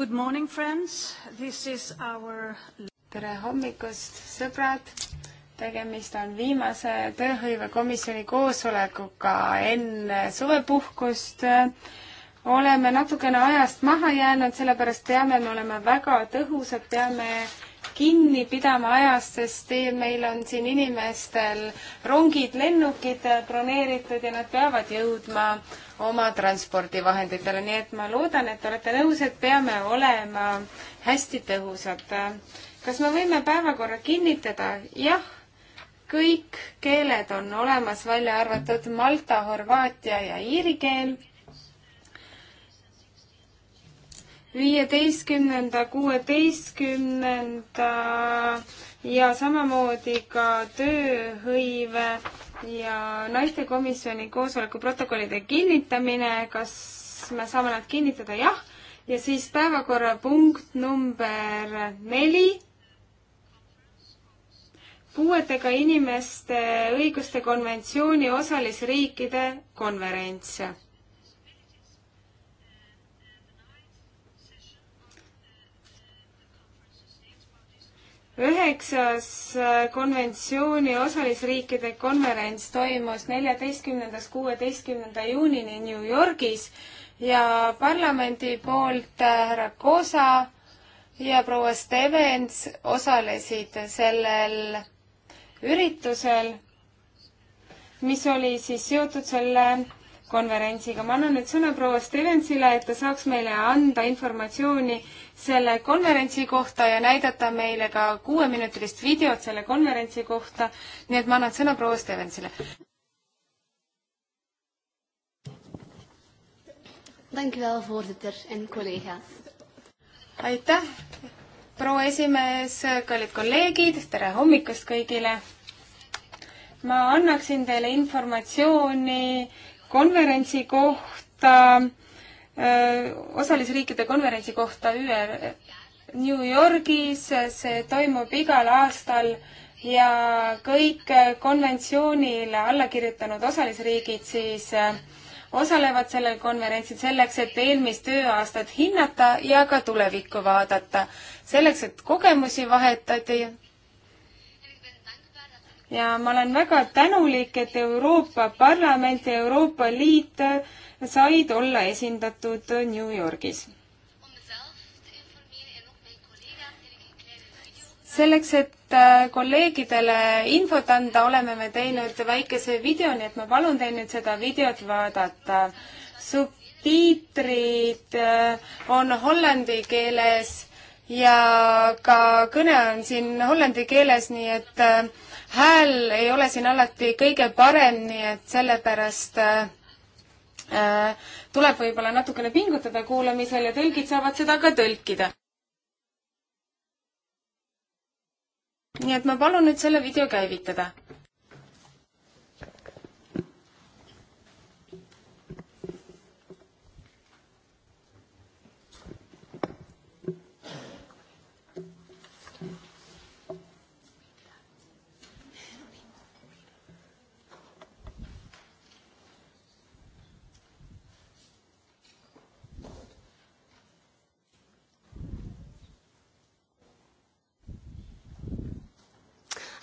Good morning, friends. This is our... tere hommikust, sõbrad! tegemist on viimase tööhõivekomisjoni koosolekuga enne suvepuhkust. oleme natukene ajast maha jäänud, sellepärast peame me olema väga tõhusad, peame kinni pidama ajast, sest meil on siin inimestel rongid, lennukid broneeritud ja nad peavad jõudma oma transpordivahenditele, nii et ma loodan, et te olete nõus, et peame olema hästi tõhusad. kas me võime päevakorra kinnitada? jah, kõik keeled on olemas, välja arvatud malta, horvaatia ja iiri keel viieteistkümnenda, kuueteistkümnenda ja samamoodi ka tööhõive ja naistekomisjoni koosoleku protokollide kinnitamine, kas me saame nad kinnitada, jah. ja siis päevakorrapunkt number neli. puuetega inimeste õiguste konventsiooni osalisriikide konverents üheksas äh, konventsiooni osalisriikide konverents toimus neljateistkümnendast kuueteistkümnenda juunini New Yorgis ja parlamendi poolt äh, härra Kosa ja proua Stevens osalesid sellel üritusel, mis oli siis seotud selle konverentsiga. ma annan nüüd sõna proua Stevensile, et ta saaks meile anda informatsiooni selle konverentsi kohta ja näidata meile ka kuueminutilist videot selle konverentsi kohta. nii et ma annan sõna proua Stevensile. aitäh, proua esimees, kallid kolleegid, tere hommikust kõigile. ma annaksin teile informatsiooni konverentsi kohta Äh, osalisriikide konverentsi kohta ÜR New Yorgis, see toimub igal aastal ja kõik konventsioonile alla kirjutanud osalisriigid siis äh, osalevad sellel konverentsil selleks, et eelmist tööaastat hinnata ja ka tulevikku vaadata. selleks, et kogemusi vahetada ja ma olen väga tänulik, et Euroopa Parlament ja Euroopa Liit said olla esindatud New Yorgis. selleks, et äh, kolleegidele infot anda, oleme me teinud väikese video, nii et ma palun teil nüüd seda videot vaadata. subtiitrid äh, on hollandi keeles ja ka kõne on siin hollandi keeles, nii et äh, hääl ei ole siin alati kõige parem, nii et sellepärast äh, äh, tuleb võib-olla natukene pingutada kuulamisel ja tõlgid saavad seda ka tõlkida. nii et ma palun nüüd selle video käivitada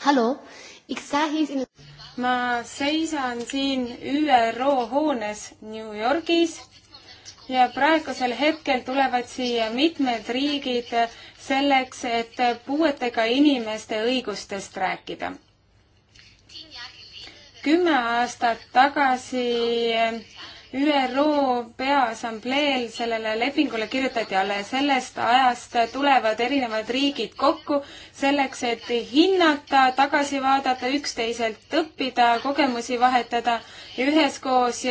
hallo, ich sah hier in ma seisan siin ÜRO hoones New Yorgis ja praegusel hetkel tulevad siia mitmed riigid selleks, et puuetega inimeste õigustest rääkida. kümme aastat tagasi ÜRO Peaassambleel sellele lepingule kirjutati alla ja sellest ajast tulevad erinevad riigid kokku selleks, et hinnata, tagasi vaadata, üksteiselt õppida, kogemusi vahetada ja üheskoos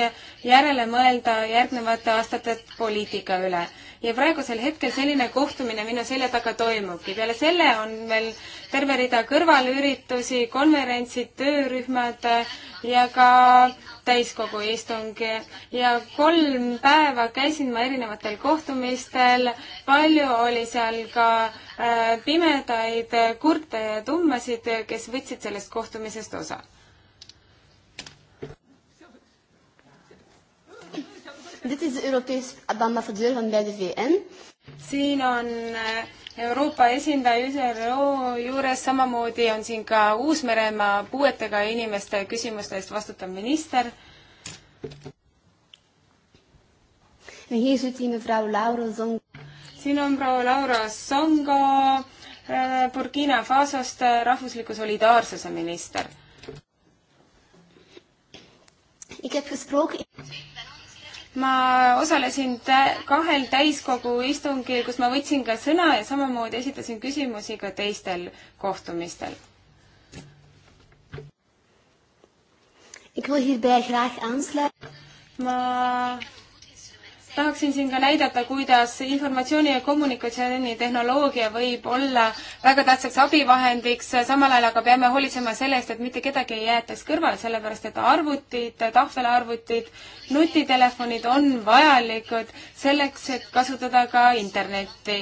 järele mõelda järgnevate aastate poliitika üle ja praegusel hetkel selline kohtumine minu selja taga toimubki. peale selle on veel terve rida kõrvalüritusi, konverentsid, töörühmad ja ka täiskogu istung ja kolm päeva käisin ma erinevatel kohtumistel, palju oli seal ka äh, pimedaid kurte ja tummasid, kes võtsid sellest kohtumisest osa Dit is de Europese agenda voortdurend bij de VN. siin on eh, Euroopa esindaja ÜRO juures, samamoodi on siin ka Uus-Meremaa puuetega inimeste küsimuste eest vastutav minister. siin on proua Laura Songo eh, Burkina Fasost, eh, rahvusliku solidaarsuse minister. Ik heb gesproken ma osalesin tä kahel täiskogu istungil, kus ma võtsin ka sõna ja samamoodi esitasin küsimusi ka teistel kohtumistel. ma tahaksin siin ka näidata, kuidas informatsiooni- ja kommunikatsioonitehnoloogia võib olla väga tähtsaks abivahendiks, samal ajal aga peame hoolitsema selle eest, et mitte kedagi ei jäetaks kõrvale, sellepärast et arvutid, tahvelarvutid, nutitelefonid on vajalikud selleks, et kasutada ka internetti.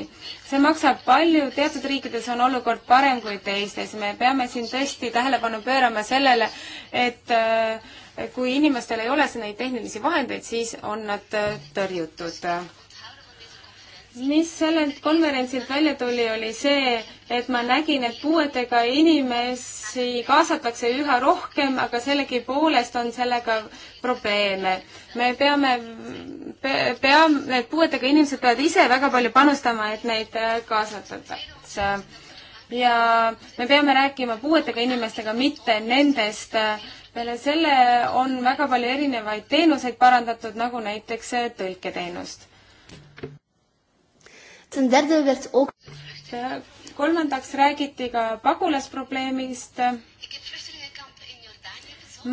see maksab palju, teatud riikides on olukord parem kui teistes, me peame siin tõesti tähelepanu pöörama sellele, et äh, kui inimestel ei ole neid tehnilisi vahendeid, siis on nad äh, tõrjutud. mis sellelt konverentsilt välja tuli, oli see, et ma nägin, et puuetega inimesi kaasatakse üha rohkem, aga sellegipoolest on sellega probleeme. me peame pe,, peame, need puuetega inimesed peavad ise väga palju panustama, et neid äh, kaasatakse ja me peame rääkima puuetega inimestega, mitte nendest. peale selle on väga palju erinevaid teenuseid parandatud, nagu näiteks tõlketeenust. kolmandaks räägiti ka pagulasprobleemist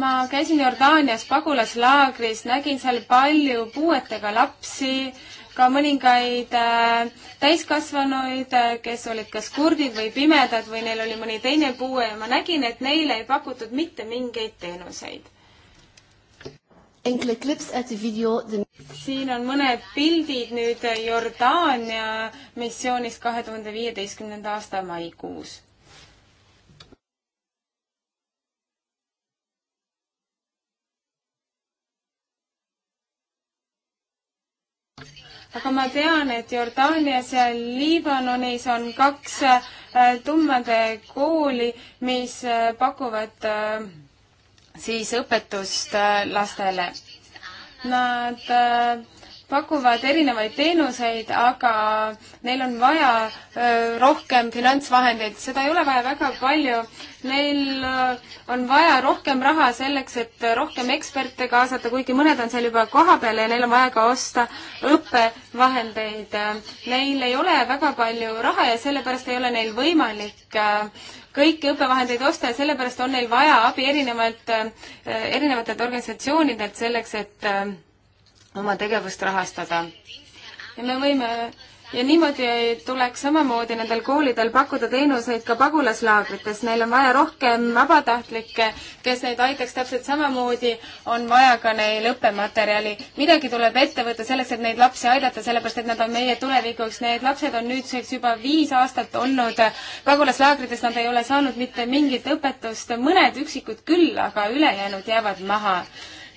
ma käisin Jordaanias pagulaslaagris, nägin seal palju puuetega lapsi, ka mõningaid äh, täiskasvanuid, äh, kes olid kas kurdid või pimedad või neil oli mõni teine puue ja ma nägin, et neile ei pakutud mitte mingeid teenuseid. siin on mõned pildid nüüd Jordaania missioonist kahe tuhande viieteistkümnenda aasta maikuus aga ma tean, et Jordaanias ja Liibanonis on kaks äh, tummade kooli, mis äh, pakuvad äh, siis õpetust lastele. Nad pakuvad erinevaid teenuseid, aga neil on vaja öö, rohkem finantsvahendeid, seda ei ole vaja väga palju. Neil on vaja rohkem raha selleks, et rohkem eksperte kaasata, kuigi mõned on seal juba kohapeal ja neil on vaja ka osta õppevahendeid. Neil ei ole väga palju raha ja sellepärast ei ole neil võimalik kõiki õppevahendeid osta ja sellepärast on neil vaja abi erinevalt, erinevatelt organisatsioonidelt selleks, et oma tegevust rahastada. ja me võime ja niimoodi tuleks samamoodi nendel koolidel pakkuda teenuseid ka pagulaslaagrites, neil on vaja rohkem vabatahtlikke, kes neid aitaks täpselt samamoodi, on vaja ka neil õppematerjali. midagi tuleb ette võtta selleks, et neid lapsi aidata, sellepärast et nad on meie tulevikuks, need lapsed on nüüdseks juba viis aastat olnud pagulaslaagrites, nad ei ole saanud mitte mingit õpetust, mõned üksikud küll, aga ülejäänud jäävad maha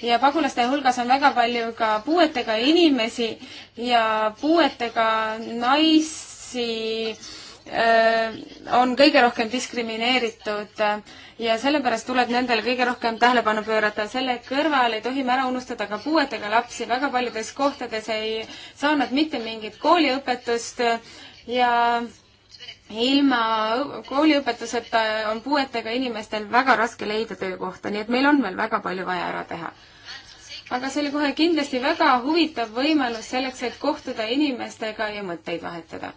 ja pagulaste hulgas on väga palju ka puuetega inimesi ja puuetega naisi äh, on kõige rohkem diskrimineeritud ja sellepärast tuleb nendele kõige rohkem tähelepanu pöörata. selle kõrval ei tohi me ära unustada ka puuetega lapsi, väga paljudes kohtades ei saa nad mitte mingit kooliõpetust ja ilma kooliõpetuseta on puuetega inimestel väga raske leida töökohta, nii et meil on veel väga palju vaja ära teha. aga see oli kohe kindlasti väga huvitav võimalus selleks, et kohtuda inimestega ja mõtteid vahetada.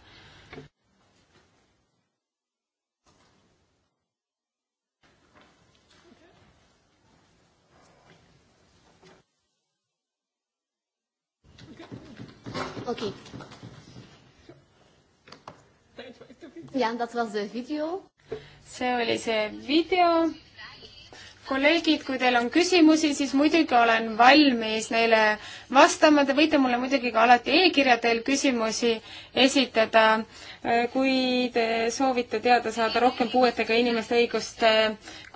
okei okay jah, that was the video. see oli see video kolleegid, kui teil on küsimusi, siis muidugi olen valmis neile vastama, te võite mulle muidugi ka alati e-kirja teel küsimusi esitada, äh, kui te soovite teada saada rohkem puuetega inimeste õiguste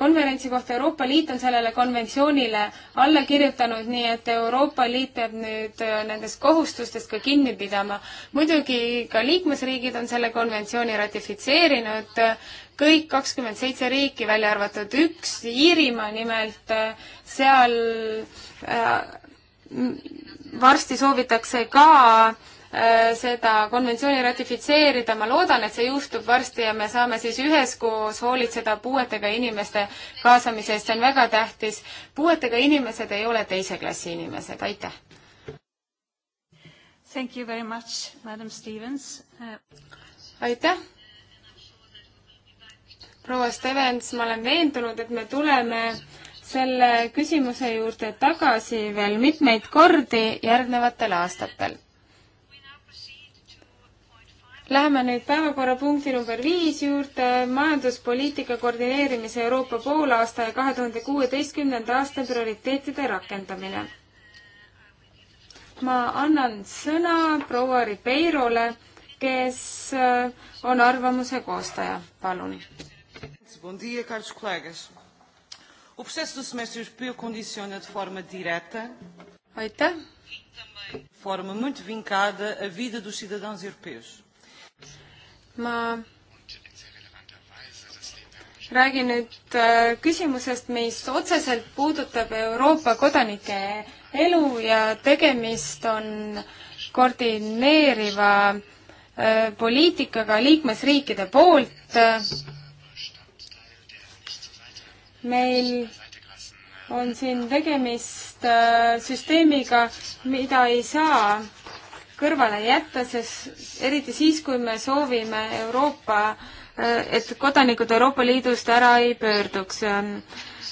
konverentsi kohta. Euroopa Liit on sellele konventsioonile alla kirjutanud, nii et Euroopa Liit peab nüüd äh, nendest kohustustest ka kinni pidama. muidugi ka liikmesriigid on selle konventsiooni ratifitseerinud, kõik kakskümmend seitse riiki, välja arvatud üks, Iirimaa nimelt, seal äh, varsti soovitakse ka äh, seda konventsiooni ratifitseerida, ma loodan, et see juhtub varsti ja me saame siis üheskoos hoolitseda puuetega inimeste kaasamise eest, see on väga tähtis. puuetega inimesed ei ole teise klassi inimesed, aitäh! Thank you very much, madam Stevens uh.... aitäh! proua Stevens, ma olen veendunud, et me tuleme selle küsimuse juurde tagasi veel mitmeid kordi järgnevatel aastatel. Läheme nüüd päevakorrapunkti number viis juurde, majanduspoliitika koordineerimise Euroopa poolaasta ja kahe tuhande kuueteistkümnenda aasta prioriteetide rakendamine. ma annan sõna proua Ribeirole, kes äh, on arvamuse koostaja, palun Bom dia, caros colegas. O processo do semestre europeu condiciona de forma direta. Aitäh. Forma muito vincada a vida dos cidadãos europeus. Ma räägin nüüd äh, küsimusest, mis otseselt puudutab Euroopa kodanike elu ja tegemist on koordineeriva äh, poliitikaga liikmesriikide poolt meil on siin tegemist äh, süsteemiga, mida ei saa kõrvale jätta, sest eriti siis, kui me soovime Euroopa, äh, et kodanikud Euroopa Liidust ära ei pöörduks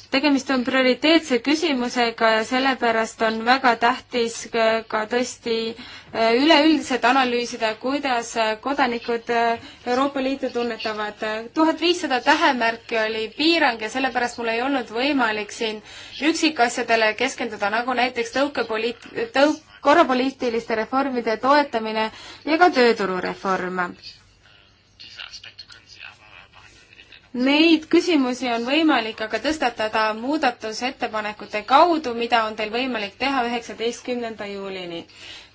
tegemist on prioriteetse küsimusega ja sellepärast on väga tähtis ka tõesti äh, üleüldiselt analüüsida, kuidas äh, kodanikud äh, Euroopa Liitu tunnetavad. tuhat viissada tähemärki oli piirang ja sellepärast mul ei olnud võimalik siin üksikasjadele keskenduda, nagu näiteks tõukepoliit-, tõuk-, korrapoliitiliste reformide toetamine ja ka tööturureform Neid küsimusi on võimalik aga tõstatada muudatusettepanekute kaudu, mida on teil võimalik teha üheksateistkümnenda juulini.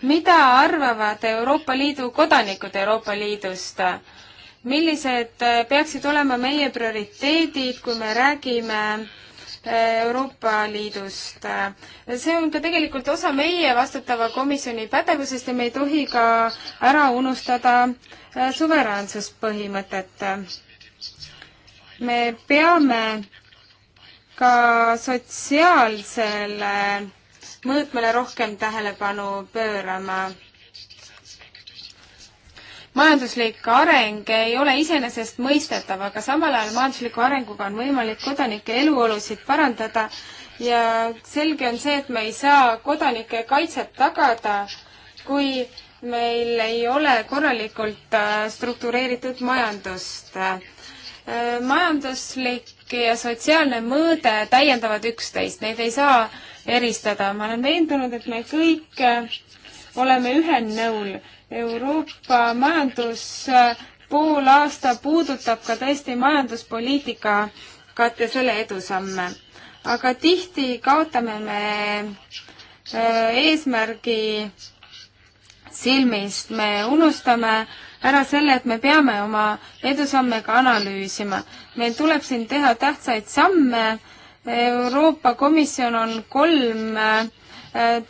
mida arvavad Euroopa Liidu kodanikud Euroopa Liidust? millised äh, peaksid olema meie prioriteedid, kui me räägime äh, Euroopa Liidust. Äh, see on ka tegelikult osa meie vastutava komisjoni pädevusest ja me ei tohi ka ära unustada suveräänsuspõhimõtet me peame ka sotsiaalsele mõõtmele rohkem tähelepanu pöörama. majanduslik areng ei ole iseenesestmõistetav, aga samal ajal majandusliku arenguga on võimalik kodanike eluolusid parandada ja selge on see, et me ei saa kodanike kaitset tagada, kui meil ei ole korralikult äh, struktureeritud majandust majanduslik ja sotsiaalne mõõde täiendavad üksteist, neid ei saa eristada. ma olen veendunud, et me kõik äh, oleme ühel nõul. Euroopa majandus äh, pool aasta puudutab ka tõesti majanduspoliitikat ja selle edusamme. aga tihti kaotame me äh, eesmärgi silmist, me unustame äh, ära selle, et me peame oma edusamme ka analüüsima. meil tuleb siin teha tähtsaid samme, Euroopa Komisjon on kolm äh,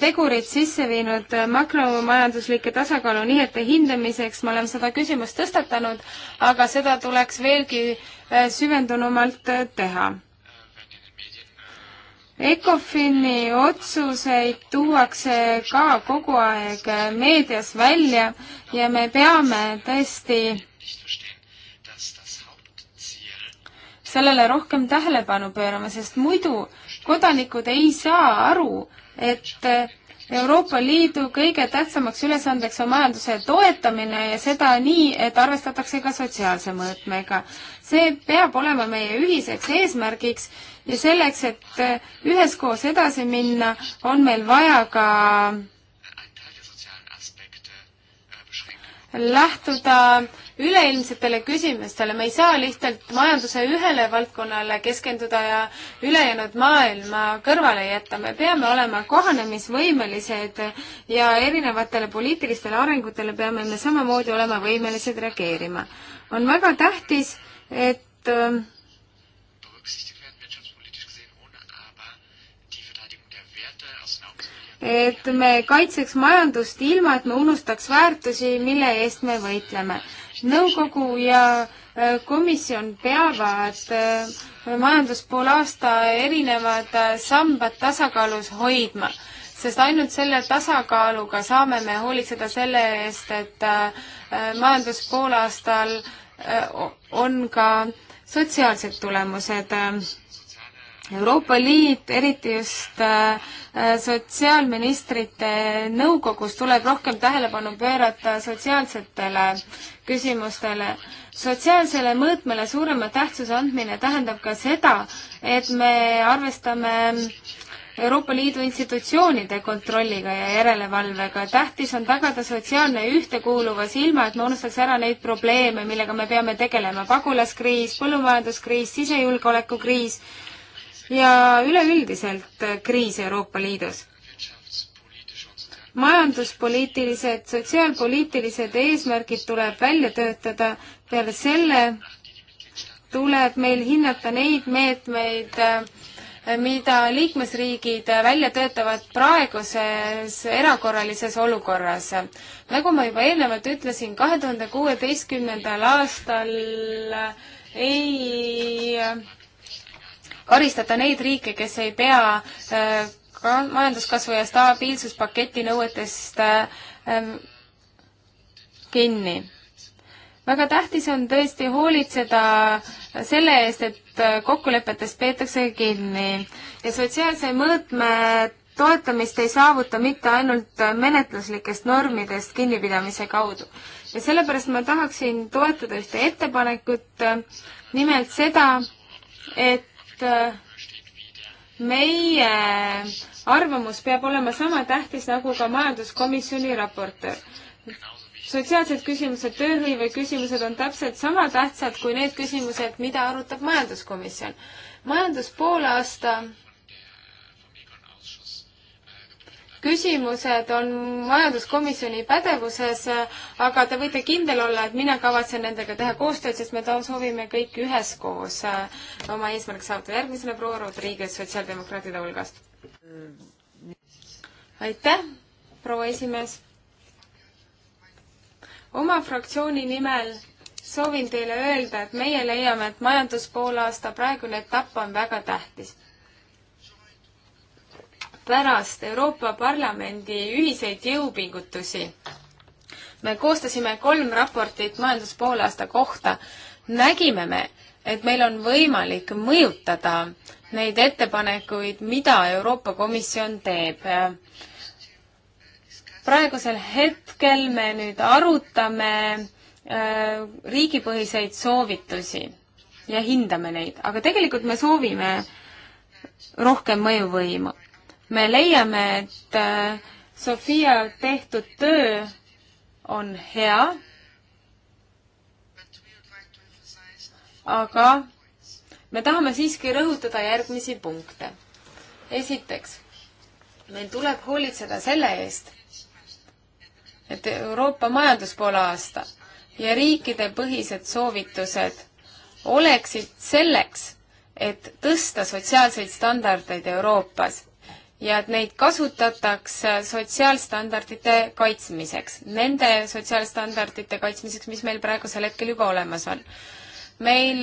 tegurid sisse viinud makromajanduslike tasakaalunihete hindamiseks, me oleme seda küsimust tõstatanud, aga seda tuleks veelgi äh, süvendunumalt äh, teha ECOFIN-i otsuseid tuuakse ka kogu aeg meedias välja ja me peame tõesti sellele rohkem tähelepanu pöörama, sest muidu kodanikud ei saa aru, et Euroopa Liidu kõige tähtsamaks ülesandeks on majanduse toetamine ja seda nii, et arvestatakse ka sotsiaalse mõõtmega. see peab olema meie ühiseks eesmärgiks ja selleks, et eh, üheskoos edasi minna, on meil vaja ka lähtuda üleilmsetele küsimustele, me ei saa lihtsalt majanduse ühele valdkonnale keskenduda ja ülejäänud maailma kõrvale jätta, me peame olema kohanemisvõimelised ja erinevatele poliitilistele arengutele peame me samamoodi olema võimelised reageerima. on väga tähtis, et eh, et me kaitseks majandust ilma, et me unustaks väärtusi, mille eest me võitleme. nõukogu ja äh, komisjon peavad äh, majanduspoolaasta erinevad äh, sambad tasakaalus hoidma, sest ainult selle tasakaaluga saame me hoolitseda selle eest, et majanduspoolaastal on ka sotsiaalsed tulemused Euroopa Liit, eriti just äh, sotsiaalministrite nõukogus, tuleb rohkem tähelepanu pöörata sotsiaalsetele küsimustele. sotsiaalsele mõõtmele suurema tähtsuse andmine tähendab ka seda, et me arvestame Euroopa Liidu institutsioonide kontrolliga ja järelevalvega. tähtis on tagada sotsiaalne ühtekuuluvus, ilma et me unustaks ära neid probleeme, millega me peame tegelema. pagulaskriis, põllumajanduskriis, sisejulgeolekukriis ja üleüldiselt kriis Euroopa Liidus. majanduspoliitilised, sotsiaalpoliitilised eesmärgid tuleb välja töötada, peale selle tuleb meil hinnata neid meetmeid, mida liikmesriigid välja töötavad praeguses erakorralises olukorras. nagu ma juba eelnevalt ütlesin, kahe tuhande kuueteistkümnendal aastal ei karistada neid riike, kes ei pea äh, ka majanduskasvu ja stabiilsuspaketi nõuetest ähm, kinni. väga tähtis on tõesti hoolitseda selle eest, et äh, kokkulepetest peetakse kinni ja sotsiaalse mõõtme toetamist ei saavuta mitte ainult menetluslikest normidest kinnipidamise kaudu. ja sellepärast ma tahaksin toetada ühte ettepanekut, äh, nimelt seda, et Äh, meie arvamus peab olema sama tähtis nagu ka majanduskomisjoni raportöör. sotsiaalsed küsimused, tööhõive küsimused on täpselt sama tähtsad kui need küsimused, mida arutab majanduskomisjon. majanduspoolaasta küsimused on majanduskomisjoni pädevuses, aga te võite kindel olla, et mina kavatsen nendega teha koostööd, sest me soovime kõik üheskoos äh, oma eesmärk saavutada. järgmisena proua Rodriguez sotsiaaldemokraatide hulgast. aitäh, proua esimees. oma fraktsiooni nimel soovin teile öelda, et meie leiame, et majandus poolaasta praegune etapp on väga tähtis pärast Euroopa Parlamendi ühiseid jõupingutusi. me koostasime kolm raportit majanduspoolaasta kohta. nägime me, et meil on võimalik mõjutada neid ettepanekuid, mida Euroopa Komisjon teeb. praegusel hetkel me nüüd arutame äh, riigipõhiseid soovitusi ja hindame neid, aga tegelikult me soovime rohkem mõjuvõimu me leiame, et äh, Sofia tehtud töö on hea, aga me tahame siiski rõhutada järgmisi punkte. esiteks, meil tuleb hoolitseda selle eest, et Euroopa majandus poole aasta ja riikidepõhised soovitused oleksid selleks, et tõsta sotsiaalseid standardeid Euroopas ja et neid kasutataks sotsiaalstandardite kaitsmiseks, nende sotsiaalstandardite kaitsmiseks, mis meil praegusel hetkel juba olemas on. meil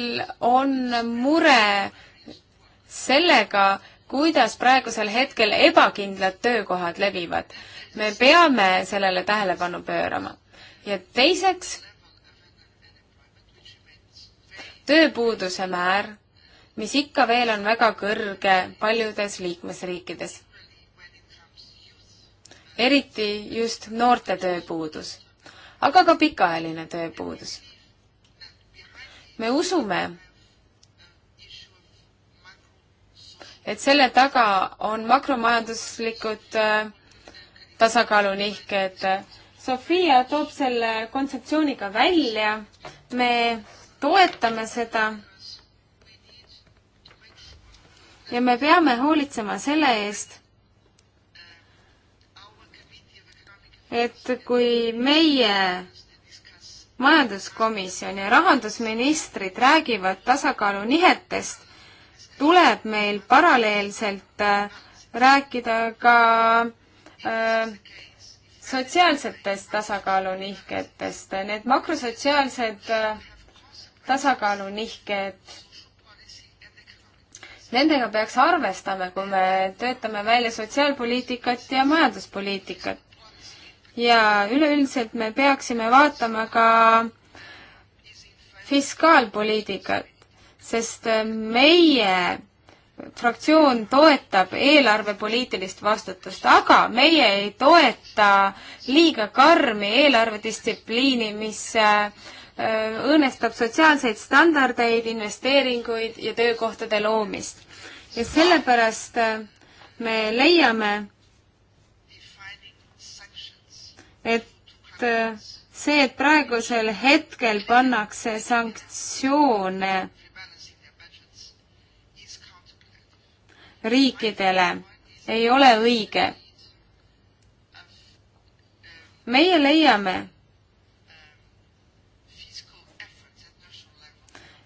on mure sellega, kuidas praegusel hetkel ebakindlad töökohad levivad. me peame sellele tähelepanu pöörama. ja teiseks, tööpuuduse määr, mis ikka veel on väga kõrge paljudes liikmesriikides eriti just noorte tööpuudus, aga ka pikaajaline tööpuudus. me usume, et selle taga on makromajanduslikud äh, tasakaalunihked. Sofia toob selle kontseptsiooniga välja, me toetame seda ja me peame hoolitsema selle eest, et kui meie majanduskomisjon ja rahandusministrid räägivad tasakaalu nihetest, tuleb meil paralleelselt äh, rääkida ka äh, sotsiaalsetest tasakaalunihketest, need makrosotsiaalsed äh, tasakaalunihked, nendega peaks arvestama, kui me töötame välja sotsiaalpoliitikat ja majanduspoliitikat ja üleüldiselt me peaksime vaatama ka fiskaalpoliitikat, sest meie fraktsioon toetab eelarvepoliitilist vastutust, aga meie ei toeta liiga karmi eelarvedistsipliini, mis äh, õõnestab sotsiaalseid standardeid, investeeringuid ja töökohtade loomist. ja sellepärast äh, me leiame, et äh, see, et praegusel hetkel pannakse sanktsioone riikidele, ei ole õige. meie leiame,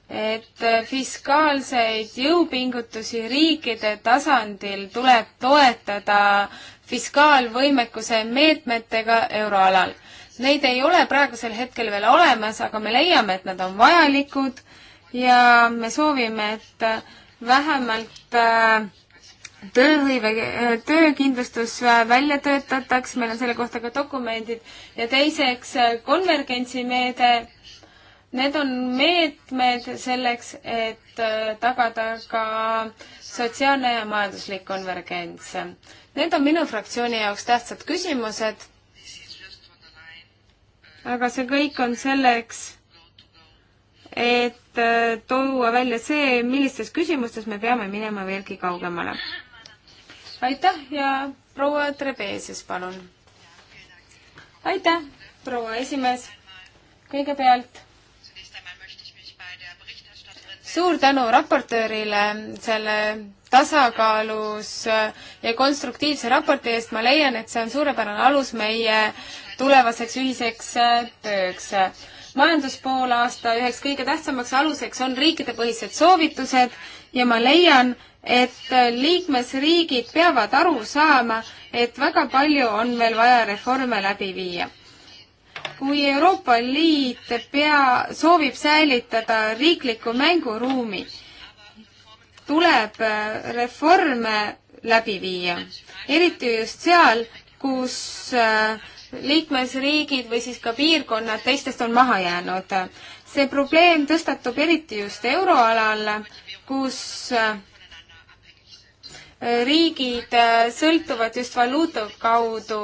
et fiskaalseid jõupingutusi riikide tasandil tuleb toetada fiskaalvõimekuse meetmetega euroalal. Neid ei ole praegusel hetkel veel olemas, aga me leiame, et nad on vajalikud ja me soovime, et vähemalt äh, tööhõive, äh, töökindlustus äh, välja töötataks, meil on selle kohta ka dokumendid, ja teiseks konvergentsimeede, need on meetmed selleks, et tagada ka sotsiaalne ja majanduslik konvergents Need on minu fraktsiooni jaoks tähtsad küsimused. aga see kõik on selleks, et äh, tuua välja see, millistes küsimustes me peame minema veelgi kaugemale. aitäh ja proua Trebesis, palun. aitäh, proua esimees. kõigepealt suur tänu raportöörile selle tasakaalus äh, ja konstruktiivse raporti eest, ma leian, et see on suurepärane alus meie tulevaseks ühiseks äh, tööks. majanduspoolaasta üheks kõige tähtsamaks aluseks on riikidepõhised soovitused ja ma leian, et äh, liikmesriigid peavad aru saama, et väga palju on veel vaja reforme läbi viia. kui Euroopa Liit pea, soovib säilitada riiklikku mänguruumi, tuleb äh, reforme läbi viia, eriti just seal, kus äh, liikmesriigid või siis ka piirkonnad teistest on maha jäänud. see probleem tõstatub eriti just euroalal, kus äh, riigid äh, sõltuvad just valuuta kaudu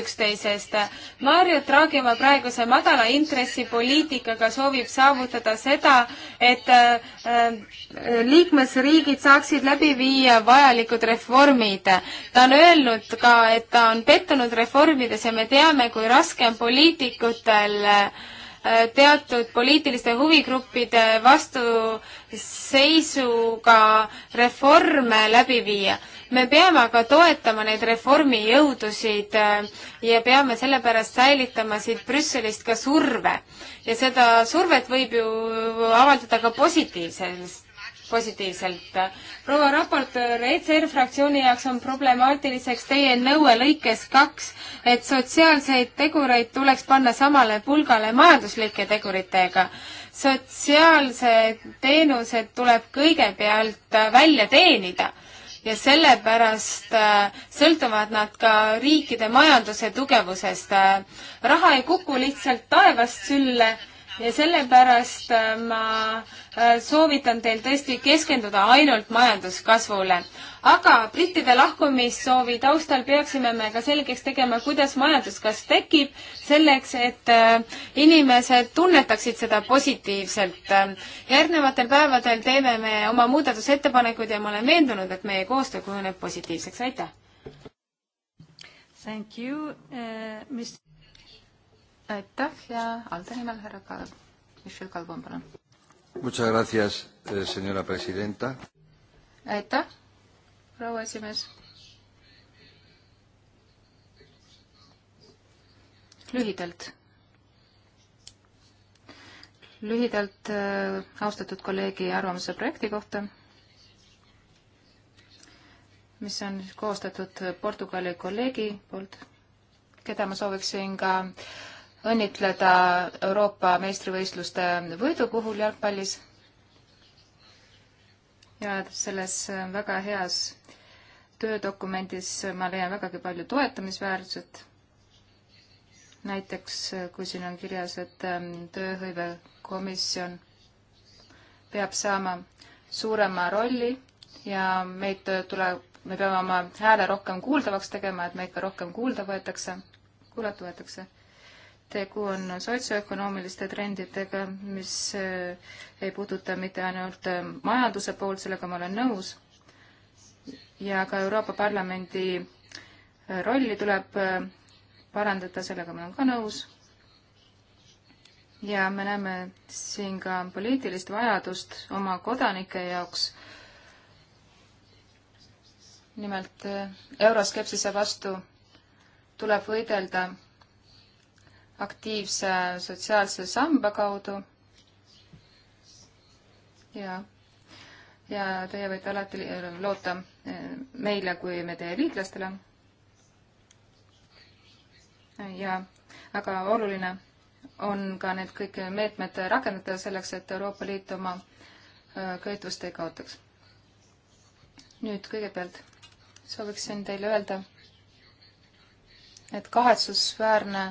üksteisest. Mario Draghi oma praeguse madala intressipoliitikaga soovib saavutada seda, et äh, äh, liikmesriigid saaksid läbi viia vajalikud reformid. ta on öelnud ka, et ta on pettunud reformides ja me teame, kui raske on poliitikutel äh, Äh, teatud poliitiliste huvigruppide vastuseisuga reforme läbi viia. me peame aga toetama neid reformijõudusid äh, ja peame sellepärast säilitama siit Brüsselist ka surve. ja seda survet võib ju avaldada ka positiivses positiivselt. proua raportöör, ECR fraktsiooni jaoks on problemaatiliseks teie nõue lõikes kaks, et sotsiaalseid tegureid tuleks panna samale pulgale majanduslike teguritega. sotsiaalsed teenused tuleb kõigepealt välja teenida ja sellepärast äh, sõltuvad nad ka riikide majanduse tugevusest. Äh, raha ei kuku lihtsalt taevast sülle ja sellepärast äh, ma äh, soovitan teil tõesti keskenduda ainult majanduskasvule. aga brittide lahkumissoovi taustal peaksime me ka selgeks tegema, kuidas majanduskasv tekib, selleks et äh, inimesed tunnetaksid seda positiivselt. järgnevatel päevadel teeme me oma muudatusettepanekud ja ma olen veendunud, et meie koostöö kujuneb positiivseks, aitäh! Thank you uh,, Mr aitäh ja Alde nimel härra Kal-, Michel Kalbon, palun. Muchas gracias, eh, senora presidenta. aitäh, proua esimees. lühidalt lühidalt äh, austatud kolleegi arvamuse projekti kohta, mis on koostatud Portugali kolleegi poolt, keda ma sooviksin ka äh, õnnitleda Euroopa meistrivõistluste võidu puhul jalgpallis ja selles väga heas töödokumendis ma leian vägagi palju toetamisväärset. näiteks kui siin on kirjas, et ähm, tööhõivekomisjon peab saama suurema rolli ja meid tuleb, me peame oma hääle rohkem kuuldavaks tegema, et meid ka rohkem kuulda võetakse, kuulata võetakse tegu on sotsioökonoomiliste trendidega, mis eh, ei puuduta mitte ainult eh, majanduse poolt, sellega ma olen nõus, ja ka Euroopa Parlamendi eh, rolli tuleb parandada, sellega ma olen ka nõus. ja me näeme siin ka poliitilist vajadust oma kodanike jaoks, nimelt euroskepsise vastu tuleb võidelda aktiivse sotsiaalse samba kaudu. ja, ja teie võite alati loota eh, meile kui me teie liitlastele. ja, aga oluline on ka need kõik meetmed rakendada selleks, et Euroopa Liit oma eh, köitust ei kaotaks. nüüd kõigepealt sooviksin teile öelda, et kahetsusväärne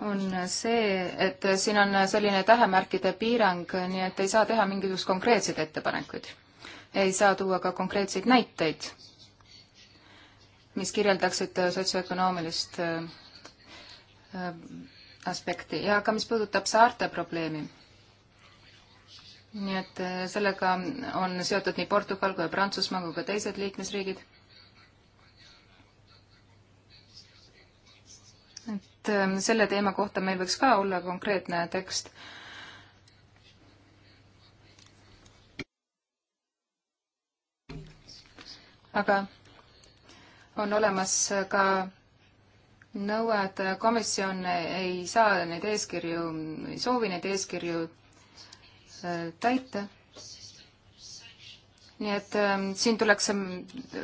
on see, et siin on selline tähemärkide piirang, nii et ei saa teha mingisuguseid konkreetseid ettepanekuid. ei saa tuua ka konkreetseid näiteid, mis kirjeldaksid sotsioökonoomilist äh, aspekti ja ka mis puudutab saarte probleemi. nii et sellega on seotud nii Portugal kui Prantsusmaa kui ka teised liikmesriigid et ähm, selle teema kohta meil võiks ka olla konkreetne tekst. aga on olemas ka nõue, et komisjon ei saa neid eeskirju, ei soovi neid eeskirju äh, täita nii et äh, siin tuleks ähm,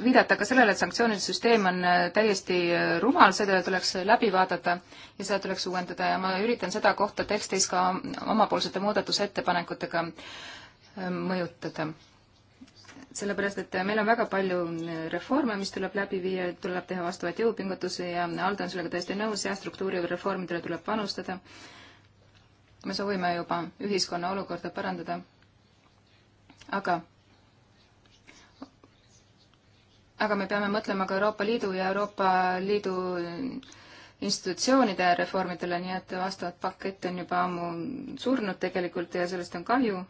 viidata ka sellele, et sanktsioonide süsteem on äh, täiesti äh, rumal, seda tuleks läbi vaadata ja seda tuleks uuendada ja ma üritan seda kohta tekstis ka omapoolsete muudatusettepanekutega ähm, mõjutada. sellepärast, et äh, meil on väga palju reforme, mis tuleb läbi viia, tuleb teha vastavaid jõupingutusi ja Aldo on sellega täiesti nõus, jah, struktuurireformidele tuleb panustada. me soovime juba ühiskonna olukorda parandada, aga aga me peame mõtlema ka Euroopa Liidu ja Euroopa Liidu institutsioonide reformidele, nii et vastavat pakett on juba ammu surnud tegelikult ja sellest on kahju.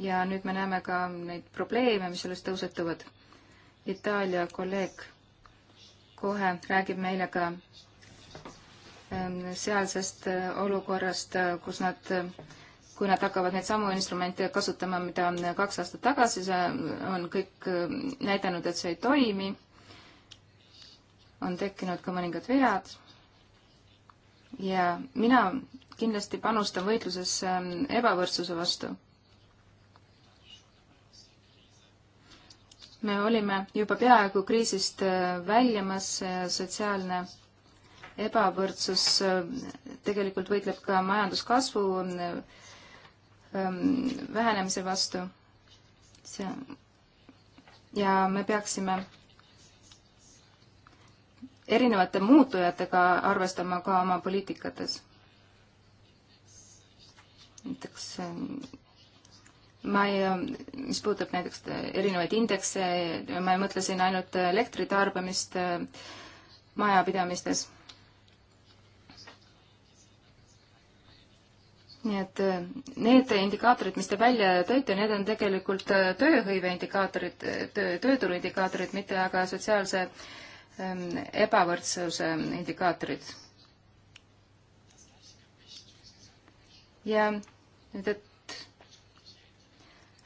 ja nüüd me näeme ka neid probleeme, mis sellest tõusetuvad. Itaalia kolleeg kohe räägib meile ka ähm, sealsest äh, olukorrast, äh, kus nad äh, kui nad hakkavad neid samu instrumente kasutama, mida kaks aastat tagasi, see on kõik äh, näidanud, et see ei toimi. on tekkinud ka mõningad vead. ja mina kindlasti panustan võitlusesse ähm, ebavõrdsuse vastu. me olime juba peaaegu kriisist äh, väljumas, äh, sotsiaalne ebavõrdsus tegelikult võitleb ka majanduskasvu Ähm, vähenemise vastu. see ja me peaksime erinevate muutujatega arvestama ka oma poliitikates. näiteks ähm, ma ei, ähm, mis puudutab näiteks erinevaid indekse, ma ei mõtle siin ainult elektritarbimist äh, majapidamistes nii et äh, need indikaatorid, mis te välja tõite, need on tegelikult äh, tööhõive indikaatorid, töö, tööturu indikaatorid, mitte aga sotsiaalse ähm, ebavõrdsuse indikaatorid. ja nüüd, et,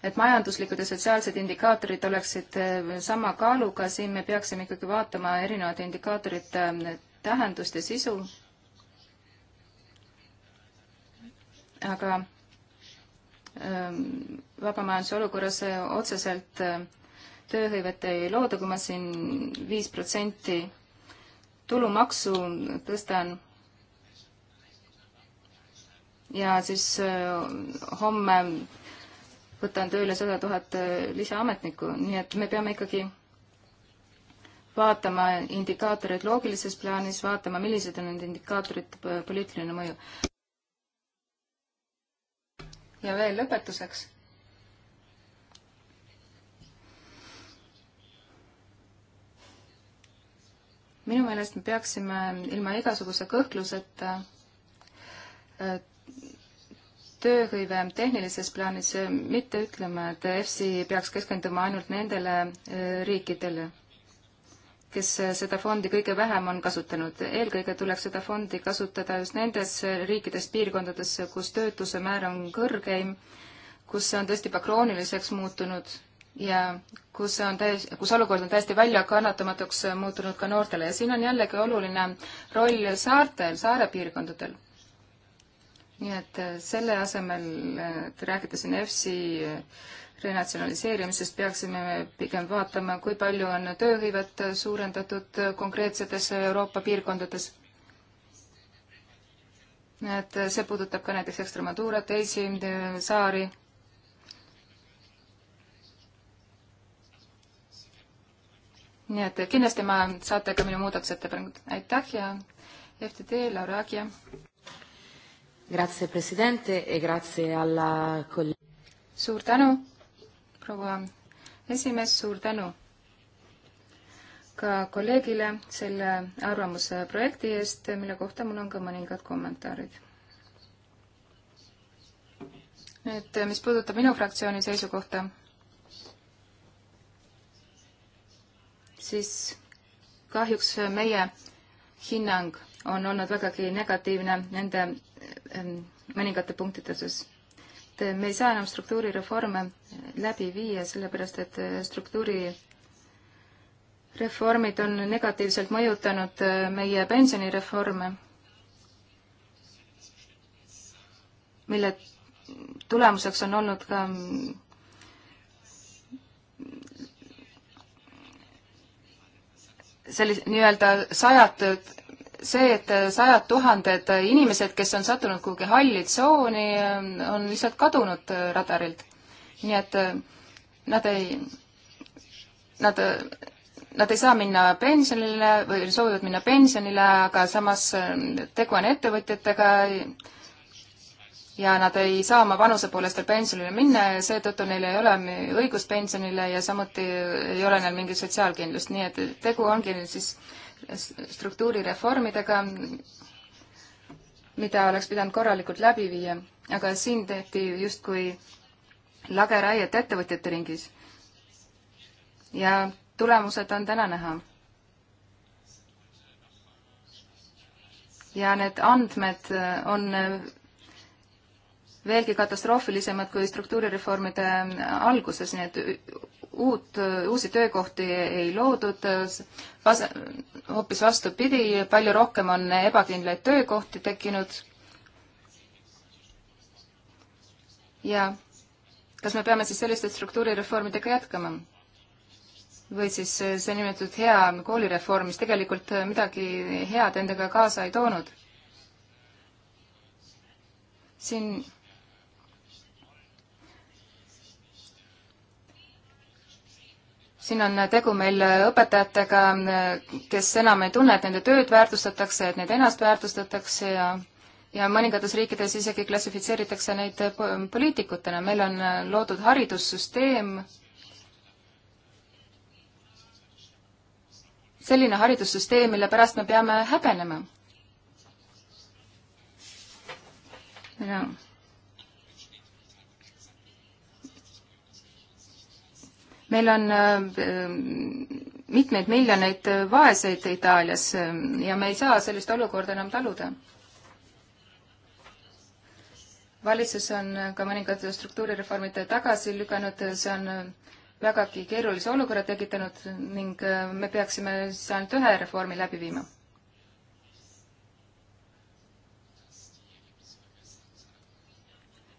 et majanduslikud ja sotsiaalsed indikaatorid oleksid äh, sama kaaluga, siin me peaksime ikkagi vaatama erinevate indikaatorite tähendust ja sisu aga ähm, vabamajanduse olukorras äh, otseselt äh, tööhõivet ei looda, kui ma siin viis protsenti tulumaksu tõstan ja siis äh, homme võtan tööle sada tuhat lisaametnikku, nii et me peame ikkagi vaatama indikaatoreid loogilises plaanis, vaatama, millised on nende indikaatorite poliitiline mõju ja veel lõpetuseks. minu meelest me peaksime ilma igasuguse kõhkluseta äh, tööhõive tehnilises plaanis mitte ütlema, et EFSI peaks keskenduma ainult nendele äh, riikidele kes seda fondi kõige vähem on kasutanud. eelkõige tuleks seda fondi kasutada just nendes riikides, piirkondades, kus töötuse määr on kõrgeim, kus see on tõesti juba krooniliseks muutunud ja kus see on täis, kus olukord on täiesti väljakannatamatuks muutunud ka noortele ja siin on jällegi oluline roll saartel, saarepiirkondadel. nii et selle asemel, et rääkida siin EFSi renatsionaliseerimisest peaksime me pigem vaatama, kui palju on tööhõivet suurendatud konkreetsetes Euroopa piirkondades. et see puudutab ka näiteks Extremadurat, teisi saari. nii et kindlasti ma, saate ka minu muudatusettepanekud, aitäh ja FTD Laura Agia. Grazie Presidente e grazie alla kolleeg. suur tänu proua esimees, suur tänu ka kolleegile selle arvamuse projekti eest, mille kohta mul on ka mõningad kommentaarid. nüüd, mis puudutab minu fraktsiooni seisukohta, siis kahjuks meie hinnang on olnud vägagi negatiivne nende ehm, mõningate punktide osas et me ei saa enam struktuurireforme läbi viia, sellepärast et struktuurireformid on negatiivselt mõjutanud äh, meie pensionireforme, mille tulemuseks on olnud ka mm, sellise nii-öelda sajatud see, et sajad tuhanded inimesed, kes on sattunud kuhugi halli tsooni, on lihtsalt kadunud äh, radarilt. nii et äh, nad ei, nad, äh, nad ei saa minna pensionile või soovivad minna pensionile, aga samas tegu on ettevõtjatega ja nad ei saa oma vanuse poolest veel pensionile minna ja seetõttu neil ei ole õigust pensionile ja samuti ei ole neil mingit sotsiaalkindlust, nii et tegu ongi siis äh, struktuurireformidega, mida oleks pidanud korralikult läbi viia, aga siin tehti justkui lageraiet ettevõtjate ringis. ja tulemused on täna näha. ja need andmed on veelgi katastroofilisemad kui struktuurireformide alguses, nii et uut, uusi töökohti ei loodud, vas-, hoopis vastupidi, palju rohkem on ebakindlaid töökohti tekkinud. ja kas me peame siis selliste struktuurireformidega jätkama? või siis see nimetatud hea koolireform, mis tegelikult midagi head endaga kaasa ei toonud. siin siin on tegu meil õpetajatega, kes enam ei tunne, et nende tööd väärtustatakse, et neid ennast väärtustatakse ja ja mõningates riikides isegi klassifitseeritakse neid poliitikutena. meil on loodud haridussüsteem, selline haridussüsteem, mille pärast me peame häbenema. meil on äh, mitmeid miljoneid vaeseid Itaalias äh, ja me ei saa sellist olukorda enam taluda. valitsus on ka mõningad struktuurireformid tagasi lükanud, see on äh, vägagi keerulise olukorra tekitanud ning me peaksime siis ainult ühe reformi läbi viima.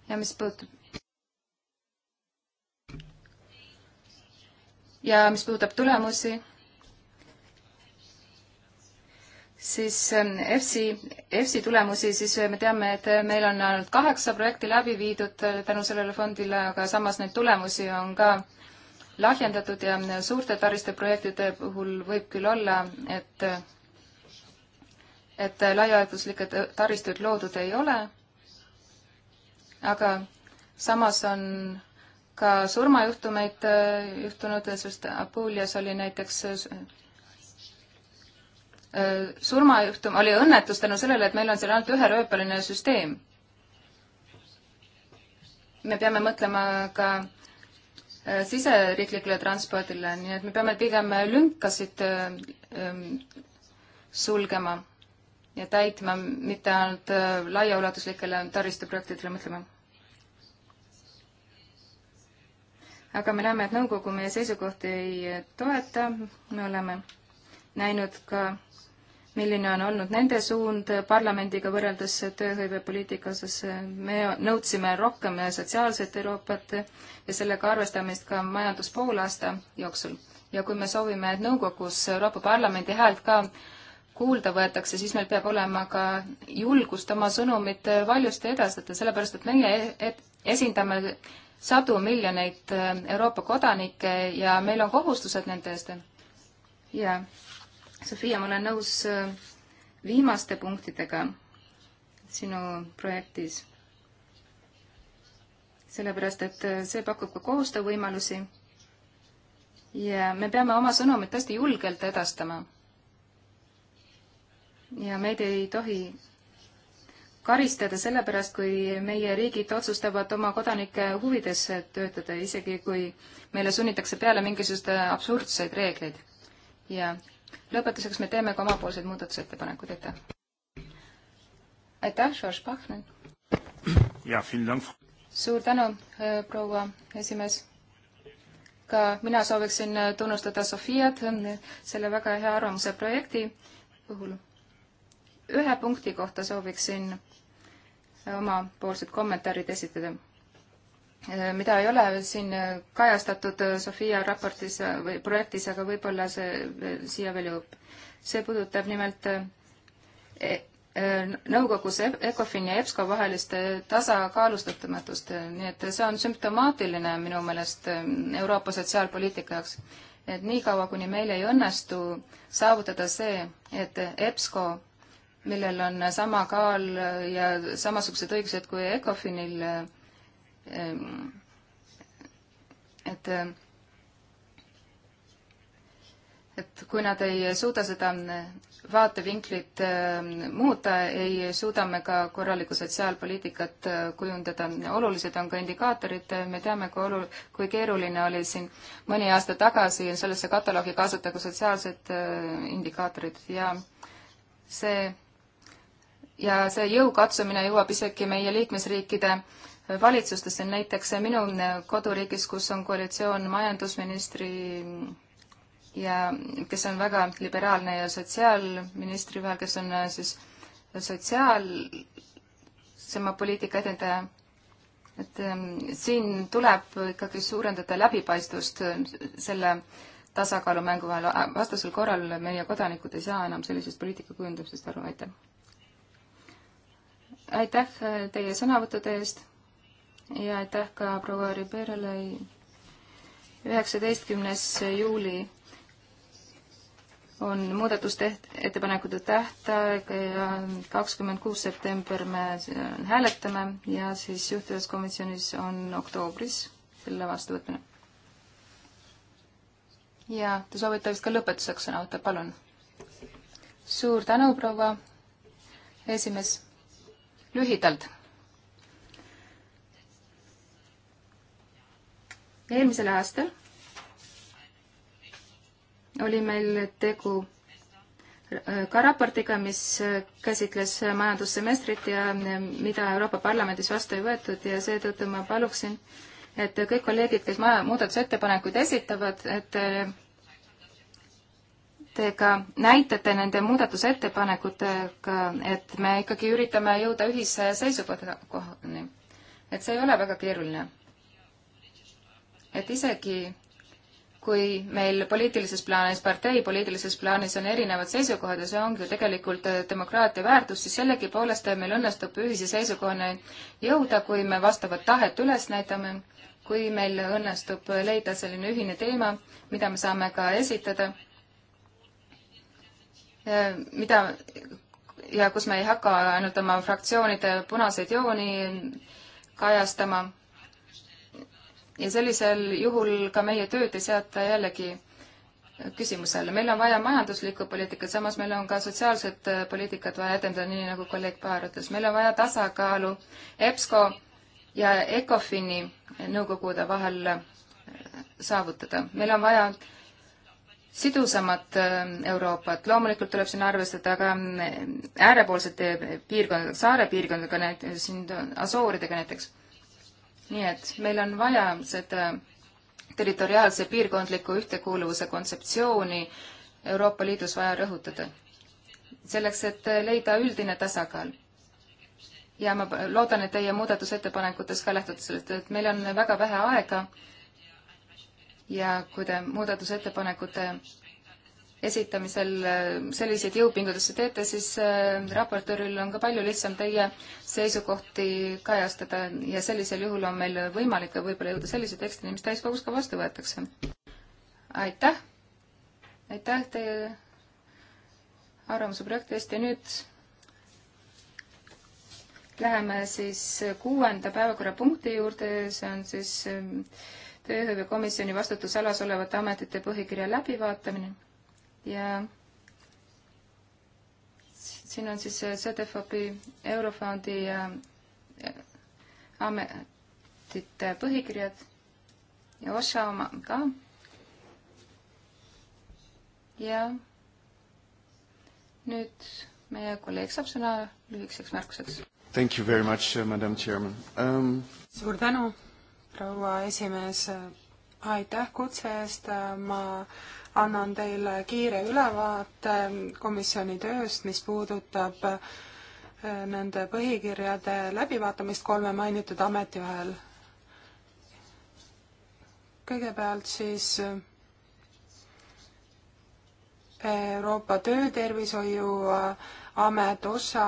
ja mis puutub ja mis puudutab tulemusi, siis ähm, EFSI, EFSI tulemusi, siis äh, me teame, et äh, meil on ainult kaheksa projekti läbi viidud äh, tänu sellele fondile, aga samas neid tulemusi on ka lahjendatud ja suurte taristuprojektide puhul võib küll olla, et et laiaõiguslikke taristuid loodud ei ole, aga samas on ka surmajuhtumeid äh, juhtunud, sest Apulias oli näiteks äh, äh, surmajuhtum, oli õnnetus tänu sellele, et meil on seal ainult üherööpaline süsteem. me peame mõtlema ka siseriiklikule transpordile, nii et me peame pigem lünkasid ähm, sulgema ja täitma, mitte ainult laiaulatuslikele taristuprojektidele mõtlema aga me näeme, et nõukogu meie seisukohti ei toeta, me oleme näinud ka, milline on olnud nende suund parlamendiga võrreldes tööhõivepoliitika osas. me nõudsime rohkem sotsiaalset Euroopat ja sellega arvestamist ka majanduspoolaasta jooksul. ja kui me soovime, et nõukogus Euroopa Parlamendi häält ka kuulda võetakse, siis meil peab olema ka julgust oma sõnumit valjusti edastada, sellepärast et meie et esindame sadu miljoneid äh, Euroopa kodanikke ja meil on kohustused nende eest. ja Sofia, ma olen nõus äh, viimaste punktidega sinu projektis. sellepärast, et äh, see pakub ka koostöövõimalusi. ja me peame oma sõnumit hästi julgelt edastama. ja meid ei tohi karistada selle pärast, kui meie riigid otsustavad oma kodanike huvides töötada, isegi kui meile sunnitakse peale mingisuguseid absurdseid reegleid. ja lõpetuseks me teeme ka omapoolsed muudatusettepanekud, aitäh! aitäh, George Pahnen! suur tänu, äh, proua esimees! ka mina sooviksin äh, tunnustada Sofiat äh, selle väga hea arvamuse projekti puhul. ühe punkti kohta sooviksin omapoolsed kommentaarid esitada. Äh, mida ei ole siin kajastatud Sofia raportis äh, või projektis, aga võib-olla see äh, siia veel jõuab. see puudutab nimelt e-, nõukogus e-, ECOFIN ja EBSCO vahelist tasakaalustatamatust, nii et see on sümptomaatiline minu meelest Euroopa sotsiaalpoliitika jaoks. et niikaua, kuni meil ei õnnestu saavutada see, et EBSCO millel on sama kaal ja samasugused õigused kui ECOFINil, ehm, et et kui nad ei suuda seda vaatevinklit ehm, muuta, ei suuda me ka korralikku sotsiaalpoliitikat eh, kujundada. olulised on ka indikaatorid, me teame, kui olu-, kui keeruline oli siin mõni aasta tagasi sellesse kataloogi kaasata ka sotsiaalsed eh, indikaatorid ja see ja see jõu katsumine jõuab isegi meie liikmesriikide valitsustesse, näiteks minu koduriigis, kus on koalitsioon majandusministri ja kes on väga liberaalne ja sotsiaalministri vahel, kes on äh, siis sotsiaalsema poliitika edendaja, et ähm, siin tuleb ikkagi suurendada läbipaistvust äh, selle tasakaalumängu vahel, vastasel korral meie kodanikud ei saa enam sellisest poliitika kujundamisest aru, aitäh! aitäh äh, teie sõnavõttude eest ja aitäh ka proua Ribeirole. üheksateistkümnes juuli on muudatusettepanekute tähtaeg ja kakskümmend kuus september me hääletame ja siis juhtivas komisjonis on oktoobris selle vastuvõtmine. ja te soovite vist ka lõpetuseks sõna võtta, palun. suur tänu, proua esimees lühidalt. eelmisel aastal oli meil tegu äh, ka raportiga, mis äh, käsitles majandussemestrit ja äh, mida Euroopa Parlamendis vastu ei võetud ja seetõttu ma paluksin, et kõik kolleegid, kes maja muudatusettepanekuid esitavad, et te ka näitate nende muudatusettepanekutega, et me ikkagi üritame jõuda ühise seisukohani. et see ei ole väga keeruline. et isegi kui meil poliitilises plaanis, partei poliitilises plaanis on erinevad seisukohad ja see ongi ju tegelikult äh, demokraatia väärtus, siis sellegipoolest äh, meil õnnestub ühise seisukohani jõuda, kui me vastavat tahet üles näitame, kui meil õnnestub äh, leida selline ühine teema, mida me saame ka esitada Äh, mida ja kus me ei hakka ainult oma fraktsioonide punaseid jooni kajastama. ja sellisel juhul ka meie tööd ei seata jällegi küsimusele. meil on vaja majanduslikku poliitikat, samas meil on ka sotsiaalset äh, poliitikat vaja edendada, nii nagu kolleeg Paar ütles. meil on vaja tasakaalu EBSCO ja ECOFIN-i nõukogude vahel äh, saavutada. meil on vaja sidusamat äh, Euroopat. loomulikult tuleb siin arvestada ka äh, äärepoolsete piirkondadega, saare piirkondadega, näiteks siin Asooridega näiteks. nii et meil on vaja seda territoriaalse piirkondliku ühtekuuluvuse kontseptsiooni Euroopa Liidus vaja rõhutada. selleks, et leida üldine tasakaal. ja ma loodan, et teie muudatusettepanekutes ka lähtute sellest, et meil on väga vähe aega ja kui te muudatusettepanekute esitamisel äh, selliseid jõupingutusi teete, siis äh, raportööril on ka palju lihtsam teie seisukohti kajastada ja sellisel juhul on meil võimalik võib-olla jõuda sellise tekstini, mis täiskogus ka vastu võetakse. aitäh! aitäh teie arvamuse projekti eest ja nüüd läheme siis kuuenda päevakorrapunkti juurde, see on siis ähm, tööhõivekomisjoni vastutusalas olevate ametite põhikirja läbivaatamine ja siin on siis ZDFOP-i äh, Eurofondi ja ametite põhikirjad ja OSHA oma ka. ja nüüd meie kolleeg saab sõna lühikeseks märkuseks. Thank you very much, uh, madam chairman um.... suur tänu proua esimees, aitäh kutse eest, ma annan teile kiire ülevaate komisjoni tööst, mis puudutab äh, nende põhikirjade läbivaatamist kolme mainitud ameti vahel. kõigepealt siis äh, Euroopa Töötervishoiu äh, Amet, OSHA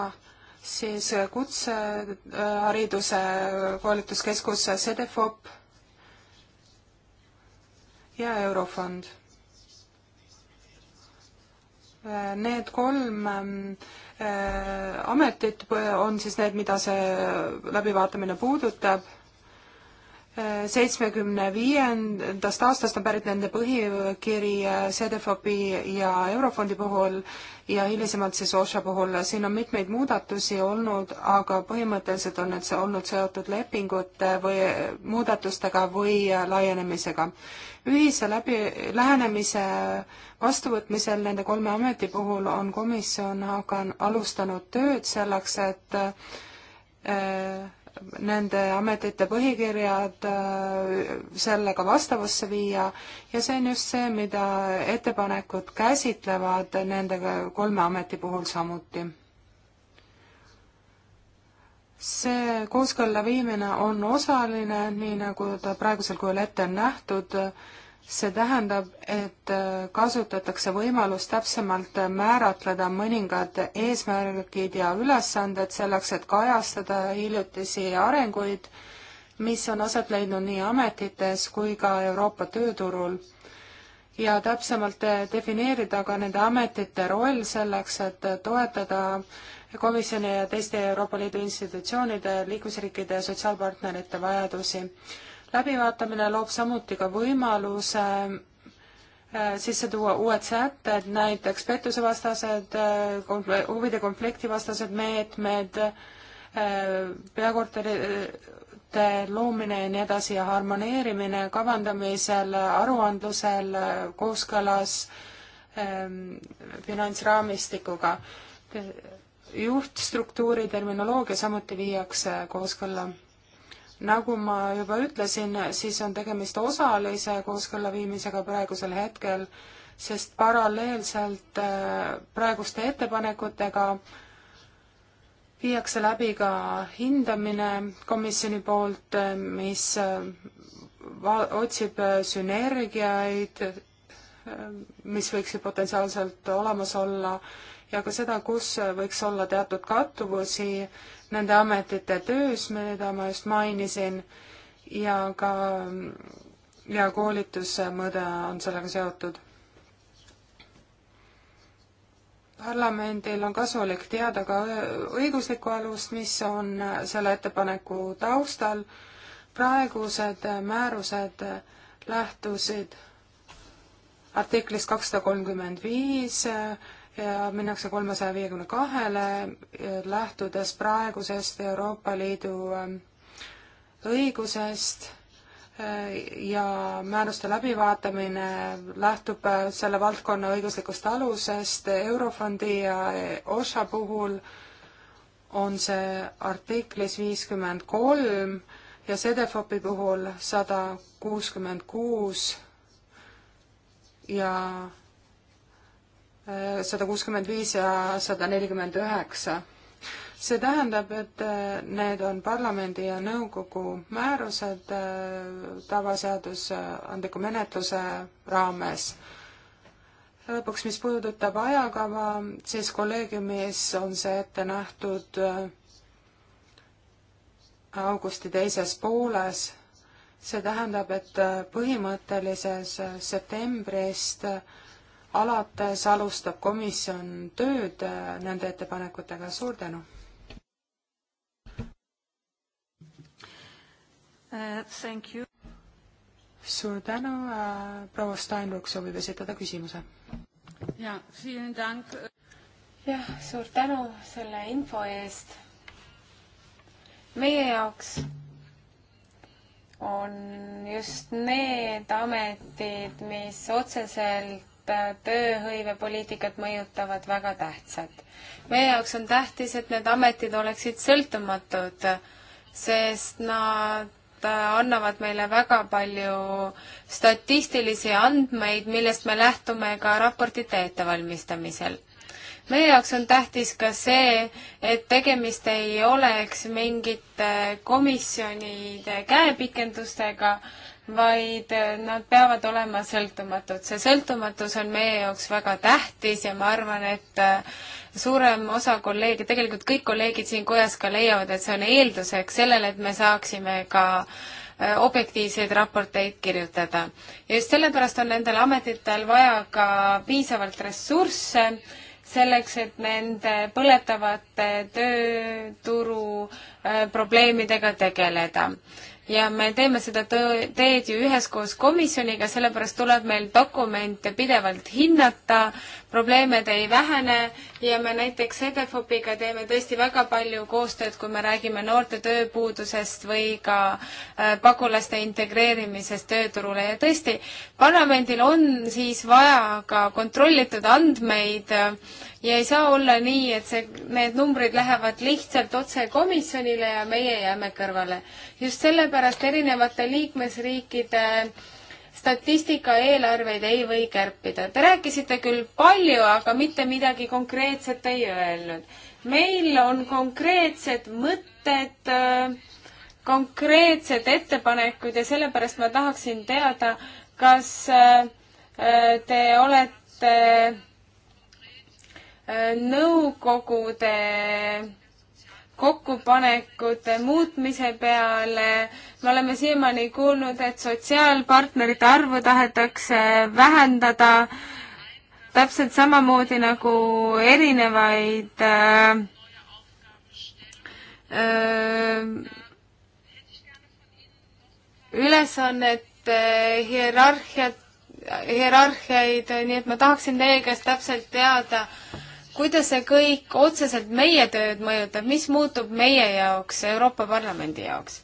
siis kutsehariduse koolituskeskus Sedefop ja Eurofond. Need kolm ähm, äh, ametit on siis need, mida see läbivaatamine puudutab seitsmekümne viiendast aastast on pärit nende põhikiri äh, CDFOP-i ja Eurofondi puhul ja hilisemalt siis OSHA puhul. siin on mitmeid muudatusi olnud, aga põhimõtteliselt on need olnud seotud lepingute või äh, muudatustega või äh, laienemisega. ühise läbi, lähenemise vastuvõtmisel nende kolme ameti puhul on komisjon aga alustanud tööd selleks, et äh, nende ametite põhikirjad äh, sellega vastavusse viia ja see on just see, mida ettepanekud käsitlevad nende kolme ameti puhul samuti. see kooskõlla viimine on osaline, nii nagu ta praegusel kujul ette on nähtud, see tähendab, et äh, kasutatakse võimalust täpsemalt äh, määratleda mõningad eesmärgid ja ülesanded selleks, et kajastada hiljutisi arenguid, mis on aset leidnud nii ametites kui ka Euroopa tööturul. ja täpsemalt äh, defineerida ka nende ametite roll selleks, et toetada komisjoni ja teiste Euroopa Liidu institutsioonide, liikmesriikide ja sotsiaalpartnerite vajadusi läbivaatamine loob samuti ka võimaluse äh, sisse tuua uued sätted, näiteks pettusevastased, äh, huvide konflikti vastased meetmed, äh, peakorterite loomine ja nii edasi ja harmoneerimine kavandamisel, aruandlusel kooskõlas ähm, finantsraamistikuga. juhtstruktuuri terminoloogia samuti viiakse kooskõlla nagu ma juba ütlesin, siis on tegemist osalise kooskõlla viimisega praegusel hetkel, sest paralleelselt äh, praeguste ettepanekutega viiakse läbi ka hindamine komisjoni poolt, äh, mis äh, otsib sünergiaid, mis võiksid potentsiaalselt olemas olla ja ka seda, kus võiks olla teatud kattuvusi nende ametite töös, mida ma just mainisin, ja ka, ja koolitusmõõde on sellega seotud. parlamendil on kasulik teada ka õiguslikku alust, mis on selle ettepaneku taustal, praegused määrused lähtusid artiklist kakssada kolmkümmend viis ja minnakse kolmesaja viiekümne kahele, lähtudes praegusest Euroopa Liidu ähm, õigusest äh, ja määruste läbivaatamine lähtub äh, selle valdkonna õiguslikust alusest, Eurofondi ja äh, OSHA puhul on see artiklis viiskümmend kolm ja Sedefopi puhul sada kuuskümmend kuus ja sada kuuskümmend viis ja sada nelikümmend üheksa. see tähendab, et äh, need on parlamendi ja nõukogu määrused äh, tavaseadusandliku äh, menetluse raames. lõpuks, mis puudutab ajakava, siis kolleegiumis on see ette nähtud augusti teises pooles, see tähendab, et põhimõttelises septembrist äh, alates alustab komisjon tööd äh, nende ettepanekutega, suur tänu! Äh, suur tänu, äh, proua Steinruck soovib esitada küsimuse. jaa, jah, suur tänu selle info eest. meie jaoks on just need ametid, mis otseselt Äh, tööhõivepoliitikat mõjutavad väga tähtsad. meie jaoks on tähtis, et need ametid oleksid sõltumatud, sest nad äh, annavad meile väga palju statistilisi andmeid, millest me lähtume ka raportite ettevalmistamisel meie jaoks on tähtis ka see, et tegemist ei oleks mingite komisjonide käepikendustega, vaid äh, nad peavad olema sõltumatud. see sõltumatus on meie jaoks väga tähtis ja ma arvan, et äh, suurem osa kolleege, tegelikult kõik kolleegid siin kojas ka leiavad, et see on eelduseks sellele, et me saaksime ka äh, objektiivseid raporteid kirjutada. ja just sellepärast on nendel ametitel vaja ka piisavalt ressursse, selleks, et nende põletavate tööturu probleemidega tegeleda ja me teeme seda teed ju üheskoos komisjoniga, sellepärast tuleb meil dokumente pidevalt hinnata, probleemid ei vähene ja me näiteks EDFOP-iga teeme tõesti väga palju koostööd, kui me räägime noorte tööpuudusest või ka äh, pagulaste integreerimisest tööturule ja tõesti, parlamendil on siis vaja ka kontrollitud andmeid ja ei saa olla nii, et see, need numbrid lähevad lihtsalt otse komisjonile ja meie jääme kõrvale. just sellepärast erinevate liikmesriikide statistika eelarveid ei või kärpida. Te rääkisite küll palju, aga mitte midagi konkreetset ei öelnud. meil on konkreetsed mõtted äh, konkreetsed ettepanekud ja sellepärast ma tahaksin teada, kas äh, te olete nõukogude kokkupanekute muutmise peale. me oleme siiamaani kuulnud, et sotsiaalpartnerite arvu tahetakse vähendada täpselt samamoodi nagu erinevaid äh, äh, ülesannet äh,, hierarhiat, hierarhiaid, nii et ma tahaksin teie käest täpselt teada äh,, kuidas see kõik otseselt meie tööd mõjutab, mis muutub meie jaoks, Euroopa Parlamendi jaoks?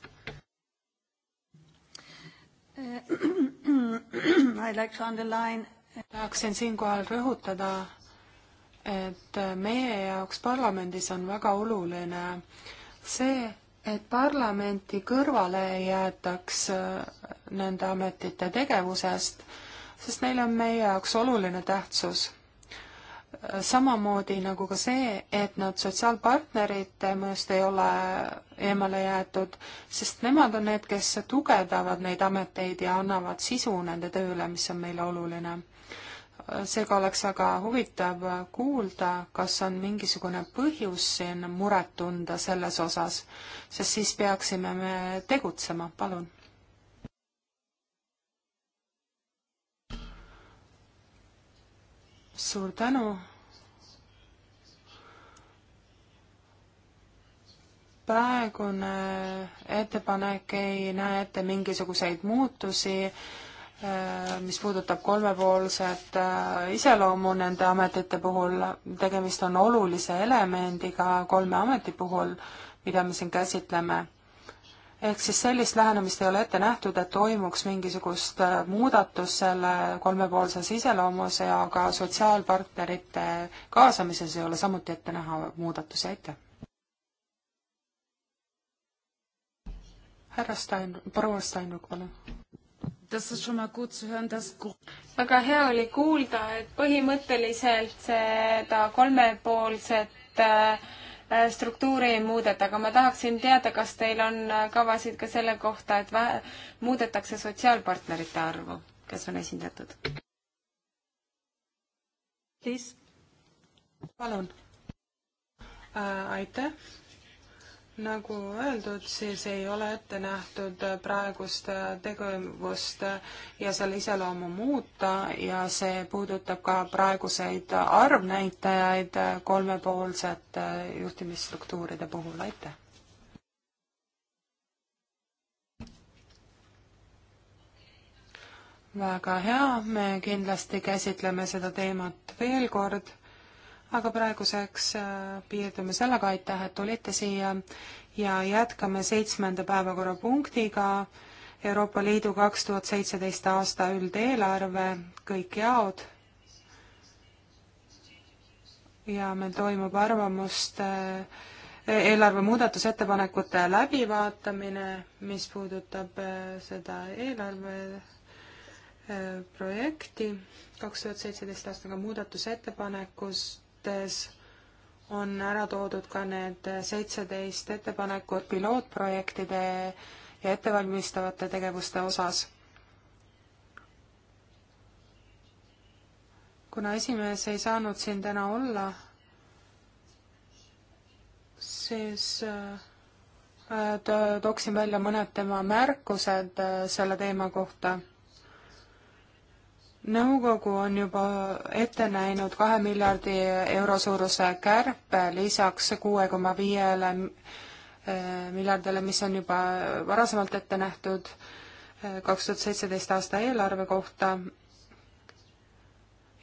Äh, äh, tahaksin siinkohal rõhutada, et meie jaoks parlamendis on väga oluline see, et parlamenti kõrvale ei jäetaks äh, nende ametite tegevusest, sest neil on meie jaoks oluline tähtsus samamoodi nagu ka see, et nad sotsiaalpartnerite mõjust ei ole eemale jäetud, sest nemad on need, kes tugevdavad neid ameteid ja annavad sisu nende tööle, mis on meile oluline. seega oleks väga huvitav kuulda, kas on mingisugune põhjus siin muret tunda selles osas, sest siis peaksime me tegutsema, palun suur tänu, praegune ettepanek ei näe ette mingisuguseid muutusi, äh, mis puudutab kolmepoolset äh, iseloomu nende ametite puhul, tegemist on olulise elemendiga kolme ameti puhul, mida me siin käsitleme. ehk siis sellist lähenemist ei ole ette nähtud, et toimuks mingisugust äh, muudatust selle kolmepoolses iseloomus ja ka sotsiaalpartnerite kaasamises ei ole samuti ette näha muudatusi, aitäh! härra Stein, proua Steinruck, palun. väga hea oli kuulda, et põhimõtteliselt seda kolmepoolset äh, struktuuri ei muudeta, aga ma tahaksin teada, kas teil on äh, kavasid ka selle kohta, et vähe, muudetakse sotsiaalpartnerite arvu, kes on esindatud? palun äh,. aitäh nagu öeldud, siis ei ole ette nähtud praegust tegevust ja selle iseloomu muuta ja see puudutab ka praeguseid arvnäitajaid kolmepoolsete juhtimisstruktuuride puhul, aitäh. väga hea, me kindlasti käsitleme seda teemat veel kord aga praeguseks äh, piirdume sellega, aitäh, et tulite siia ja jätkame seitsmenda päevakorrapunktiga Euroopa Liidu kaks tuhat seitseteist aasta üldeelarve, kõik jaod. ja meil toimub arvamust äh, eelarve muudatusettepanekute läbivaatamine, mis puudutab äh, seda eelarve projekti kaks tuhat seitseteist aastaga muudatusettepanekus aruannetes on ära toodud ka need seitseteist ettepanekut pilootprojektide ja ettevalmistavate tegevuste osas. kuna esimees ei saanud siin täna olla, siis äh, tooksin välja mõned tema märkused äh, selle teema kohta nõukogu on juba ette näinud kahe miljardi euro suuruse kärpe lisaks kuue koma viiele eh, miljardile, mis on juba varasemalt ette nähtud eh, kaks tuhat seitseteist aasta eelarve kohta.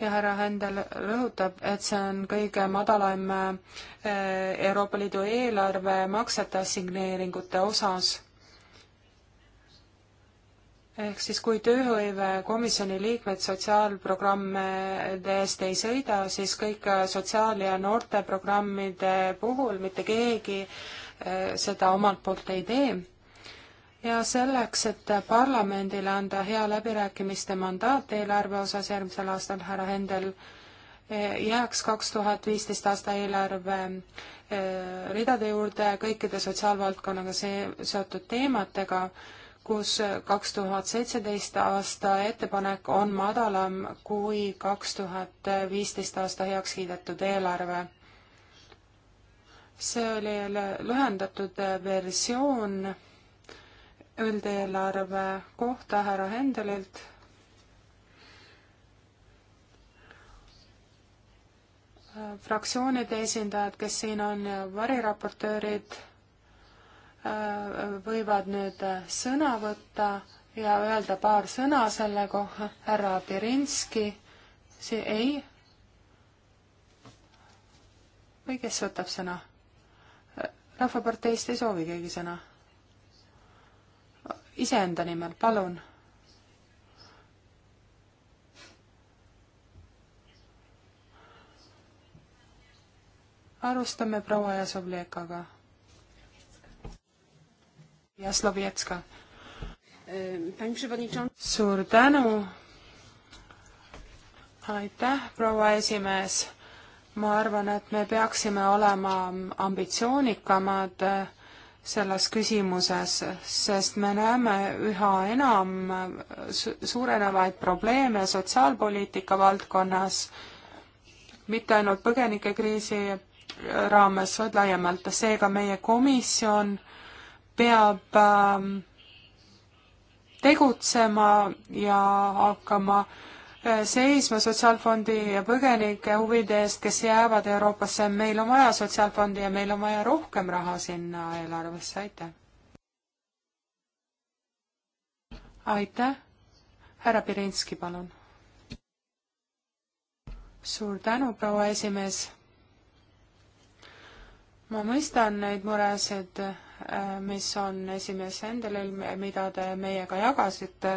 ja härra Händel rõhutab, et see on kõige madalam eh, Euroopa Liidu eelarve maksete assigneeringute osas ehk siis kui tööhõive komisjoni liikmed sotsiaalprogrammide eest ei sõida, siis kõik sotsiaal- ja noorteprogrammide puhul mitte keegi eh, seda omalt poolt ei tee. ja selleks, et parlamendile anda hea läbirääkimiste mandaat eelarve osas järgmisel aastal, härra Hendel, eh, jääks kaks tuhat viisteist aasta eelarve eh, ridade juurde kõikide sotsiaalvaldkonnaga seotud teematega kus kaks tuhat seitseteist aasta ettepanek on madalam kui kaks tuhat viisteist aasta heaks kiidetud eelarve. see oli lühendatud versioon üldeelarve kohta härra Hendelilt fraktsioonide esindajad, kes siin on ja variraportöörid võivad nüüd sõna võtta ja öelda paar sõna selle kohta. härra Pirinski, see ei? või kes võtab sõna? rahvaparteist ei soovi keegi sõna? iseenda nimel, palun alustame proua Jasovlekaga ja Slovjetska. Ehm, suur tänu. aitäh, proua esimees. ma arvan, et me peaksime olema ambitsioonikamad äh, selles küsimuses, sest me näeme üha enam äh, suurenevaid probleeme sotsiaalpoliitika valdkonnas, mitte ainult põgenikekriisi raames, vaid laiemalt. seega meie komisjon peab ähm, tegutsema ja hakkama äh, seisma Sotsiaalfondi ja põgenike huvide eest, kes jäävad Euroopasse, meil on vaja Sotsiaalfondi ja meil on vaja rohkem raha sinna eelarvesse, aitäh! aitäh! härra Pirinski, palun! suur tänu, proua esimees! ma mõistan neid muresid, Äh, mis on esimees Hendelil, mida te meiega jagasite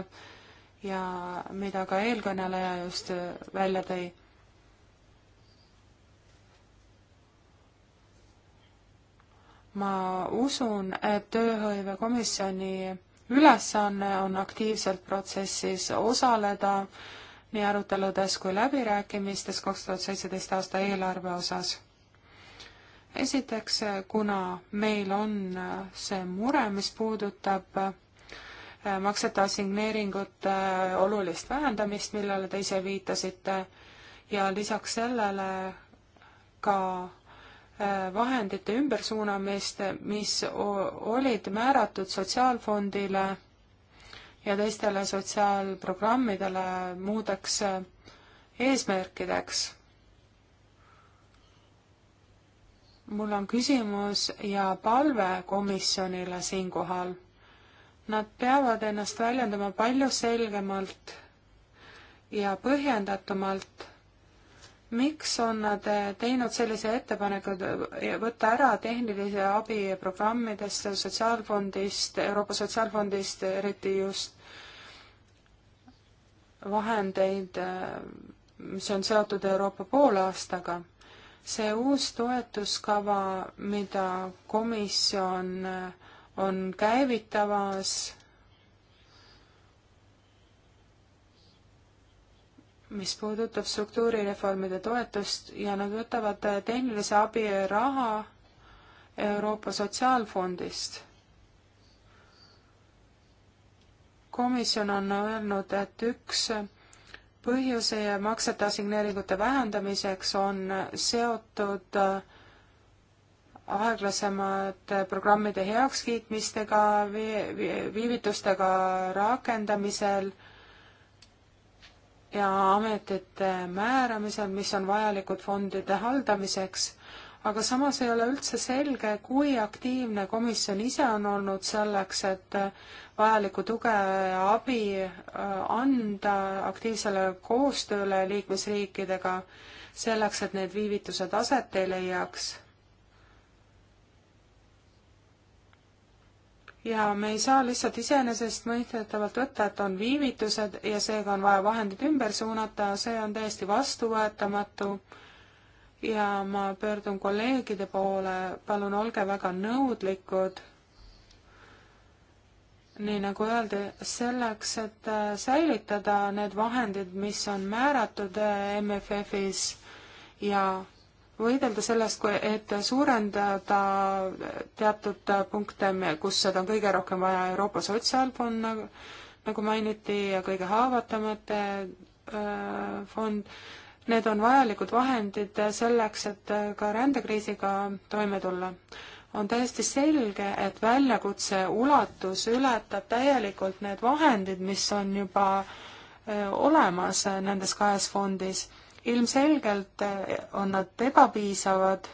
ja mida ka eelkõneleja just välja tõi. ma usun, et tööhõivekomisjoni ülesanne on aktiivselt protsessis osaleda nii aruteludes kui läbirääkimistes kaks tuhat seitseteist aasta eelarve osas esiteks, kuna meil on äh, see mure, mis puudutab äh, maksete assigneeringute äh, olulist vähendamist, millele te ise viitasite, ja lisaks sellele ka vahendite ümbersuunamist, mis olid määratud Sotsiaalfondile ja teistele sotsiaalprogrammidele muudeks eesmärkideks mul on küsimus ja palve komisjonile siinkohal. Nad peavad ennast väljendama palju selgemalt ja põhjendatumalt. miks on nad teinud sellise ettepaneku võtta ära tehnilise abi programmidest, sotsiaalfondist, Euroopa Sotsiaalfondist eriti just vahendeid, mis on seotud Euroopa poolaastaga see uus toetuskava, mida komisjon äh, on käivitamas, mis puudutab struktuurireformide toetust ja nad võtavad äh, tehnilise abi raha Euroopa Sotsiaalfondist. komisjon on öelnud, et üks põhjuse maksete assigneeringute vähendamiseks on seotud äh, aeglasemate programmide heakskiitmistega, viivitustega rakendamisel ja ametite määramisel, mis on vajalikud fondide haldamiseks aga samas ei ole üldse selge, kui aktiivne komisjon ise on olnud selleks, et äh, vajalikku tuge ja abi äh, anda aktiivsele koostööle liikmesriikidega, selleks et need viivitused aset ei leiaks ja me ei saa lihtsalt iseenesestmõistetavalt võtta, et on viivitused ja seega on vaja vahendid ümber suunata, see on täiesti vastuvõetamatu ja ma pöördun kolleegide poole, palun olge väga nõudlikud, nii nagu öeldi, selleks, et äh, säilitada need vahendid, mis on määratud äh, MFF-is ja võidelda sellest, et suurendada äh, teatud punkte, kus seda on kõige rohkem vaja, Euroopa Sotsiaalfond, nagu, nagu mainiti, ja kõige haavatavate fond, Need on vajalikud vahendid selleks, et ka rändekriisiga toime tulla. on täiesti selge, et väljakutse ulatus ületab täielikult need vahendid, mis on juba äh, olemas nendes kahes fondis. ilmselgelt äh, on nad ebapiisavad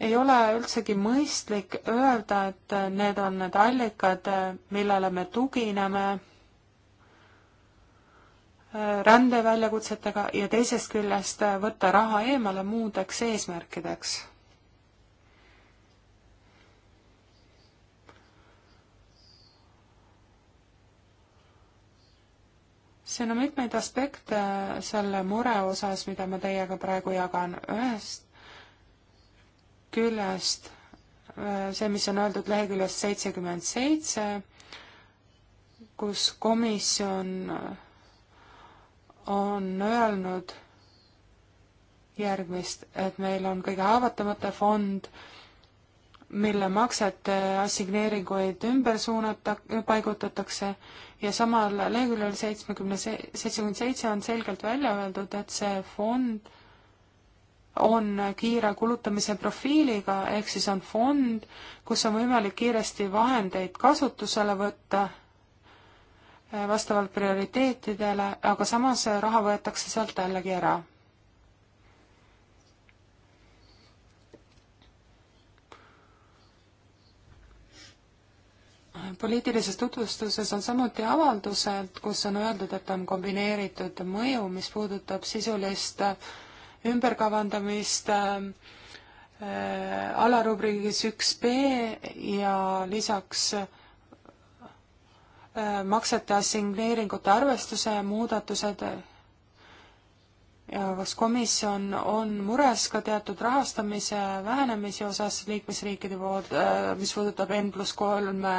ei ole üldsegi mõistlik öelda, et äh, need on need allikad, millele me tugineme rändeväljakutsetega ja teisest küljest võtta raha eemale muudeks eesmärkideks. siin on mitmeid aspekte selle mure osas, mida ma teiega praegu jagan. ühest küljest äh, see, mis on öeldud leheküljest seitsekümmend seitse, kus komisjon äh, on öelnud järgmist, et meil on kõige haavatamate fond, mille maksete assigneeringuid ümber suunata, paigutatakse ja samal leheküljel seitsmekümne se-, seitsekümmend seitse on selgelt välja öeldud, et see fond on kiire kulutamise profiiliga, ehk siis on fond, kus on võimalik kiiresti vahendeid kasutusele võtta Äh, vastavalt prioriteetidele, aga samas äh, raha võetakse sealt jällegi ära. poliitilises tutvustuses on samuti avaldused, kus on öeldud, et on kombineeritud mõju, mis puudutab sisulist äh, ümberkavandamist äh, alarubriigis üks B ja lisaks äh, Äh, maksete assigneeringute arvestuse muudatused ja kas komisjon on mures ka teatud rahastamise vähenemise osas liikmesriikide poolt, äh, mis puudutab N pluss kolme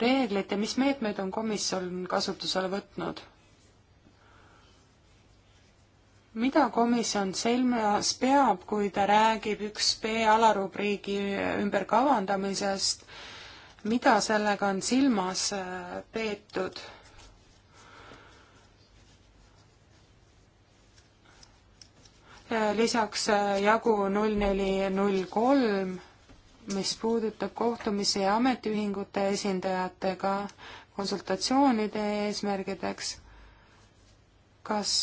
reeglit ja mis meetmeid on komisjon kasutusele võtnud? mida komisjon silmas peab, kui ta räägib üks B alarubriigi ümberkavandamisest äh, mida sellega on silmas äh, peetud? Äh, lisaks äh, jagu null neli null kolm, mis puudutab kohtumisi ametiühingute esindajatega konsultatsioonide eesmärgideks. kas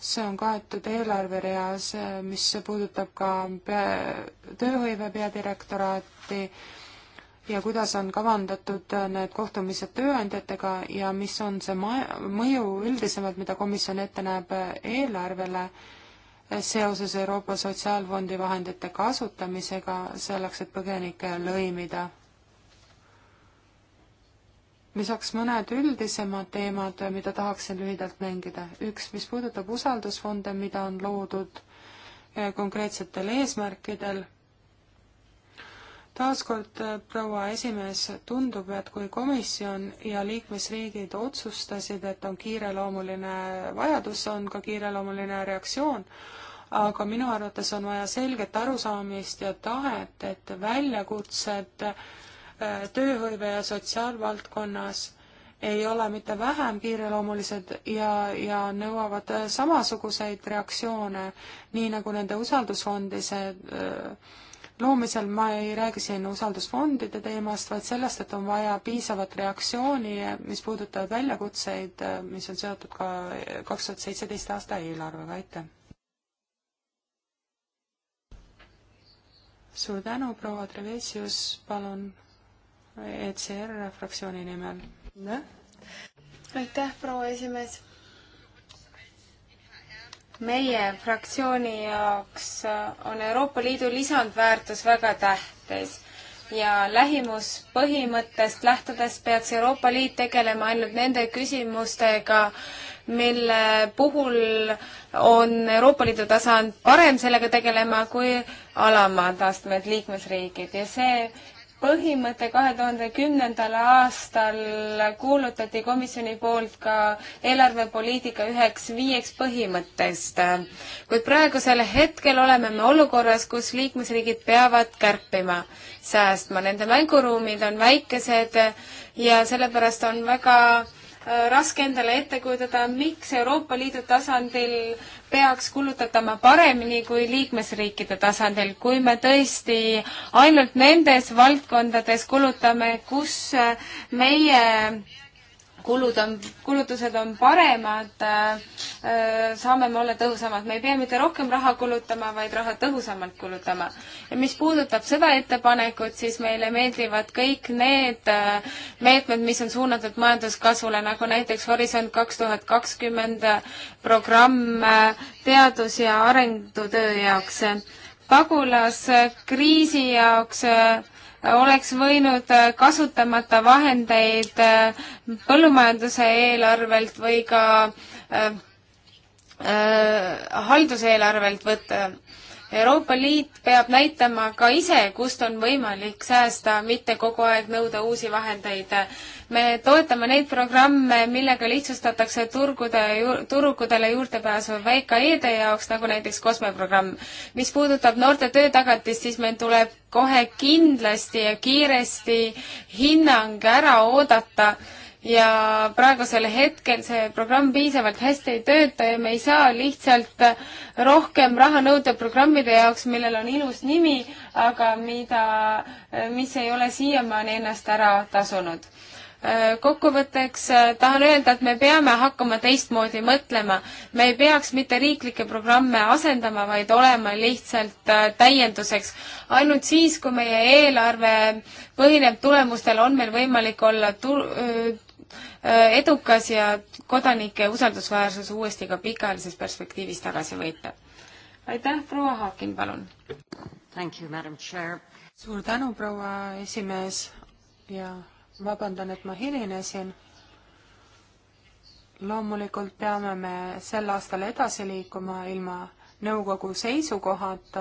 see on kaetud eelarvereas, mis puudutab ka pea, tööhõive peadirektoraati, ja kuidas on kavandatud äh, need kohtumised tööandjatega ja mis on see mõju üldisemalt, mida komisjon ette näeb äh, eelarvele äh, seoses Euroopa Sotsiaalfondi vahendite kasutamisega selleks, et põgenikke lõimida? lisaks mõned üldisemad teemad, mida tahaksin lühidalt mängida. üks, mis puudutab usaldusfonde, mida on loodud konkreetsetel eesmärkidel taaskord, äh, proua esimees, tundub, et kui komisjon ja liikmesriigid otsustasid, et on kiireloomuline vajadus, on ka kiireloomuline reaktsioon, aga minu arvates on vaja selget arusaamist ja tahet, et väljakutsed äh, tööhõive ja sotsiaalvaldkonnas ei ole mitte vähem kiireloomulised ja, ja nõuavad äh, samasuguseid reaktsioone, nii nagu nende usaldusfondise öö, loomisel ma ei räägi siin usaldusfondide teemast, vaid sellest, et on vaja piisavat reaktsiooni, mis puudutavad väljakutseid, mis on seotud ka kaks tuhat seitseteist aasta eelarvega, aitäh! suur tänu, proua Trevesius, palun ECR fraktsiooni nimel. aitäh, proua esimees meie fraktsiooni jaoks äh, on Euroopa Liidu lisandväärtus väga tähtis ja lähimuspõhimõttest lähtudes peaks Euroopa Liit tegelema ainult nende küsimustega, mille puhul on Euroopa Liidu tasand parem sellega tegelema kui alama tasemel liikmesriigid ja see põhimõte kahe tuhande kümnendal aastal kuulutati komisjoni poolt ka eelarvepoliitika üheks viieks põhimõttest. kuid praegusel hetkel oleme me olukorras, kus liikmesriigid peavad kärpima, säästma, nende mänguruumid on väikesed ja sellepärast on väga Äh, raske endale ette kujutada, miks Euroopa Liidu tasandil peaks kulutatama paremini kui liikmesriikide tasandil, kui me tõesti ainult nendes valdkondades kulutame, kus äh, meie kulud on, kulutused on paremad, äh, äh, saame me olla tõhusamad, me ei pea mitte rohkem raha kulutama, vaid raha tõhusamalt kulutama. ja mis puudutab seda ettepanekut, siis meile meeldivad kõik need äh, meetmed, mis on suunatud majanduskasvule, nagu näiteks Horisont kaks tuhat kakskümmend programm teadus- ja arengutöö jaoks, pagulaskriisi jaoks oleks võinud äh, kasutamata vahendeid äh, põllumajanduse eelarvelt või ka äh, äh, halduseelarvelt võtta. Euroopa Liit peab näitama ka ise, kust on võimalik säästa, mitte kogu aeg nõuda uusi vahendeid me toetame neid programme, millega lihtsustatakse turgude, turgudele juurdepääsu VKE-de jaoks, nagu näiteks COSME programm. mis puudutab noorte töötagatist, siis meil tuleb kohe kindlasti ja kiiresti hinnang ära oodata ja praegusel hetkel see programm piisavalt hästi ei tööta ja me ei saa lihtsalt rohkem raha nõuda programmide jaoks, millel on ilus nimi, aga mida, mis ei ole siiamaani ennast ära tasunud. Äh, kokkuvõtteks äh, tahan öelda, et me peame hakkama teistmoodi mõtlema. me ei peaks mitte riiklikke programme asendama, vaid olema lihtsalt äh, täienduseks. ainult siis, kui meie eelarve põhineb tulemustel, on meil võimalik olla tu-, edukas ja kodanike usaldusväärsus uuesti ka pikaajalises perspektiivis tagasi võita. aitäh, proua Haakin, palun! suur tänu, proua esimees ja vabandan, et ma hilinesin. loomulikult peame me sel aastal edasi liikuma ilma nõukogu seisukohad,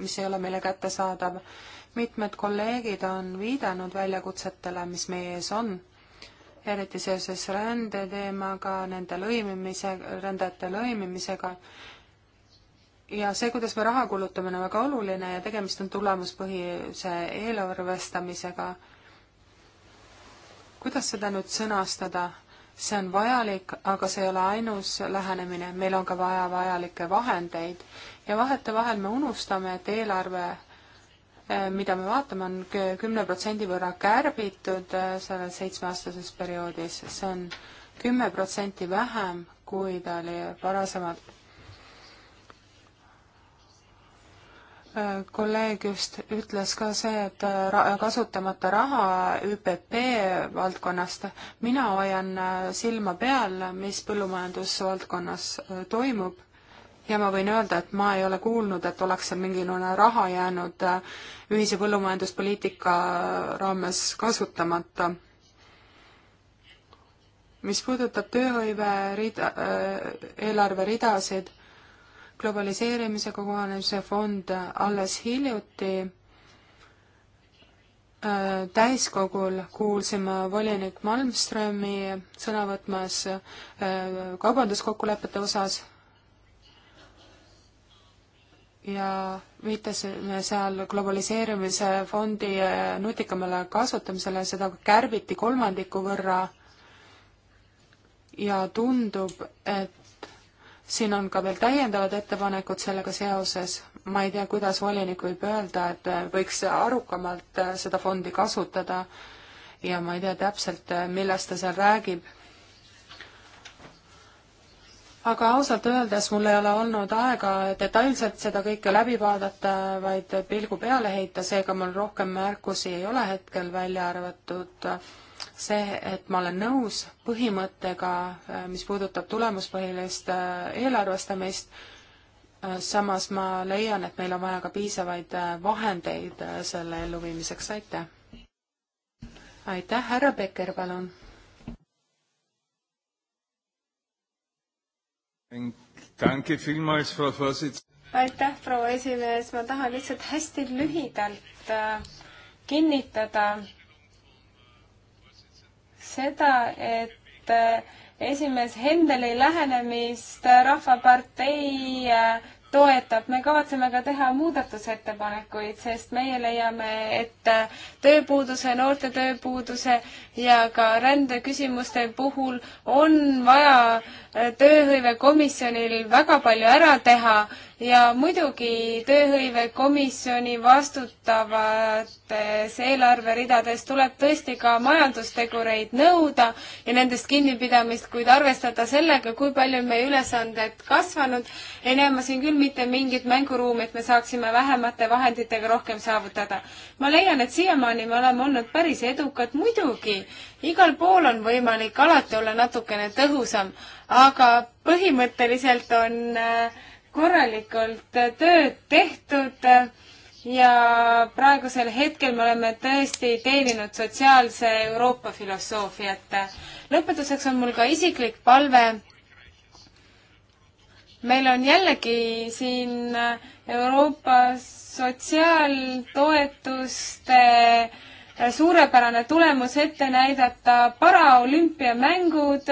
mis ei ole meile kättesaadav. mitmed kolleegid on viidanud väljakutsetele, mis meie ees on, eriti seoses rände teemaga, nende lõimimise, rändajate lõimimisega. ja see, kuidas me raha kulutame, on väga oluline ja tegemist on tulemuspõhise eelarvestamisega kuidas seda nüüd sõnastada, see on vajalik, aga see ei ole ainus lähenemine, meil on ka vaja vajalikke vahendeid ja vahetevahel me unustame, et eelarve, eh, mida me vaatame on, on kümne protsendi võrra kärbitud eh, selles seitsmeaastases perioodis, see on kümme protsenti vähem, kui ta oli varasemalt kolleeg just ütles ka see, et äh, ra-, kasutamata raha ÜPP valdkonnast, mina hoian äh, silma peal, mis põllumajandusvaldkonnas äh, toimub ja ma võin öelda, et ma ei ole kuulnud, et oleks seal mingisugune raha jäänud ühise põllumajanduspoliitika raames kasutamata. mis puudutab tööhõive rida, eelarveridasid, globaliseerimisega kohanemise fond alles hiljuti äh, täiskogul kuulsime volinik Malmströmi sõna võtmas äh, kaubanduskokkulepete osas ja viitasime seal globaliseerimise fondi äh, nutikamale kasutamisele, seda kärbiti kolmandiku võrra ja tundub, et siin on ka veel täiendavad ettepanekud sellega seoses, ma ei tea, kuidas volinik võib öelda, et võiks arukamalt seda fondi kasutada ja ma ei tea täpselt, millest ta seal räägib. aga ausalt öeldes mul ei ole olnud aega detailselt seda kõike läbi vaadata, vaid pilgu peale heita, seega mul rohkem märkusi ei ole hetkel välja arvatud äh, see, et ma olen nõus põhimõttega, äh, mis puudutab tulemuspõhilist äh, eelarvestamist, äh, samas ma leian, et meil on vaja ka piisavaid vahendeid selle elluviimiseks, aitäh. aitäh, härra Peker, palun. aitäh, proua esimees, ma tahan lihtsalt hästi lühidalt kinnitada seda, et äh, esimees Hendeli lähenemist äh, Rahvapartei äh, toetab, me kavatseme ka teha muudatusettepanekuid, sest meie leiame, et tööpuuduse, noorte tööpuuduse ja ka rändeküsimuste puhul on vaja tööhõivekomisjonil väga palju ära teha ja muidugi tööhõivekomisjoni vastutavates eelarveridades tuleb tõesti ka majandustegureid nõuda ja nendest kinnipidamist, kuid arvestada sellega, kui palju on meie ülesanded kasvanud. ei näe ma siin küll mitte mingit mänguruumi, et me saaksime vähemate vahenditega rohkem saavutada. ma leian, et siiamaani me oleme olnud päris edukad, muidugi igal pool on võimalik alati olla natukene tõhusam aga põhimõtteliselt on äh, korralikult äh, tööd tehtud äh, ja praegusel hetkel me oleme tõesti teeninud sotsiaalse Euroopa filosoofiat. lõpetuseks on mul ka isiklik palve meil on jällegi siin Euroopas sotsiaaltoetuste suurepärane tulemus ette näidata. paraolümpiamängud,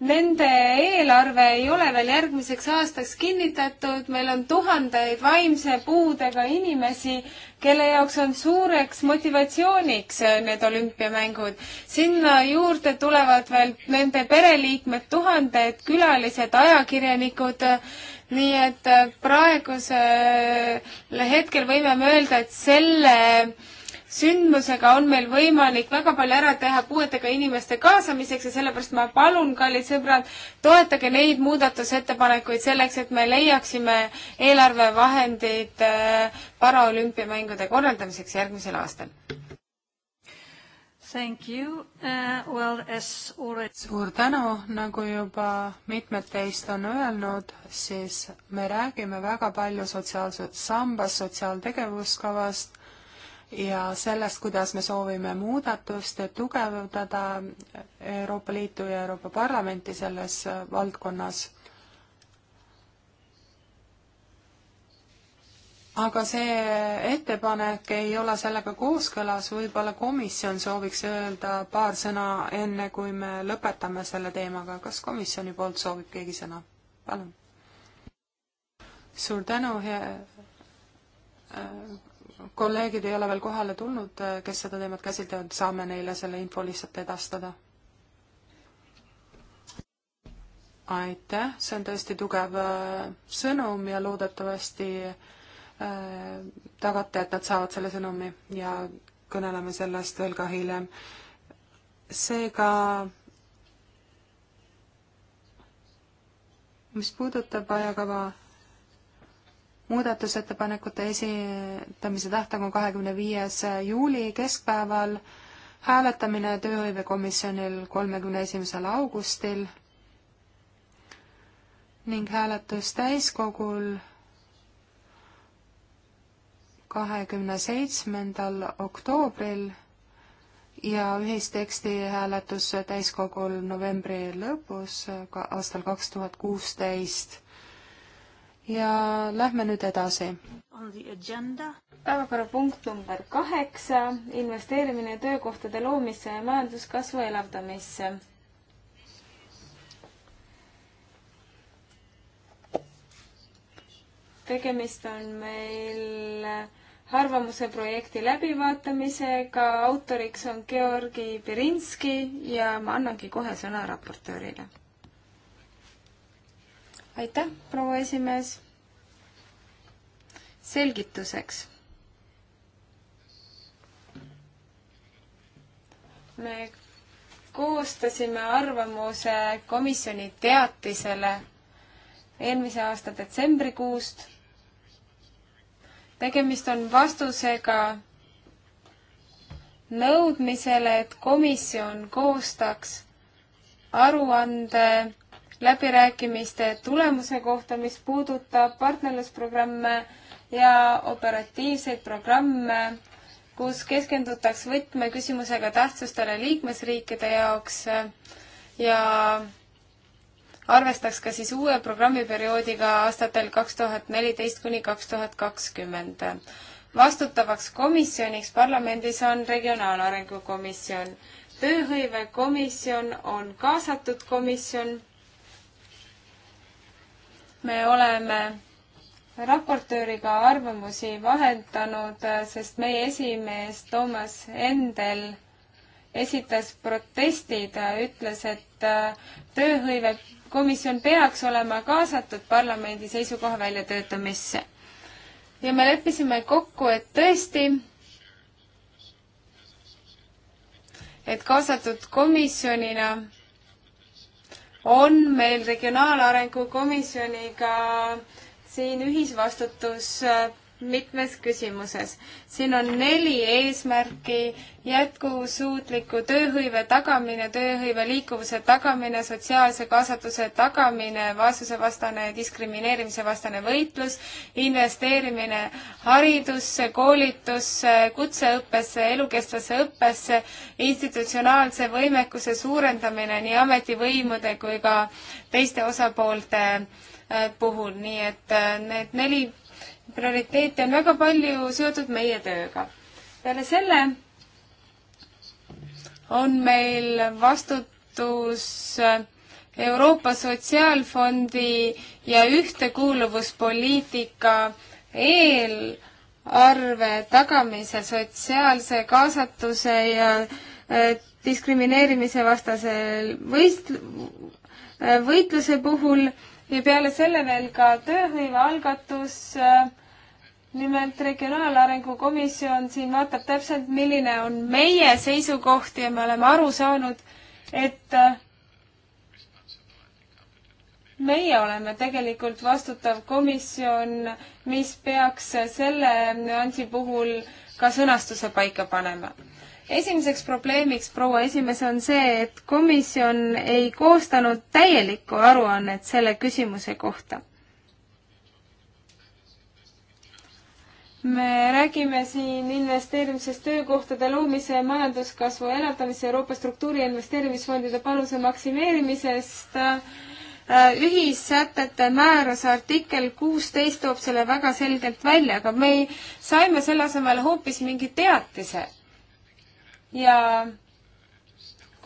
nende eelarve ei ole veel järgmiseks aastaks kinnitatud, meil on tuhandeid vaimse puudega inimesi, kelle jaoks on suureks motivatsiooniks need olümpiamängud. sinna juurde tulevad veel nende pereliikmed, tuhanded külalised, ajakirjanikud, nii et praegusel hetkel võime öelda, et selle sündmusega on meil võimalik väga palju ära teha puuetega inimeste kaasamiseks ja sellepärast ma palun, kallid sõbrad, toetage neid muudatusettepanekuid selleks, et me leiaksime eelarvevahendid äh, paraolümpiamängude korraldamiseks järgmisel aastal. Thank you uh,. Well, as already... suur tänu, nagu juba mitmed teist on öelnud, siis me räägime väga palju sotsiaalsest sambast, sotsiaaltegevuskavast ja sellest, kuidas me soovime muudatust, et tugevdada Euroopa Liitu ja Euroopa Parlamenti selles äh, valdkonnas. aga see ettepanek ei ole sellega kooskõlas, võib-olla komisjon sooviks öelda paar sõna, enne kui me lõpetame selle teemaga. kas komisjoni poolt soovib keegi sõna? palun. suur tänu, äh, kolleegid ei ole veel kohale tulnud, eh, kes seda teemat käsitlevad, saame neile selle info lihtsalt edastada. aitäh, see on tõesti tugev eh, sõnum ja loodetavasti eh, tagate, et nad saavad selle sõnumi ja kõneleme sellest veel ka hiljem. seega mis puudutab ajakava muudatusettepanekute esitamise tähtaeg on kahekümne viies juuli keskpäeval, hääletamine tööhõivekomisjonil kolmekümne esimesel augustil ning hääletus täiskogul kahekümne seitsmendal oktoobril ja ühisteksti hääletus täiskogul novembri lõpus aastal kaks tuhat kuusteist ja lähme nüüd edasi. päevakorrapunkt number kaheksa, investeerimine töökohtade loomisse ja majanduskasvu elavdamisse tegemist on meil arvamuse projekti läbivaatamisega, autoriks on Georgi Pirinski ja ma annangi kohe sõna raportöörile aitäh, proua esimees. selgituseks. me koostasime arvamuse komisjoni teatisele eelmise aasta detsembrikuust. tegemist on vastusega nõudmisele, et komisjon koostaks aruande läbirääkimiste tulemuse kohta, mis puudutab partnerlusprogramme ja operatiivseid programme, kus keskendutaks võtmeküsimusega tähtsustele liikmesriikide jaoks ja arvestaks ka siis uue programmiperioodiga aastatel kaks tuhat neliteist kuni kaks tuhat kakskümmend. vastutavaks komisjoniks parlamendis on Regionaalarengu Komisjon. tööhõivekomisjon on kaasatud komisjon me oleme raportööriga arvamusi vahendanud, sest meie esimees Toomas Endel esitas protesti, ta ütles, et äh, tööhõivekomisjon peaks olema kaasatud parlamendi seisukoha väljatöötamisse. ja me leppisime kokku, et tõesti, et kaasatud komisjonina on meil Regionaalarengu Komisjoniga siin ühisvastutus mitmes küsimuses. siin on neli eesmärki, jätkusuutliku tööhõive tagamine, tööhõive liikuvuse tagamine, sotsiaalse kaasatuse tagamine, vaesusevastane ja diskrimineerimise vastane võitlus, investeerimine haridusse, koolitusse, kutseõppesse, elukestvasse õppesse, institutsionaalse võimekuse suurendamine nii ametivõimude kui ka teiste osapoolte äh, puhul, nii et äh, need neli prioriteete on väga palju seotud meie tööga. peale selle on meil vastutus Euroopa Sotsiaalfondi ja ühtekuuluvuspoliitika eelarve tagamise sotsiaalse kaasatuse ja äh, diskrimineerimise vastase võist-, võitluse puhul ja peale selle veel ka tööhõive algatus äh, nimelt Regionaalarengu Komisjon siin vaatab täpselt, milline on meie seisukoht ja me oleme aru saanud, et äh, meie oleme tegelikult vastutav komisjon, mis peaks selle nüansi puhul ka sõnastuse paika panema. esimeseks probleemiks, proua esimees, on see, et komisjon ei koostanud täielikku aruannet selle küsimuse kohta me räägime siin investeerimisest töökohtade loomise ja majanduskasvu elavdamise Euroopa struktuuri ja investeerimisfondide panuse maksimeerimisest. Äh, ühissätete määruse artikkel kuusteist toob selle väga selgelt välja, aga me ei, saime selle asemel hoopis mingi teatise. ja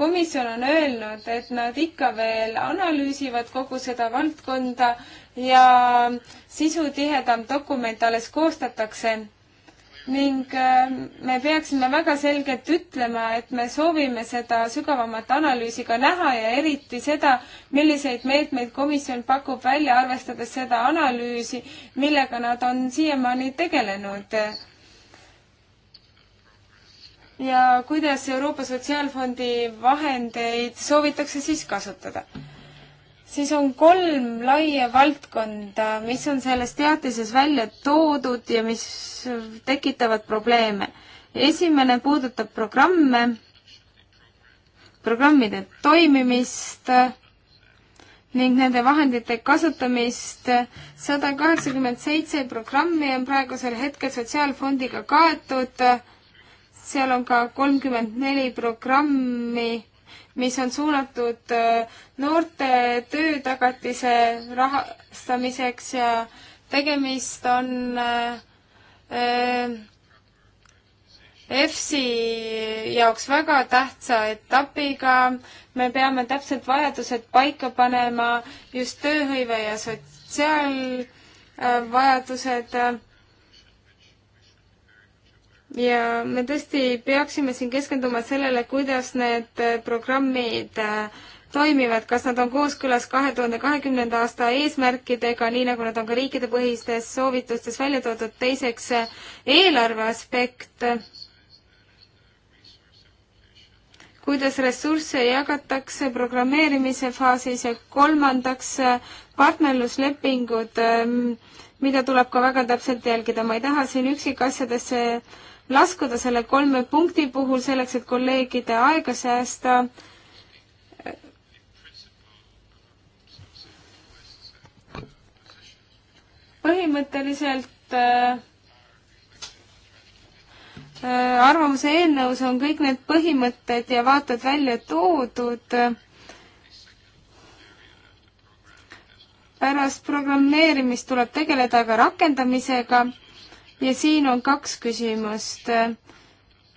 komisjon on öelnud, et nad ikka veel analüüsivad kogu seda valdkonda ja äh, sisutihedam dokument alles koostatakse ning äh, me peaksime väga selgelt ütlema, et me soovime seda sügavamat analüüsi ka näha ja eriti seda, milliseid meetmeid komisjon pakub välja, arvestades seda analüüsi, millega nad on siiamaani tegelenud. ja kuidas Euroopa Sotsiaalfondi vahendeid soovitakse siis kasutada siis on kolm laia valdkonda, mis on selles teatises välja toodud ja mis tekitavad probleeme. esimene puudutab programme, programmide toimimist ning nende vahendite kasutamist. sada kaheksakümmend seitse programmi on praegusel hetkel Sotsiaalfondiga kaetud, seal on ka kolmkümmend neli programmi mis on suunatud äh, noorte töötagatise rahastamiseks ja tegemist on EFSi äh, äh, jaoks väga tähtsa etapiga. me peame täpselt vajadused paika panema just tööhõive ja sotsiaalvajadused ja me tõesti peaksime siin keskenduma sellele, kuidas need äh, programmid äh, toimivad, kas nad on kooskõlas kahe tuhande kahekümnenda aasta eesmärkidega, nii nagu nad on ka riikidepõhistes soovitustes välja toodud, teiseks äh, eelarve aspekt, kuidas ressursse jagatakse programmeerimise faasis ja kolmandaks partnerluslepingud, ähm, mida tuleb ka väga täpselt jälgida, ma ei taha siin üksikasjadesse laskuda selle kolme punkti puhul selleks, et kolleegide aega säästa. põhimõtteliselt äh, äh, arvamuse eelnõus on kõik need põhimõtted ja vaated välja toodud pärast programmeerimist tuleb tegeleda ka rakendamisega ja siin on kaks küsimust.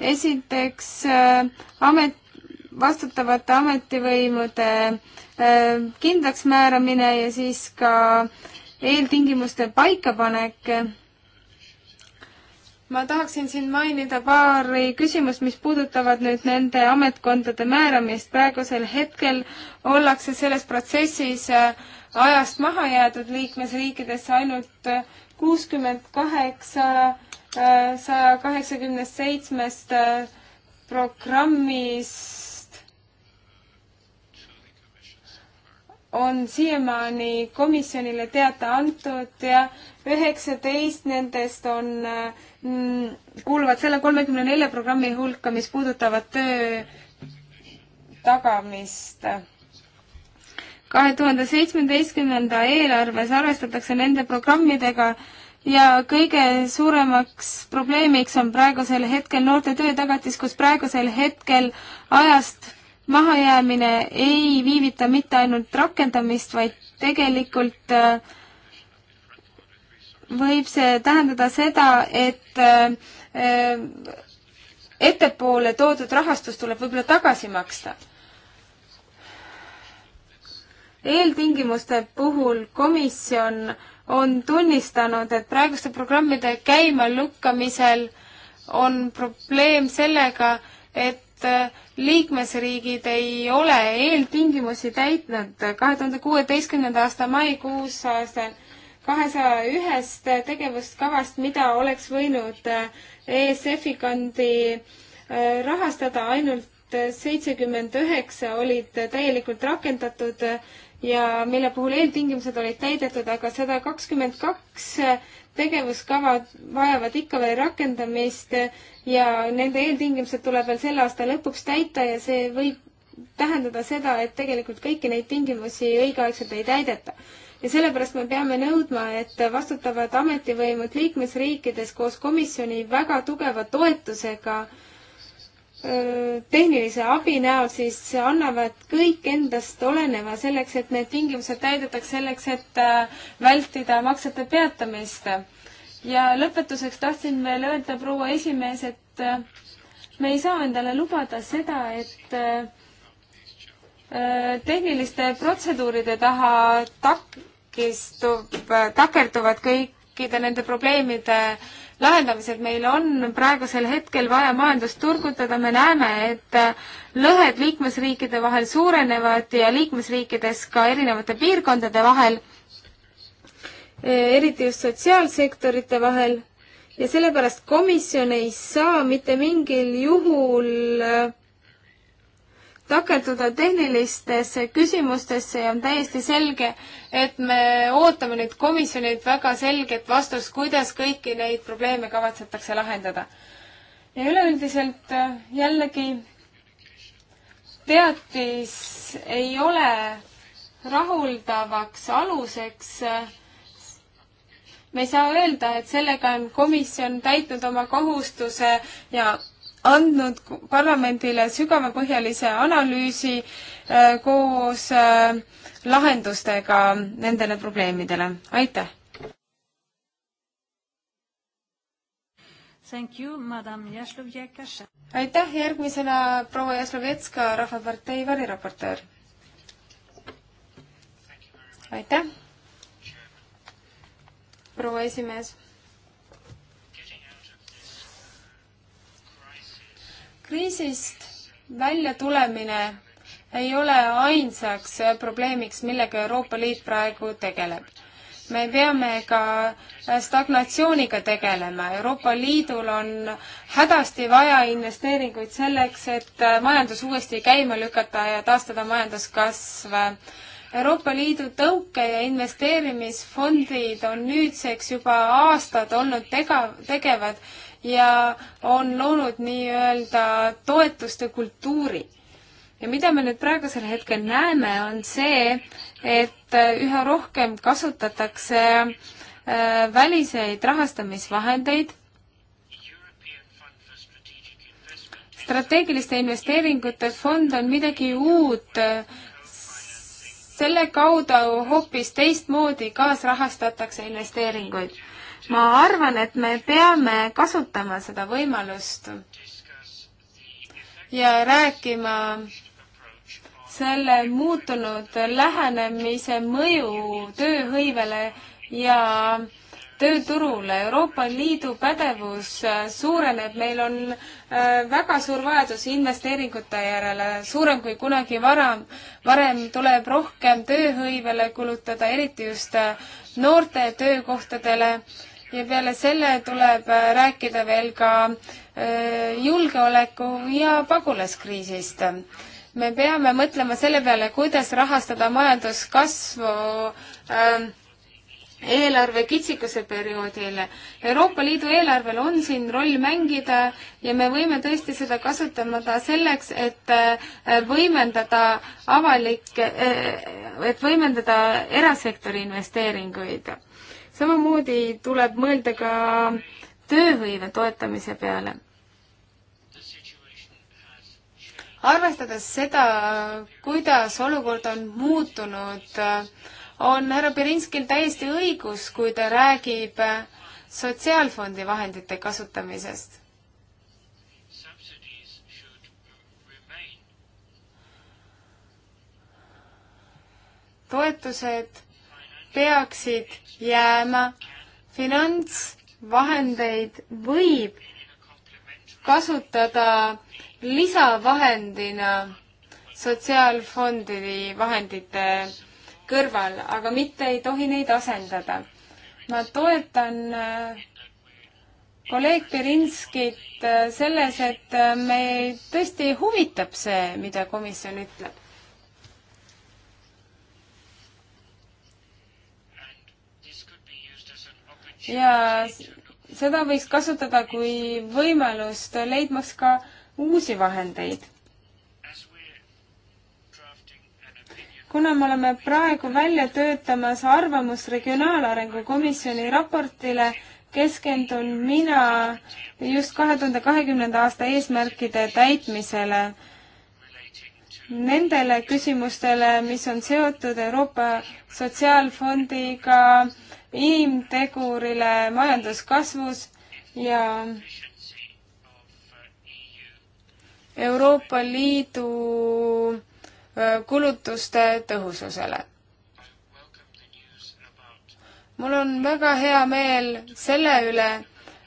esiteks äh, amet, vastutavate ametivõimude äh, kindlaksmääramine ja siis ka eeltingimuste paikapanek. ma tahaksin siin mainida paari küsimust, mis puudutavad nüüd nende ametkondade määramist. praegusel hetkel ollakse selles protsessis äh, ajast maha jäetud liikmesriikidesse, ainult kuuskümmend kaheksa äh, saja kaheksakümnest seitsmest äh, programmist on siiamaani komisjonile teada antud ja üheksateist nendest on, äh, kuuluvad selle kolmekümne nelja programmi hulka, mis puudutavad töö tagamist kahe tuhande seitsmeteistkümnenda eelarves arvestatakse nende programmidega ja kõige suuremaks probleemiks on praegusel hetkel noorte töötagatis, kus praegusel hetkel ajast mahajäämine ei viivita mitte ainult rakendamist, vaid tegelikult äh, võib see tähendada seda, et äh, äh, ettepoole toodud rahastus tuleb võib-olla tagasi maksta eeltingimuste puhul komisjon on tunnistanud, et praeguste programmide käimalukkamisel on probleem sellega, et äh, liikmesriigid ei ole eeltingimusi täitnud. kahe tuhande kuueteistkümnenda aasta maikuus kahesaja ühest tegevuskavast, mida oleks võinud äh, ESF-i kandi äh, rahastada, ainult seitsekümmend üheksa olid täielikult rakendatud ja mille puhul eeltingimused olid täidetud, aga sada kakskümmend kaks tegevuskavad vajavad ikka veel rakendamist ja nende eeltingimused tuleb veel selle aasta lõpuks täita ja see võib tähendada seda, et tegelikult kõiki neid tingimusi õigeaegselt ei täideta. ja sellepärast me peame nõudma, et vastutavad ametivõimud liikmesriikides koos komisjoni väga tugeva toetusega äh, tehnilise abi näol siis annavad kõik endast oleneva selleks, et need tingimused täidetaks selleks, et äh, vältida maksete peatamist. ja lõpetuseks tahtsin veel öelda, proua esimees, et äh, me ei saa endale lubada seda, et äh, tehniliste protseduuride taha takistub, takerduvad kõikide nende probleemide äh, lahendamised, meil on praegusel hetkel vaja majandust turgutada, me näeme, et lõhed liikmesriikide vahel suurenevad ja liikmesriikides ka erinevate piirkondade vahel, eriti just sotsiaalsektorite vahel ja sellepärast komisjon ei saa mitte mingil juhul äh, takerduda tehnilistesse küsimustesse ja on täiesti selge, et me ootame nüüd komisjonilt väga selget vastust, kuidas kõiki neid probleeme kavatsetakse lahendada. ja üleüldiselt äh, jällegi teatis ei ole rahuldavaks aluseks. Äh, me ei saa öelda, et sellega on komisjon täitnud oma kohustuse ja andnud parlamendile sügavapõhjalise analüüsi äh, koos äh, lahendustega nendele probleemidele, aitäh! aitäh, järgmisena proua Jaslovetska, Rahvapartei variraportöör. aitäh, proua esimees kriisist välja tulemine ei ole ainsaks probleemiks, millega Euroopa Liit praegu tegeleb. me peame ka stagnatsiooniga tegelema. Euroopa Liidul on hädasti vaja investeeringuid selleks, et majandus uuesti käima lükata ja taastada majanduskasv. Euroopa Liidu tõuke- ja investeerimisfondid on nüüdseks juba aastad olnud tega-, tegevad ja on loonud nii-öelda toetuste kultuuri. ja mida me nüüd praegusel hetkel näeme, on see, et äh, üha rohkem kasutatakse äh, väliseid rahastamisvahendeid strateegiliste investeeringute fond on midagi uut, äh, selle kaudu hoopis teistmoodi kaasrahastatakse investeeringuid ma arvan, et me peame kasutama seda võimalust ja rääkima selle muutunud lähenemise mõju tööhõivele ja tööturule. Euroopa Liidu pädevus suureneb, meil on äh, väga suur vajadus investeeringute järele, suurem kui kunagi varem. varem tuleb rohkem tööhõivele kulutada, eriti just äh, noorte töökohtadele ja peale selle tuleb äh, rääkida veel ka äh, julgeoleku ja pagulaskriisist. me peame mõtlema selle peale, kuidas rahastada majanduskasvu äh, eelarve kitsikuse perioodil. Euroopa Liidu eelarvel on siin roll mängida ja me võime tõesti seda kasutada selleks, et äh, võimendada avalikke, et võimendada erasektori investeeringuid samamoodi tuleb mõelda ka tööhõive toetamise peale. arvestades seda, kuidas olukord on muutunud, on härra Berinskil täiesti õigus, kui ta räägib sotsiaalfondi vahendite kasutamisest. toetused peaksid jääma. finantsvahendeid võib kasutada lisavahendina sotsiaalfondi vahendite kõrval, aga mitte ei tohi neid asendada. ma toetan äh, kolleeg Pirinskit äh, selles, et äh, meid tõesti huvitab see, mida komisjon ütleb. ja seda võiks kasutada kui võimalust leidmaks ka uusi vahendeid. kuna me oleme praegu välja töötamas arvamust Regionaalarengu Komisjoni raportile, keskendun mina just kahe tuhande kahekümnenda aasta eesmärkide täitmisele, nendele küsimustele, mis on seotud Euroopa Sotsiaalfondiga, inimtegurile majanduskasvus ja Euroopa Liidu kulutuste tõhususele. mul on väga hea meel selle üle,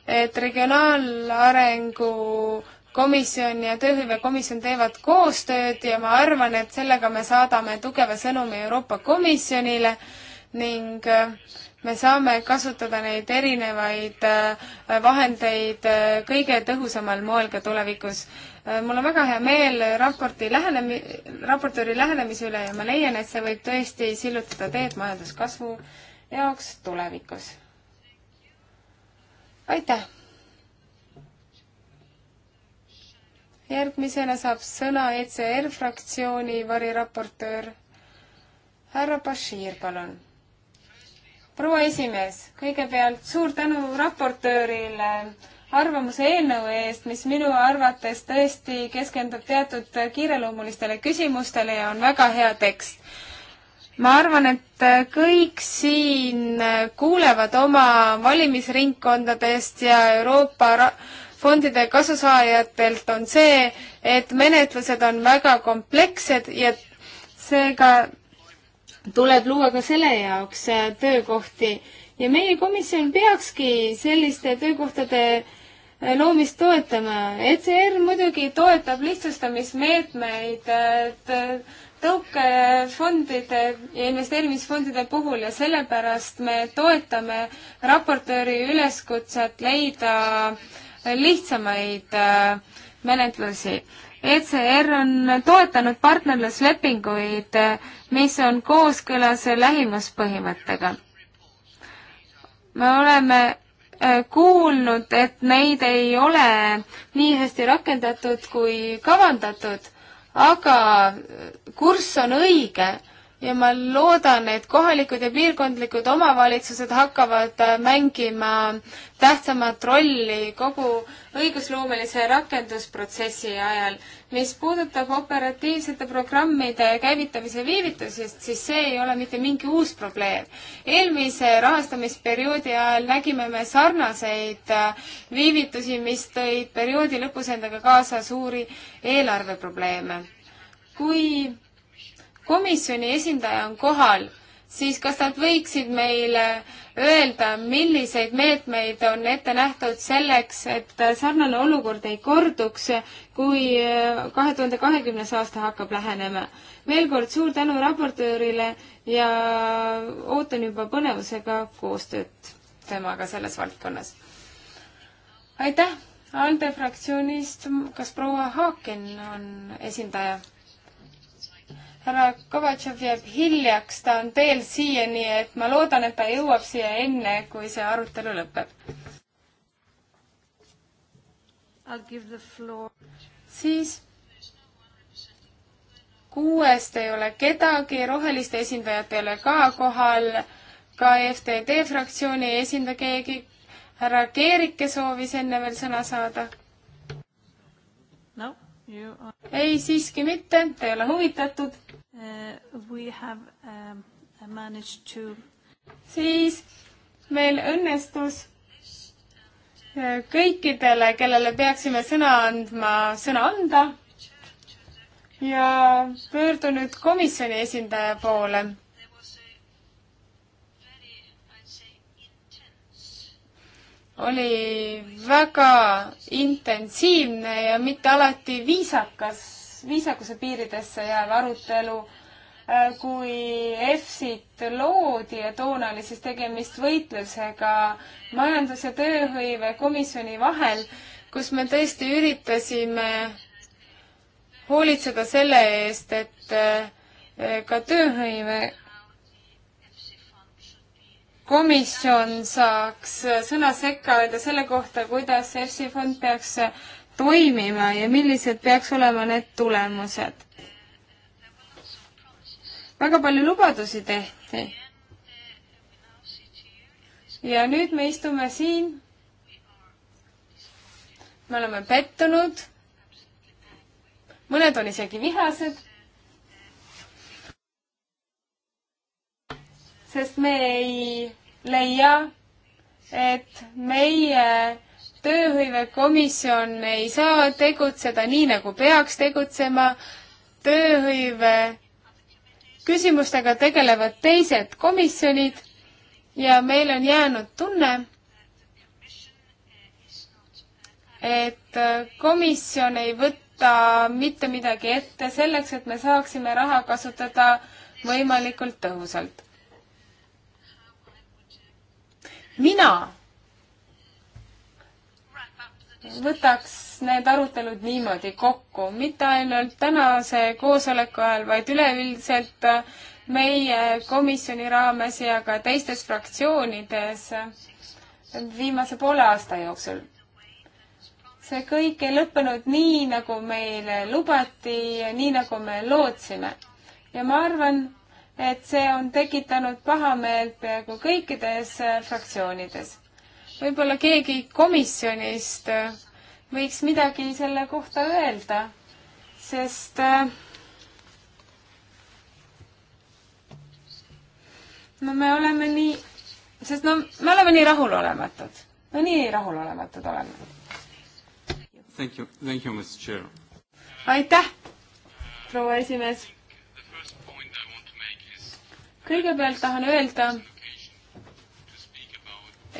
et Regionaalarengu komisjon ja Tööhõivekomisjon teevad koostööd ja ma arvan, et sellega me saadame tugeva sõnumi Euroopa Komisjonile ning me saame kasutada neid erinevaid äh, vahendeid äh, kõige tõhusamal moel ka tulevikus. Äh, mul on väga hea meel raporti lähenemi-, raportööri lähenemise üle ja ma leian, et see võib tõesti sillutada teed majanduskasvu jaoks tulevikus. aitäh! järgmisena saab sõna ECR fraktsiooni variraportöör härra Bashir, palun proua esimees, kõigepealt suur tänu raportöörile arvamuse eelnõu eest, mis minu arvates tõesti keskendub teatud kiireloomulistele küsimustele ja on väga hea tekst. ma arvan, et kõik siin kuulevad oma valimisringkondadest ja Euroopa fondide kasusaajatelt on see, et menetlused on väga komplekssed ja seega tuleb luua ka selle jaoks äh, töökohti ja meie komisjon peakski selliste töökohtade äh, loomist toetama. ECR muidugi toetab lihtsustamismeetmeid äh, tõukefondide ja investeerimisfondide puhul ja sellepärast me toetame raportööri üleskutset leida lihtsamaid menetlusi ECR on toetanud partnerluslepinguid, mis on kooskõlas lähimuspõhimõttega. me oleme eh, kuulnud, et neid ei ole nii hästi rakendatud kui kavandatud, aga kurss on õige ja ma loodan, et kohalikud ja piirkondlikud omavalitsused hakkavad äh, mängima tähtsamat rolli kogu õigusloomelise rakendusprotsessi ajal. mis puudutab operatiivsete programmide käivitamise viivitusest, siis see ei ole mitte mingi uus probleem. eelmise rahastamisperioodi ajal nägime me sarnaseid äh, viivitusi, mis tõid perioodi lõpus endaga kaasa suuri eelarveprobleeme. kui komisjoni esindaja on kohal, siis kas nad võiksid meile öelda, milliseid meetmeid on ette nähtud selleks, et sarnane olukord ei korduks, kui äh, kahe tuhande kahekümnes aasta hakkab lähenema. veel kord suur tänu raportöörile ja ootan juba põnevusega koostööd temaga selles valdkonnas. aitäh, ALDE fraktsioonist, kas proua Haaken on esindaja? härra Kovatšov jääb hiljaks, ta on teel siia, nii et ma loodan, et ta jõuab siia enne, kui see arutelu lõpeb. siis kuuest ei ole kedagi, roheliste esindajat ei ole ka kohal, ka FTD fraktsiooni ei esinda keegi. härra Keerike soovis enne veel sõna saada no,. ei, siiski mitte, te ei ole huvitatud. Uh, we have um, managed to siis meil õnnestus uh, kõikidele, kellele peaksime sõna andma, sõna anda. ja pöördun nüüd komisjoni esindaja poole. oli väga intensiivne ja mitte alati viisakas viisakuse piiridesse jääv arutelu äh, kui EFSit loodi ja toona oli siis tegemist võitlusega majandus- ja tööhõive komisjoni vahel, kus me tõesti üritasime hoolitseda selle eest, et äh, ka tööhõive komisjon saaks sõna sekka öelda selle kohta, kuidas EFSi fond peaks toimima ja millised peaks olema need tulemused. väga palju lubadusi tehti. ja nüüd me istume siin. me oleme pettunud. mõned on isegi vihased sest me ei leia, et meie tööhõivekomisjon ei saa tegutseda nii, nagu peaks tegutsema, tööhõive küsimustega tegelevad teised komisjonid ja meil on jäänud tunne, et komisjon ei võta mitte midagi ette selleks, et me saaksime raha kasutada võimalikult tõhusalt. mina võtaks need arutelud niimoodi kokku, mitte ainult tänase koosoleku ajal, vaid üleüldiselt meie komisjoni raames ja ka teistes fraktsioonides viimase poole aasta jooksul. see kõik ei lõppenud nii, nagu meile lubati ja nii, nagu me lootsime. ja ma arvan, et see on tekitanud pahameelt peaaegu kõikides fraktsioonides võib-olla keegi komisjonist äh, võiks midagi selle kohta öelda, sest äh, no me oleme nii, sest no me oleme nii rahulolematud, no nii rahulolematud oleme. Thank you, thank you, Mr Chair. aitäh, proua esimees. kõigepealt tahan öelda,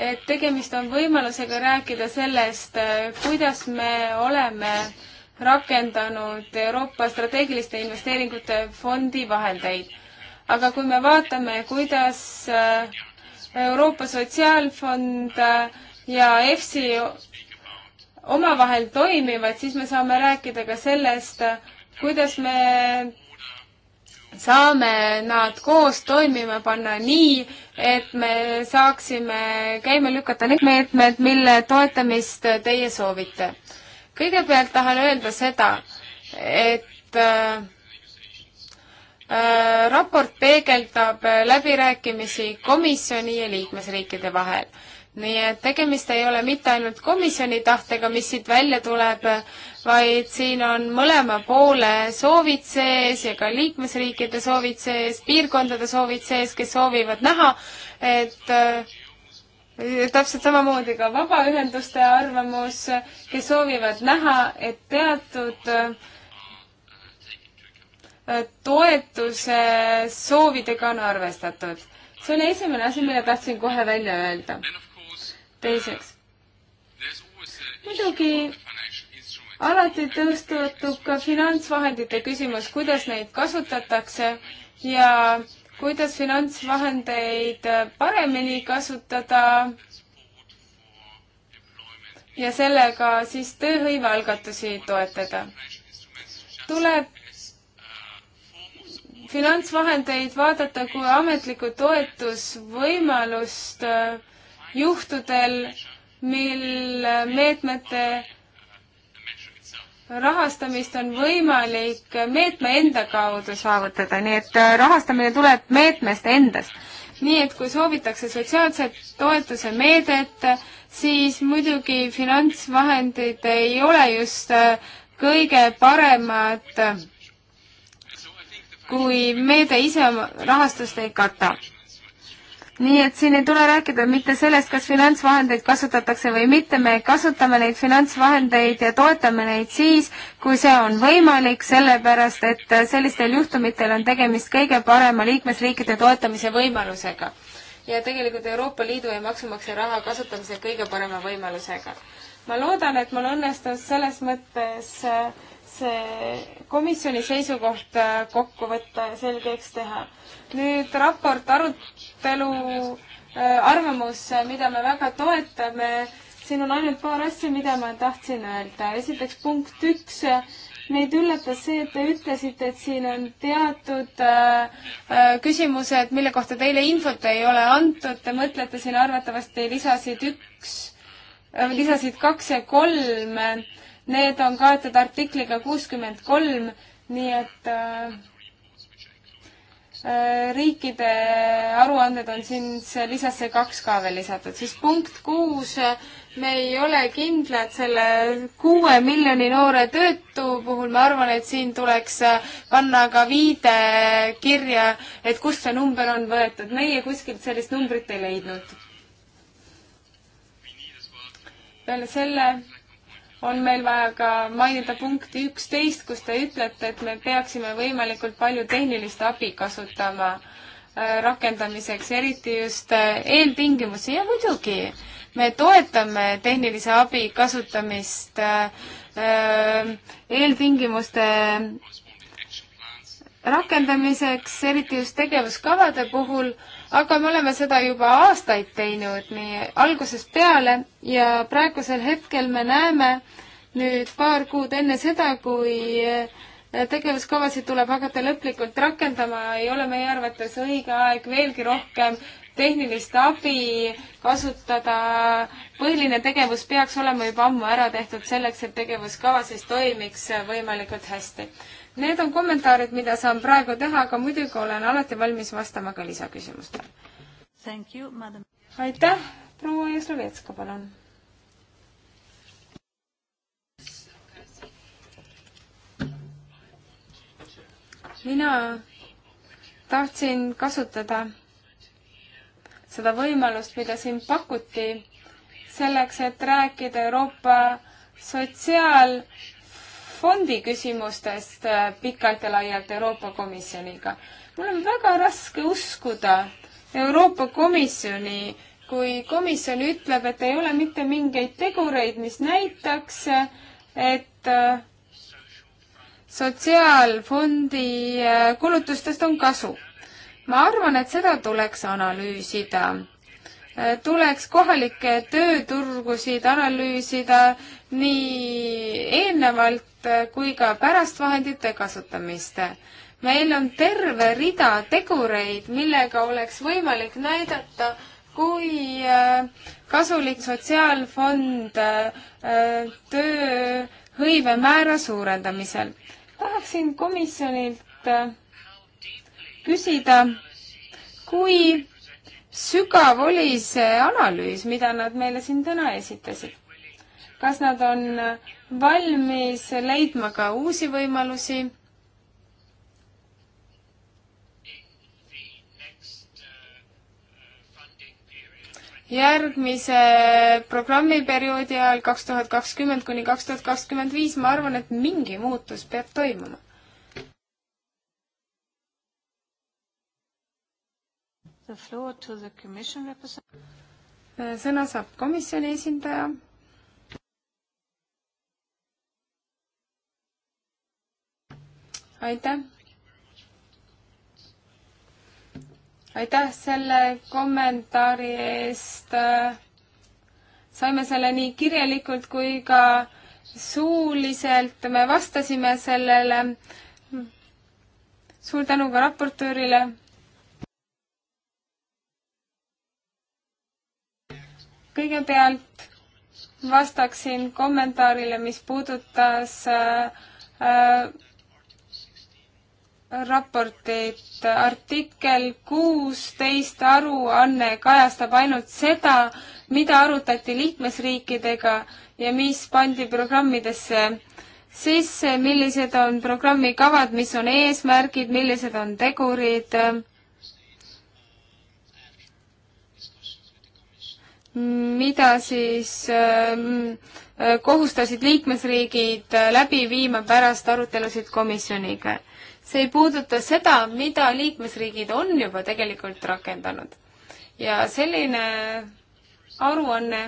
et tegemist on võimalusega rääkida sellest, kuidas me oleme rakendanud Euroopa strateegiliste investeeringute fondi vahendeid. aga kui me vaatame, kuidas äh, Euroopa Sotsiaalfond äh, ja EFSI omavahel toimivad, siis me saame rääkida ka sellest, kuidas me saame nad koos toimima panna nii, et me saaksime käima lükata need meetmed, mille toetamist teie soovite. kõigepealt tahan öelda seda, et äh, äh raport peegeldab läbirääkimisi komisjoni ja liikmesriikide vahel nii et tegemist ei ole mitte ainult komisjoni tahtega, mis siit välja tuleb, vaid siin on mõlema poole soovid sees ja ka liikmesriikide soovid sees, piirkondade soovid sees, kes soovivad näha, et äh, täpselt samamoodi ka vabaühenduste arvamus, kes soovivad näha, et teatud äh, toetuse soovidega on arvestatud. see oli esimene asi, mille tahtsin kohe välja öelda teiseks, muidugi alati tõstatub ka finantsvahendite küsimus, kuidas neid kasutatakse ja kuidas finantsvahendeid paremini kasutada ja sellega siis tööhõivealgatusi toetada. tuleb finantsvahendeid vaadata kui ametlikku toetusvõimalust äh, juhtudel, mil meetmete rahastamist on võimalik meetme enda kaudu saavutada, nii et äh, rahastamine tuleb meetmest endast. nii et kui soovitakse sotsiaalset toetuse meedet, siis muidugi finantsvahendid ei ole just äh, kõige paremad, kui meede ise rahastust ei kata nii et siin ei tule rääkida mitte sellest, kas finantsvahendeid kasutatakse või mitte, me kasutame neid finantsvahendeid ja toetame neid siis, kui see on võimalik, sellepärast et sellistel juhtumitel on tegemist kõige parema liikmesriikide toetamise võimalusega. ja tegelikult Euroopa Liidu ja maksumaksja raha kasutamise kõige parema võimalusega. ma loodan, et mul õnnestus selles mõttes äh, see komisjoni seisukoht äh, kokku võtta ja selgeks teha. nüüd raport arut-, arutelu, äh, arvamus, mida me väga toetame. siin on ainult paar asja, mida ma tahtsin öelda. esiteks punkt üks meid üllatas see, et te ütlesite, et siin on teatud äh, äh, küsimused, mille kohta teile infot ei ole antud, te mõtlete siin arvatavasti lisasid üks äh,, lisasid kaks ja kolm. Need on kaetud artikliga kuuskümmend kolm, nii et äh, Äh, riikide aruanded on siin lisasse kaks ka veel lisatud, siis punkt kuus, me ei ole kindlad selle kuue miljoni noore töötu puhul, ma arvan, et siin tuleks panna ka viide kirja, et kust see number on võetud, meie kuskilt sellist numbrit ei leidnud. peale selle on meil vaja ka mainida punkti üksteist, kus te ütlete, et me peaksime võimalikult palju tehnilist abi kasutama äh, rakendamiseks, eriti just äh, eeltingimusi ja muidugi me toetame tehnilise abi kasutamist äh, eeltingimuste rakendamiseks, eriti just tegevuskavade puhul aga me oleme seda juba aastaid teinud, nii algusest peale ja praegusel hetkel me näeme nüüd paar kuud enne seda, kui äh, tegevuskavasid tuleb hakata lõplikult rakendama, ei ole meie arvates õige aeg veelgi rohkem tehnilist abi kasutada. põhiline tegevus peaks olema juba ammu ära tehtud selleks, et tegevuskava siis toimiks võimalikult hästi Need on kommentaarid, mida saan praegu teha, aga muidugi olen alati valmis vastama ka lisaküsimustele. aitäh, proua Jaslovetska, palun. mina tahtsin kasutada seda võimalust, mida siin pakuti, selleks, et rääkida Euroopa sotsiaal- fondi küsimustest äh, pikalt ja laialt Euroopa Komisjoniga. mul on väga raske uskuda Euroopa Komisjoni, kui komisjon ütleb, et ei ole mitte mingeid tegureid, mis näitaks, et äh, sotsiaalfondi äh, kulutustest on kasu. ma arvan, et seda tuleks analüüsida tuleks kohalikke tööturgusid analüüsida nii eelnevalt kui ka pärast vahendite kasutamist. meil on terve rida tegureid, millega oleks võimalik näidata, kui äh, kasulik sotsiaalfond äh, tööhõive määra suurendamisel. tahaksin komisjonilt äh, küsida, kui sügav oli see analüüs, mida nad meile siin täna esitasid? kas nad on valmis leidma ka uusi võimalusi? järgmise programmiperioodi ajal, kaks tuhat kakskümmend kuni kaks tuhat kakskümmend viis, ma arvan, et mingi muutus peab toimuma the floor to the commission representative. Äh, sõna saab komisjoni esindaja. Aitäh! aitäh selle kommentaari eest. saime selle nii kirjalikult kui ka suuliselt, me vastasime sellele. suur tänu ka raportöörile kõigepealt vastaksin kommentaarile, mis puudutas äh, äh, raportit. artikkel kuusteist aruanne kajastab ainult seda, mida arutati liikmesriikidega ja mis pandi programmidesse sisse, millised on programmi kavad, mis on eesmärgid, millised on tegurid äh, mida siis ähm, äh, kohustasid liikmesriigid äh, läbi viima pärast arutelusid komisjoniga. see ei puuduta seda, mida liikmesriigid on juba tegelikult rakendanud. ja selline aruanne,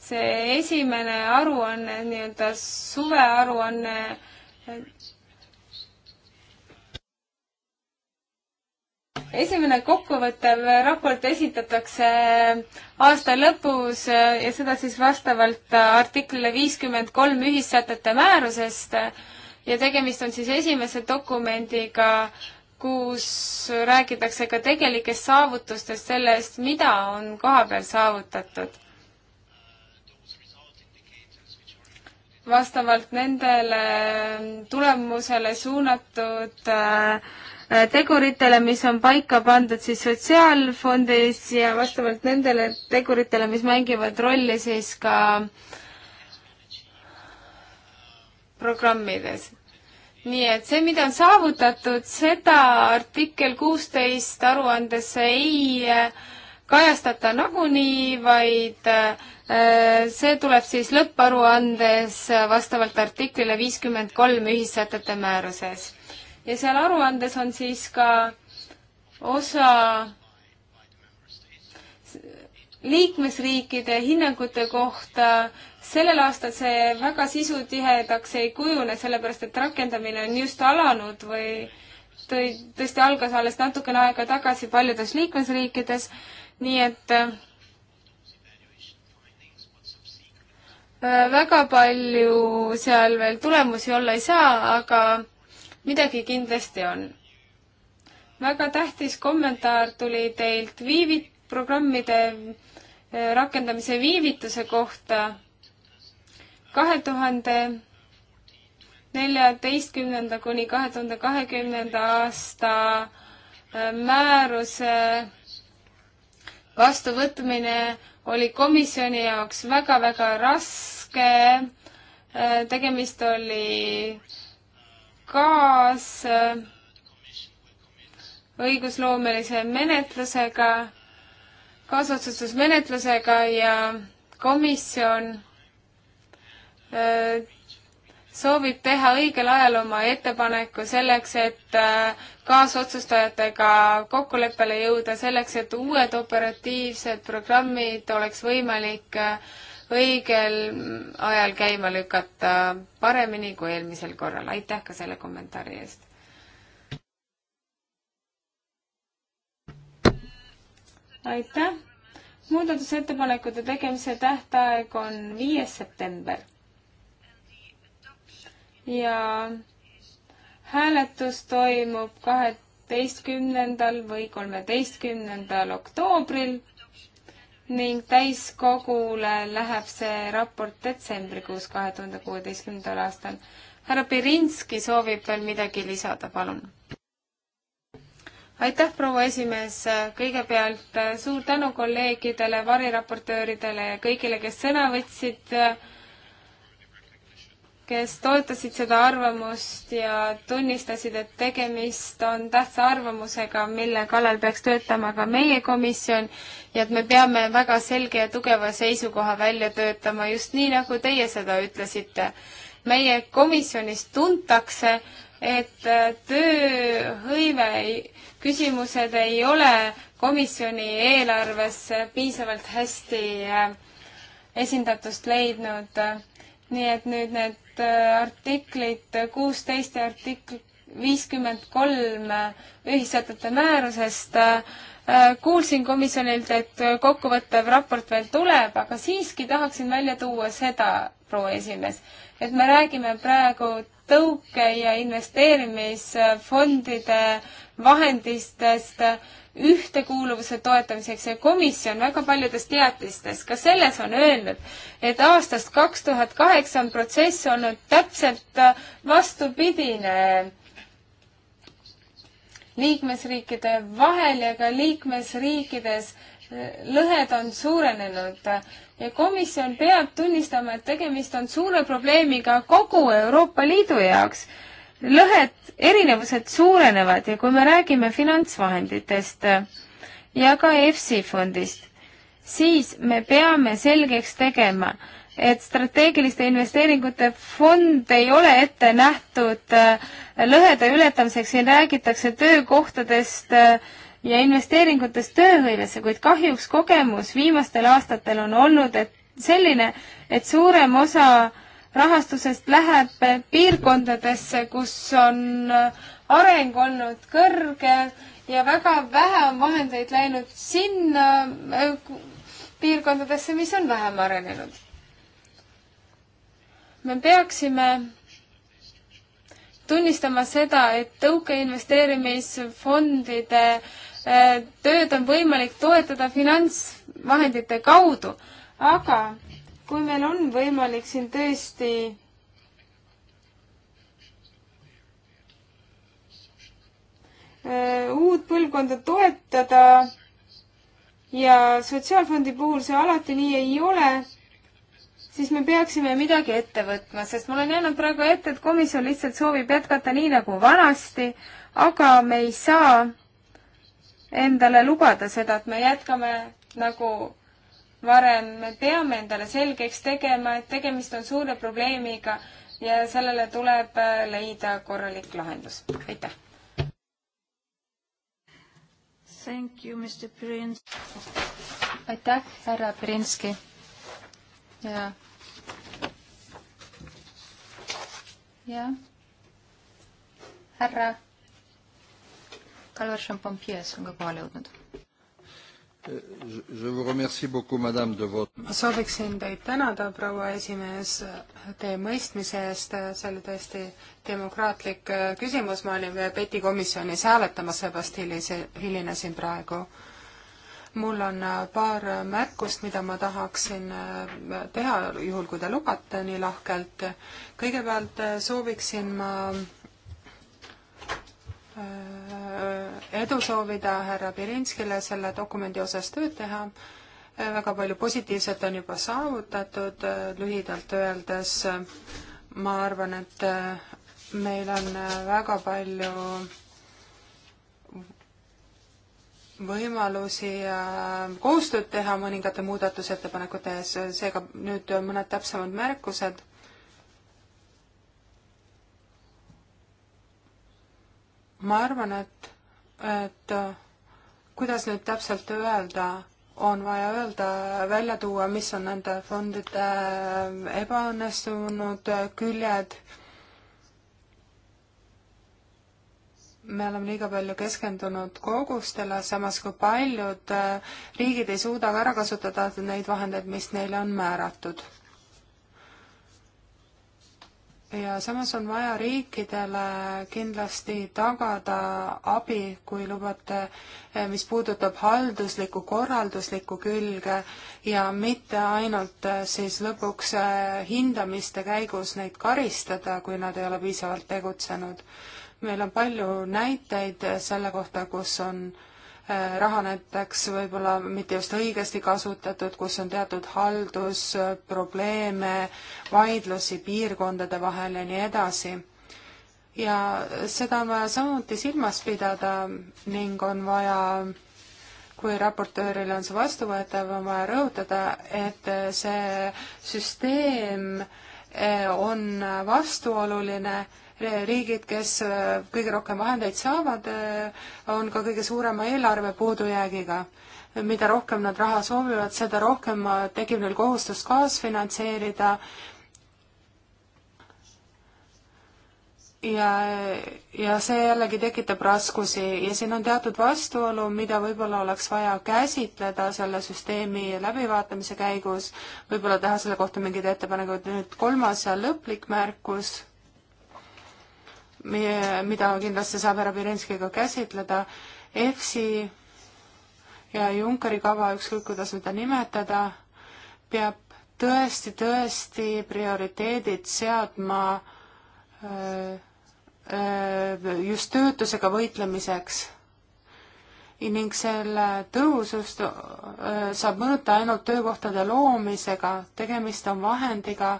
see esimene aruanne, nii-öelda suvearuanne, esimene kokkuvõttev raport esitatakse aasta lõpus ja seda siis vastavalt artiklile viiskümmend kolm ühissätete määrusest ja tegemist on siis esimese dokumendiga, kus räägitakse ka tegelikest saavutustest, sellest, mida on kohapeal saavutatud. vastavalt nendele tulemusele suunatud äh, Äh, teguritele, mis on paika pandud siis sotsiaalfondis ja vastavalt nendele teguritele, mis mängivad rolli siis ka programmides. nii et see, mida on saavutatud, seda artikkel kuusteist aruandesse ei äh, kajastata nagunii, vaid äh, see tuleb siis lõpparuandes vastavalt artiklile viiskümmend kolm ühissätete määruses ja seal aruandes on siis ka osa liikmesriikide hinnangute kohta, sellel aastal see väga sisutihedaks ei kujune, sellepärast et rakendamine on just alanud või tõi, tõesti algas alles natukene aega tagasi paljudes liikmesriikides, nii et äh, väga palju seal veel tulemusi olla ei saa, aga midagi kindlasti on. väga tähtis kommentaar tuli teilt viivit-, programmide eh, rakendamise viivituse kohta. kahe tuhande neljateistkümnenda kuni kahe tuhande kahekümnenda aasta eh, määruse vastuvõtmine oli komisjoni jaoks väga-väga raske. Eh, tegemist oli kaas äh, õigusloomelise menetlusega, kaasotsustusmenetlusega ja komisjon äh, soovib teha õigel ajal oma ettepaneku selleks, et äh, kaasotsustajatega kokkuleppele jõuda, selleks, et uued operatiivsed programmid oleks võimalik äh, õigel ajal käima lükata paremini kui eelmisel korral. aitäh ka selle kommentaari eest. aitäh. muudatusettepanekute tegemise tähtaeg on viies september. ja hääletus toimub kaheteistkümnendal või kolmeteistkümnendal oktoobril ning täiskogule läheb see raport detsembrikuus kahe tuhande kuueteistkümnendal aastal. härra Pirinski soovib veel midagi lisada, palun. aitäh, proua esimees, kõigepealt suur tänu kolleegidele, variraportööridele ja kõigile, kes sõna võtsid kes toetasid seda arvamust ja tunnistasid, et tegemist on tähtsa arvamusega, mille kallal peaks töötama ka meie komisjon ja et me peame väga selge ja tugeva seisukoha välja töötama, just nii, nagu teie seda ütlesite. meie komisjonis tuntakse, et tööhõive küsimused ei ole komisjoni eelarves piisavalt hästi äh, esindatust leidnud nii et nüüd need äh, artiklid kuusteist ja artikl viiskümmend kolm ühissätete määrusest äh, kuulsin komisjonilt, et kokkuvõttev raport veel tuleb, aga siiski tahaksin välja tuua seda, proua esimees, et me räägime praegu tõuke- ja investeerimisfondide vahendistest ühtekuuluvuse toetamiseks ja komisjon väga paljudes teatistes ka selles on öelnud, et aastast kaks tuhat kaheksa on protsess olnud täpselt äh, vastupidine liikmesriikide vahel ja ka liikmesriikides äh, lõhed on suurenenud ja komisjon peab tunnistama, et tegemist on suure probleemiga kogu Euroopa Liidu jaoks lõhed, erinevused suurenevad ja kui me räägime finantsvahenditest ja ka EFSI fondist, siis me peame selgeks tegema, et strateegiliste investeeringute fond ei ole ette nähtud äh, lõhede ületamiseks, siin räägitakse töökohtadest äh, ja investeeringutest tööhõivesse, kuid kahjuks kogemus viimastel aastatel on olnud, et selline, et suurem osa äh, rahastusest läheb piirkondadesse, kus on areng olnud kõrge ja väga vähe on vahendeid läinud sinna äh, piirkondadesse, mis on vähem arenenud. me peaksime tunnistama seda, et tõukeinvesteerimisfondide äh, tööd on võimalik toetada finantsvahendite kaudu, aga kui meil on võimalik siin tõesti äh, uut põlvkonda toetada ja sotsiaalfondi puhul see alati nii ei ole, siis me peaksime midagi ette võtma, sest mul on jäänud praegu ette, et komisjon lihtsalt soovib jätkata nii nagu vanasti, aga me ei saa endale lubada seda, et me jätkame nagu varem, me peame endale selgeks tegema, et tegemist on suure probleemiga ja sellele tuleb äh, leida korralik lahendus. aitäh! Thank you, Mr Prins. aitäh, härra Prinski. ja. ja. härra Kalvar Šampompies on ka kohale jõudnud ma sooviksin teid tänada, proua esimees, teie mõistmise eest, see oli tõesti demokraatlik äh, küsimus, ma olin Peti komisjonis hääletamas, seepärast hilise, hilinesin praegu. mul on äh, paar märkust, mida ma tahaksin äh, teha, juhul kui te lubate nii lahkelt. kõigepealt sooviksin ma Äh, edu soovida härra Pirinskile selle dokumendi osas tööd teha. Äh, väga palju positiivset on juba saavutatud, äh, lühidalt öeldes ma arvan, et meil on väga palju võimalusi koostööd teha mõningate muudatusettepanekute ees, seega nüüd mõned täpsemad märkused ma arvan, et, et äh, kuidas nüüd täpselt öelda, on vaja öelda, äh, välja tuua, mis on nende fondide äh, ebaõnnestunud küljed. me oleme liiga palju keskendunud kogustele, samas kui paljud riigid ei suuda ka ära kasutada neid vahendeid, mis neile on määratud ja samas on vaja riikidele kindlasti tagada abi, kui lubate, eh, mis puudutab halduslikku, korralduslikku külge ja mitte ainult eh, siis lõpuks eh, hindamiste käigus neid karistada, kui nad ei ole piisavalt tegutsenud. meil on palju näiteid selle kohta, kus on äh, Äh, raha näiteks võib-olla mitte just õigesti kasutatud, kus on teatud haldusprobleeme, vaidlusi piirkondade vahel ja nii edasi. ja seda on vaja samuti silmas pidada ning on vaja kui raportööril on see vastuvõetav, on vaja rõhutada, et see süsteem äh, on vastuoluline riigid, kes äh, kõige rohkem vahendeid saavad, äh, on ka kõige suurema eelarve puudujäägiga. mida rohkem nad raha soovivad, seda rohkem äh, tekib neil kohustus kaasfinantseerida ja, ja see jällegi tekitab raskusi ja siin on teatud vastuolu, mida võib-olla oleks vaja käsitleda selle süsteemi läbivaatamise käigus, võib-olla teha selle kohta mingeid ettepanekuid, nüüd kolmas ja lõplik märkus mida kindlasti saab härra Pirinskiga käsitleda, EFSI ja Junckeri kava, ükskõik kuidas seda nimetada, peab tõesti, tõesti prioriteedid seadma öö, äh, öö, äh, just töötusega võitlemiseks. ning selle tõhusust äh, saab mõõta ainult töökohtade loomisega, tegemist on vahendiga,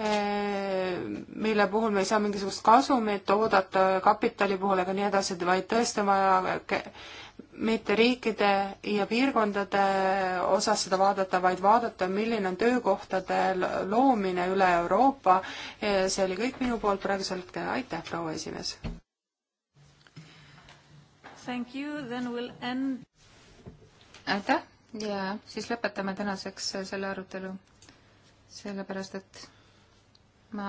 Äh, mille puhul me ei saa mingisugust kasumit oodata kapitali puhul ega nii edasi, vaid tõesti on vaja mitte riikide ja piirkondade osas seda vaadata, vaid vaadata, milline on töökohtade loomine üle Euroopa. see oli kõik minu poolt praegusel hetkel, aitäh, proua esimees! Thank you, then we'll end. aitäh ja siis lõpetame tänaseks selle arutelu, sellepärast et ma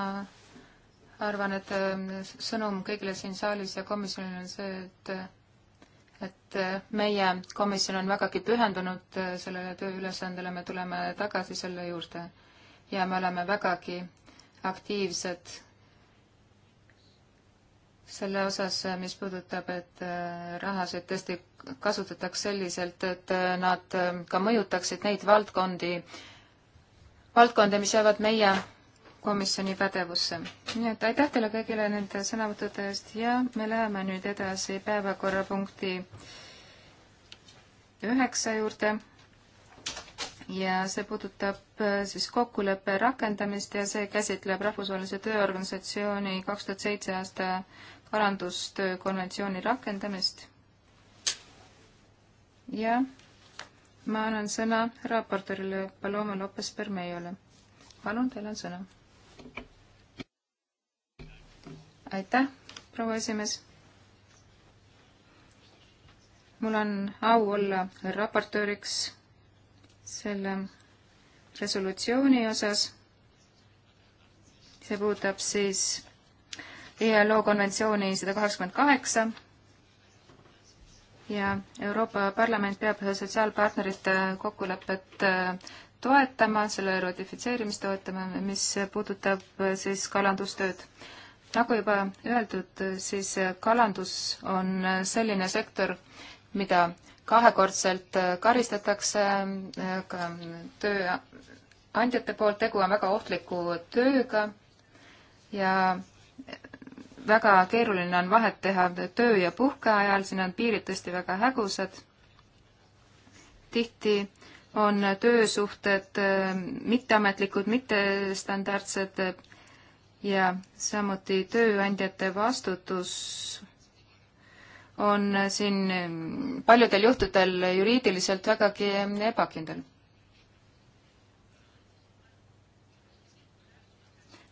arvan, et ähm, sõnum kõigile siin saalis ja komisjonil on see, et et äh, meie komisjon on vägagi pühendunud äh, sellele tööülesandele, me tuleme tagasi selle juurde ja me oleme vägagi aktiivsed selle osas, äh, mis puudutab, et rahasid tõesti kasutataks selliselt, et nad ka mõjutaksid neid valdkondi, valdkondi, mis jäävad meie komisjoni pädevusse. nii et aitäh teile kõigile nende sõnavõttude eest ja me läheme nüüd edasi päevakorrapunkti üheksa juurde ja see puudutab äh, siis kokkuleppe rakendamist ja see käsitleb Rahvusvahelise Tööorganisatsiooni kaks tuhat seitse aasta kalandustöö konventsiooni rakendamist. ja ma annan sõna raportöörile Paloma Lopez-Permeiole. palun, teil on sõna aitäh, proua esimees. mul on au olla raportööriks selle resolutsiooni osas. see puudutab siis ILO e konventsiooni sada kaheksakümmend kaheksa ja Euroopa Parlament peab sotsiaalpartnerite kokkulepet äh, toetama, selle ratifitseerimist toetama, mis puudutab äh, siis kalandustööd. nagu juba öeldud, siis äh, kalandus on äh, selline sektor, mida kahekordselt karistatakse ka tööandjate poolt, tegu on väga ohtliku tööga ja väga keeruline on vahet teha töö- ja puhkeajal, siin on piirid tõesti väga hägusad. tihti on töösuhted äh, mitteametlikud, mittestandardsed ja samuti tööandjate vastutus on siin äh, paljudel juhtudel juriidiliselt vägagi ebakindel.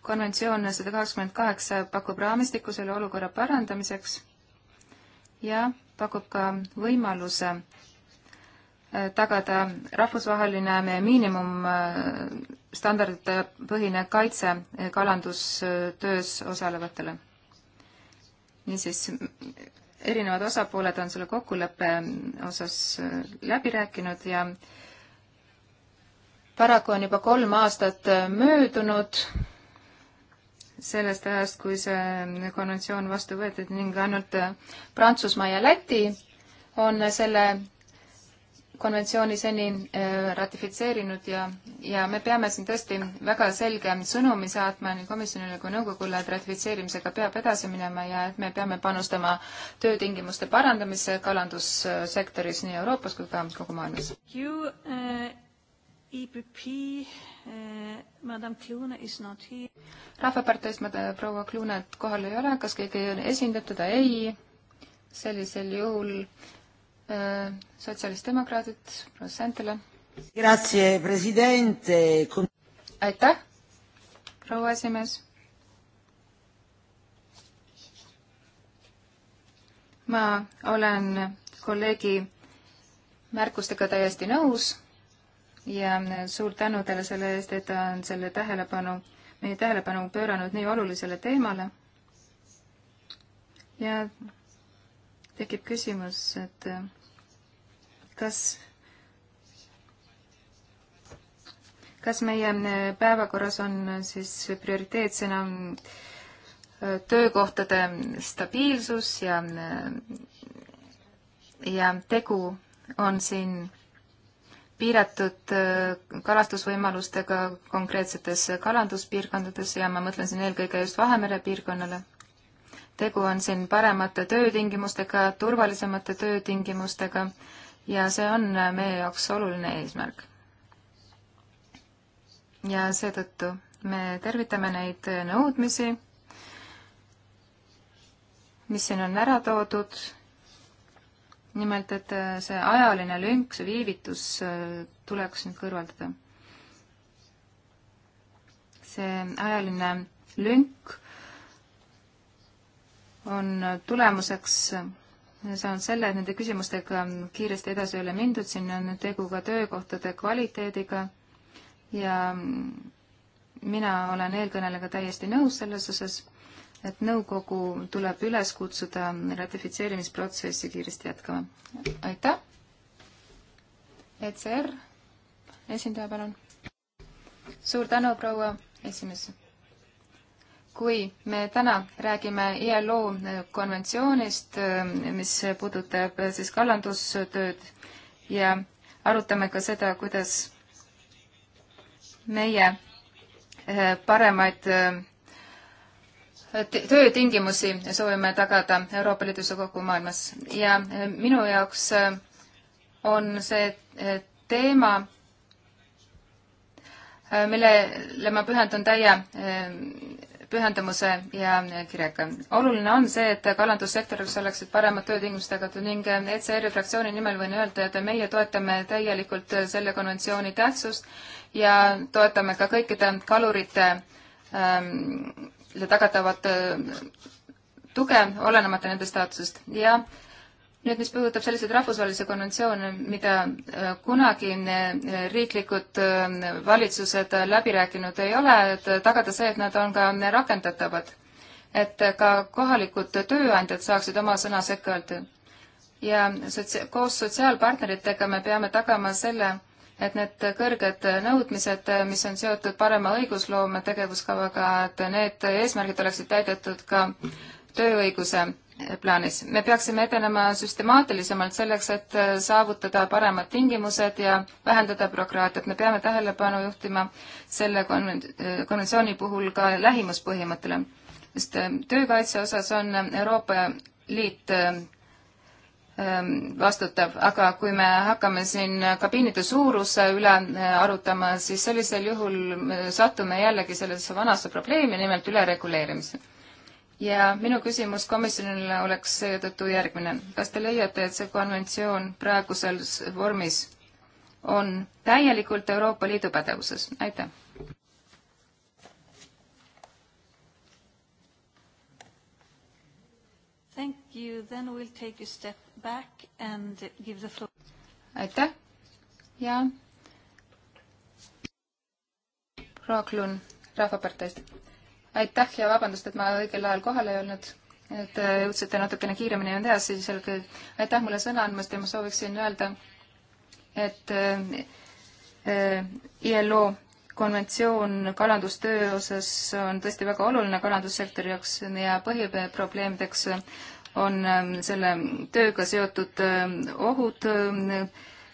konventsioon sada kakskümmend kaheksa pakub raamistiku selle olukorra parandamiseks ja pakub ka võimaluse Äh, tagada rahvusvaheline miinimumstandardite äh, põhine kaitse äh, kalandustöös osalevatele. niisiis, erinevad osapooled on selle kokkuleppe osas läbi rääkinud ja paraku on juba kolm aastat möödunud sellest ajast, kui see konventsioon vastu võeti ning ainult Prantsusmaa ja Läti on selle konventsiooni seni äh, ratifitseerinud ja, ja me peame siin tõesti väga selge sõnumi saatma nii komisjonile kui nõukogule, et ratifitseerimisega peab edasi minema ja et me peame panustama töötingimuste parandamisse kalandussektoris nii Euroopas kui ka kogu maailmas. Äh, e äh, rahvaparteist ma proua Kluunet kohal ei ole, kas keegi esindab teda? ei. sellisel juhul äh, Äh, sotsialistdemokraadid, proua Santele. aitäh, proua esimees. ma olen kolleegi märkustega täiesti nõus ja suur tänu teile selle eest, et ta on selle tähelepanu, meie tähelepanu pööranud nii olulisele teemale. ja tekib küsimus, et kas, kas meie päevakorras on siis prioriteetsena äh, töökohtade stabiilsus ja, äh, ja tegu on siin piiratud äh, kalastusvõimalustega konkreetsetes kalanduspiirkondades ja ma mõtlen siin eelkõige just Vahemere piirkonnale. tegu on siin paremate töötingimustega, turvalisemate töötingimustega ja see on äh, meie jaoks oluline eesmärk. ja seetõttu me tervitame neid äh, nõudmisi, mis siin on ära toodud, nimelt et äh, see ajaline lünk, see viivitus tuleks nüüd kõrvaldada. see ajaline lünk on tulemuseks saanud selle, et nende küsimustega kiiresti edasi ei ole mindud, siin on tegu ka töökohtade kvaliteediga ja mina olen eelkõnelejaga täiesti nõus selles osas, et nõukogu tuleb üles kutsuda ratifitseerimisprotsessi kiiresti jätkama. aitäh! ECR esindaja, palun! suur tänu, proua esimees! kui me täna räägime ILO konventsioonist, mis puudutab siis kalandustööd ja arutame ka seda, kuidas meie eh, paremaid eh, töötingimusi soovime tagada Euroopa Liidus ja kogu maailmas ja eh, minu jaoks on see teema, millele ma pühendan täie pühendumuse ja kirega. oluline on see, et kalandussektoris oleksid paremad töötingimused tagatud ning ECR-i fraktsiooni nimel võin öelda, et meie toetame täielikult selle konventsiooni tähtsust ja toetame ka kõikide kalurite ähm, tagatavat äh, tuge, olenemata nende staatusest ja äh, nüüd, mis puudutab selliseid rahvusvahelisi konventsioone, mida äh, kunagi äh, riiklikud äh, valitsused läbi rääkinud ei ole, et tagada see, et nad on ka rakendatavad. et ka kohalikud tööandjad saaksid oma sõna sekka öelda. ja sotsia-, koos sotsiaalpartneritega me peame tagama selle, et need kõrged nõudmised, mis on seotud parema õigusloome tegevuskavaga, et need eesmärgid oleksid täidetud ka tööõiguse plaanis. me peaksime edenema süstemaatilisemalt selleks, et äh, saavutada paremad tingimused ja vähendada bürokraatiat. me peame tähelepanu juhtima selle äh, konventsiooni puhul ka lähimuspõhimõttele, sest äh, töökaitse osas on Euroopa Liit ähm, vastutav, aga kui me hakkame siin kabiinide suuruse üle arutama, siis sellisel juhul me satume jällegi sellesse vanasse probleemi, nimelt ülereguleerimisse ja minu küsimus komisjonile oleks seetõttu järgmine. kas te leiate, et see konventsioon praeguses vormis on täielikult Euroopa Liidu pädevuses? aitäh! Thank you. Then we'll take a step back and give the floor. Aitäh! Ja proua Klun Rahvaparteist aitäh ja vabandust, et ma õigel ajal kohal ei olnud, et äh, jõudsite natukene kiiremini nende edasi, selge. aitäh mulle sõna andmast ja ma sooviksin öelda, et äh, äh, ILO konventsioon kalandustöö osas on tõesti väga oluline kalandussektori jaoks ja põhiprobleemideks on ähm, selle tööga seotud ohud,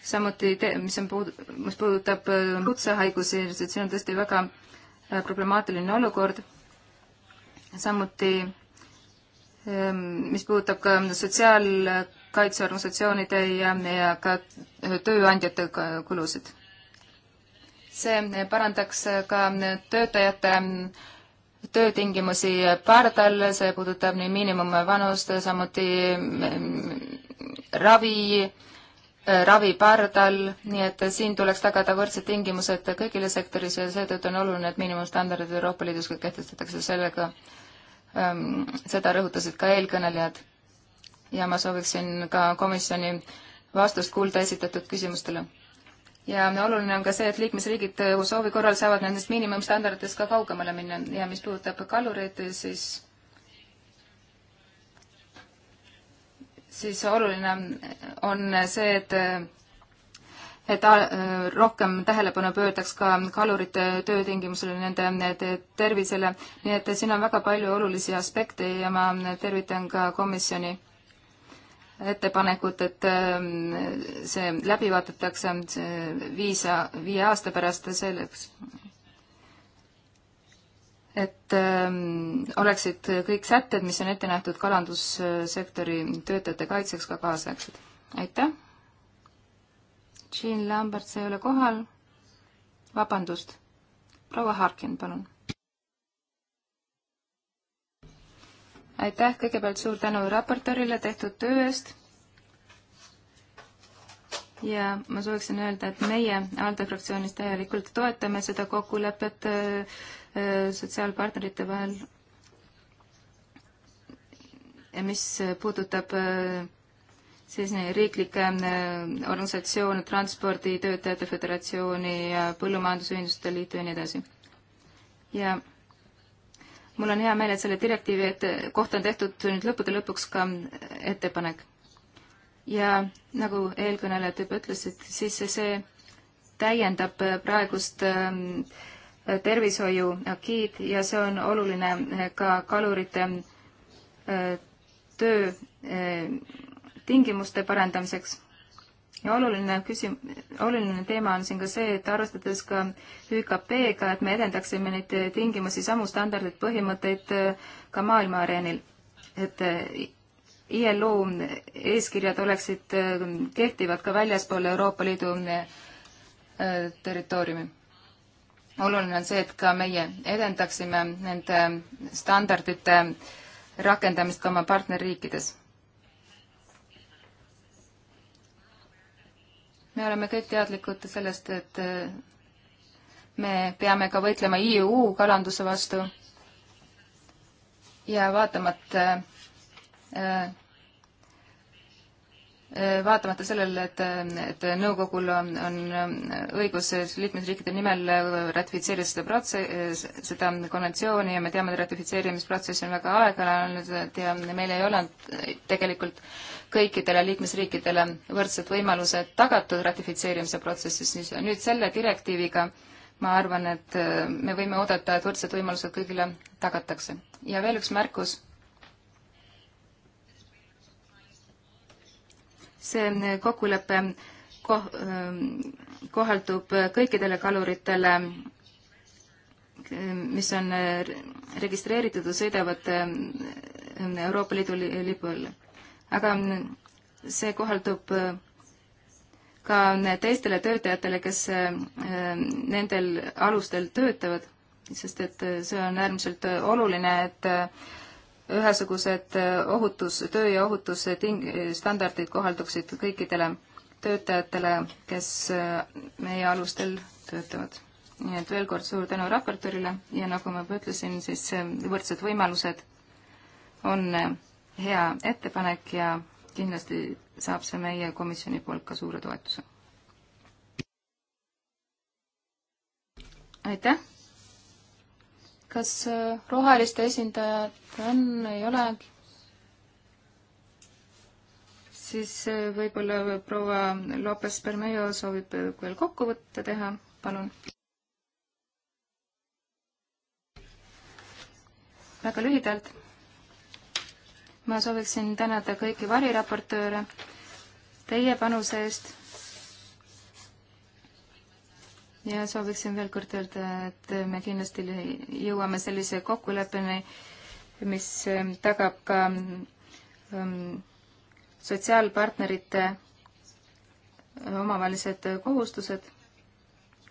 samuti te, mis on puud-, mis puudutab kutsehaigusi, see on tõesti väga problemaatiline olukord samuti ehm, mis puudutab ka sotsiaalkaitseorganisatsioonide ja, ja ka tööandjate kulusid. see parandaks ka töötajate töötingimusi pardal, see puudutab nii miinimumvanust, samuti ehm, ravi, eh, ravi pardal, nii et siin tuleks tagada võrdsed tingimused kõigile sektoris ja seetõttu on oluline, et miinimumstandardid Euroopa Liidus kehtestatakse sellega äh, Ehm, seda rõhutasid ka eelkõnelejad. ja ma sooviksin ka komisjoni vastust kuulda esitatud küsimustele. ja oluline on ka see, et liikmesriigid soovi korral saavad nendest miinimumstandarditest ka kaugemale minna ja mis puudutab kalureid, siis siis oluline on see, et et äh, rohkem tähelepanu pöördaks ka kalurite töötingimusele, nende tervisele, nii et siin on väga palju olulisi aspekte ja ma tervitan ka komisjoni ettepanekut, et äh, see läbi vaadatakse viis, viie aasta pärast selleks, et äh, oleksid kõik sätted, mis on ette nähtud kalandussektori töötajate kaitseks, ka kaasaegsed. aitäh! Jean Lambert, sa ei ole kohal. vabandust, proua Harkin, palun. aitäh, kõigepealt suur tänu raportöörile tehtud töö eest. ja ma sooviksin öelda, et meie ALDE fraktsioonis täielikult toetame seda kokkulepet äh, äh, sotsiaalpartnerite vahel, mis puudutab öö, äh, siis nii riiklikke äh, organisatsioone, Transporditöötajate Föderatsiooni ja Põllumajandusühenduste Liitu ja nii edasi. ja mul on hea meel, et selle direktiivi ette, kohta on tehtud nüüd lõppude lõpuks ka ettepanek. ja nagu eelkõnelejad juba ütlesid, siis see täiendab praegust äh, tervishoiu akiid ja see on oluline ka kalurite äh, töö tingimuste parandamiseks. ja oluline küsim-, oluline teema on siin ka see, et arvestades ka ÜKP-ga, et me edendaksime neid tingimusi, samu standardeid, põhimõtteid äh, ka maailma areenil. et äh, ILO eeskirjad oleksid äh, kehtivad ka väljaspool Euroopa Liidu territooriumi. oluline on see, et ka meie edendaksime nende standardite rakendamist ka oma partnerriikides me oleme kõik teadlikud sellest, et äh, me peame ka võitlema EU kalanduse vastu ja vaatamata äh, Äh, vaatamata sellele, et, et nõukogul on, on äh, õigus liikmesriikide nimel äh, ratifitseerida seda protsess, seda konventsiooni ja me teame, et ratifitseerimisprotsess on väga aeglane olnud ja meil ei ole tegelikult kõikidele liikmesriikidele võrdsed võimalused tagatud ratifitseerimise protsessis, siis nüüd selle direktiiviga ma arvan, et me võime oodata, et võrdsed võimalused kõigile tagatakse. ja veel üks märkus see äh, kokkulepe koh-, ähm, kohaldub kõikidele kaluritele, äh, mis on äh, registreeritud ja sõidavad Euroopa Liidu lipu all. aga see kohaldub ka teistele töötajatele, kes nendel alustel töötavad, sest et see on äärmiselt oluline, et ühesugused äh, ohutus, töö ja ohutuse ting-, standardid kohalduksid kõikidele töötajatele, kes äh, meie alustel töötavad. nii et veel kord suur tänu raportöörile ja nagu ma juba ütlesin, siis äh, võrdsed võimalused on hea ettepanek ja kindlasti saab see meie komisjoni poolt ka suure toetuse. aitäh! kas äh, roheliste esindajad on, ei ole? siis äh, võib-olla proua Lopez Bermeo soovib äh, veel kokkuvõtte teha, palun. väga lühidalt. ma sooviksin tänada kõiki variraportööre teie panuse eest ja sooviksin veel kord öelda, et me kindlasti jõuame sellise kokkuleppeni, mis ähm, tagab ka ähm, sotsiaalpartnerite äh, omavahelised äh, kohustused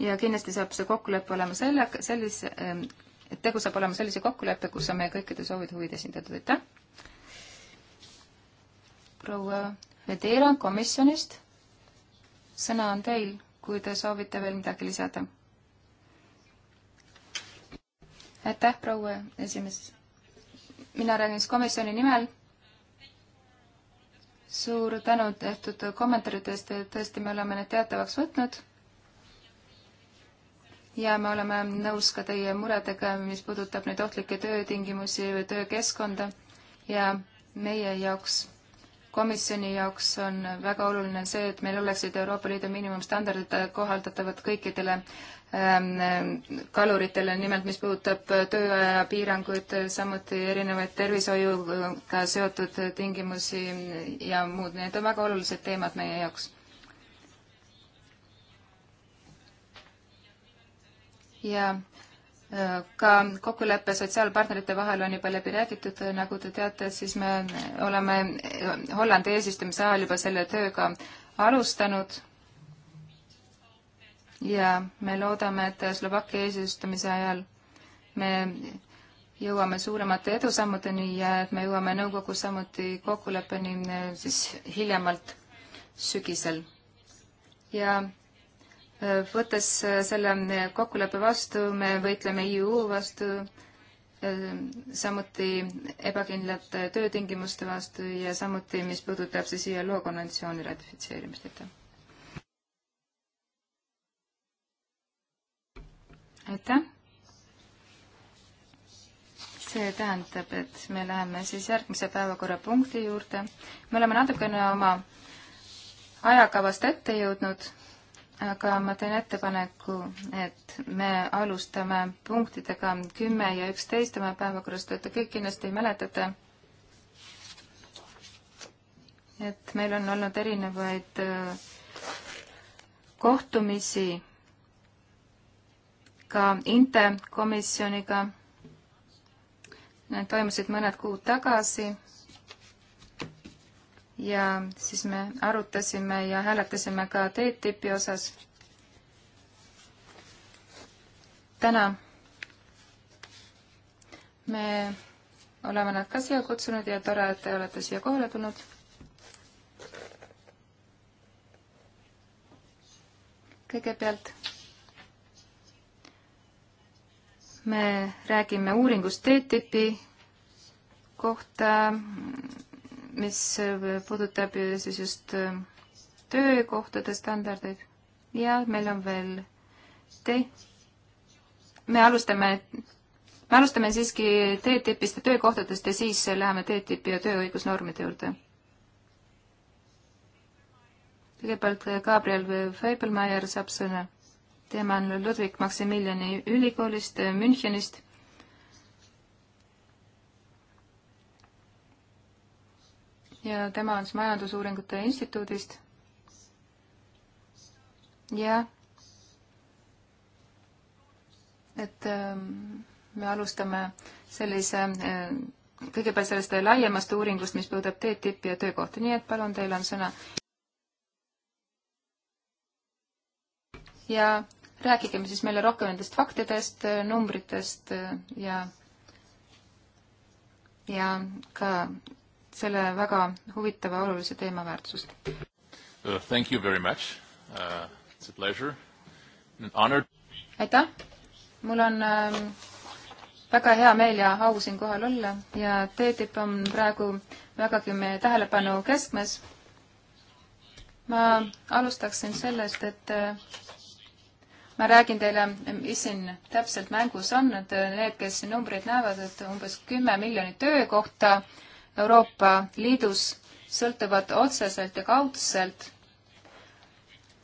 ja kindlasti saab see kokkulepe olema selle, sellise ähm,, et tegu saab olema sellise kokkuleppe, kus on meie kõikide soovid ja huvid esindatud, aitäh! proua Vedeera komisjonist, sõna on teil kui te soovite veel midagi lisada. aitäh, proua esimees. mina räägin siis komisjoni nimel. suur tänu tehtud kommentaaridest, tõesti, me oleme need teatavaks võtnud. ja me oleme nõus ka teie muredega, mis puudutab neid ohtlikke töötingimusi või töökeskkonda ja meie jaoks komisjoni jaoks on väga oluline see, et meil oleksid Euroopa Liidu miinimumstandardid kohaldatavad kõikidele ähm, kaluritele, nimelt mis puudutab tööaja piiranguid, samuti erinevaid tervishoiuga seotud tingimusi ja muud, need on väga olulised teemad meie jaoks. ja ka kokkulepe sotsiaalpartnerite vahel on juba läbi räägitud, nagu te teate, siis me oleme Hollandi eesistumise ajal juba selle tööga alustanud ja me loodame, et Slovakkia eesistumise ajal me jõuame suuremate edusammudeni ja et me jõuame nõukogus samuti kokkuleppeni eh, siis hiljemalt sügisel. ja võttes äh, selle äh, kokkuleppe vastu, me võitleme EU vastu, äh, samuti ebakindlate töötingimuste vastu ja samuti, mis puudutab siis ILO e konventsiooni ratifitseerimist, aitäh. aitäh. see tähendab, et me läheme siis järgmise päevakorrapunkti juurde. me oleme natukene oma ajakavast ette jõudnud aga ma teen ettepaneku, et me alustame punktidega kümme ja üksteist oma päevakorrast, et te kõik kindlasti mäletate, et meil on olnud erinevaid äh, kohtumisi ka Inte komisjoniga. Need toimusid mõned kuud tagasi ja siis me arutasime ja hääletasime ka TTIP-i osas. täna me oleme nad ka siia kutsunud ja tore, et te olete siia kohale tulnud. kõigepealt me räägime uuringust TTIP-i kohta mis puudutab siis just ähm, töökohtade standardeid ja meil on veel te-, me alustame, me alustame siiski TTIP-ist ja töökohtadest ja siis läheme TTIP-i ja tööõigusnormide juurde. kõigepealt Gabriel Feibelmeier saab sõna. tema on Ludwig Maximiliani ülikoolist äh, Münchenist ja tema on siis Majandusuuringute Instituudist. ja et ähm, me alustame sellise, äh, kõigepealt sellest laiemast uuringust, mis puudutab TTIP-i ja töökohti, nii et palun, teil on sõna. ja rääkigem siis meile rohkem nendest faktidest, äh, numbritest äh, ja, ja ka selle väga huvitava olulise teema väärtusest. Uh, thank you very much uh,. It's a pleasure and honor. aitäh, mul on äh, väga hea meel ja au siin kohal olla ja TTIP on praegu vägagi meie tähelepanu keskmes. ma alustaksin sellest, et uh, ma räägin teile, um, mis siin täpselt mängus on, et uh, need, kes numbreid näevad, et umbes kümme miljonit töökohta Euroopa Liidus sõltuvad otseselt ja kaudselt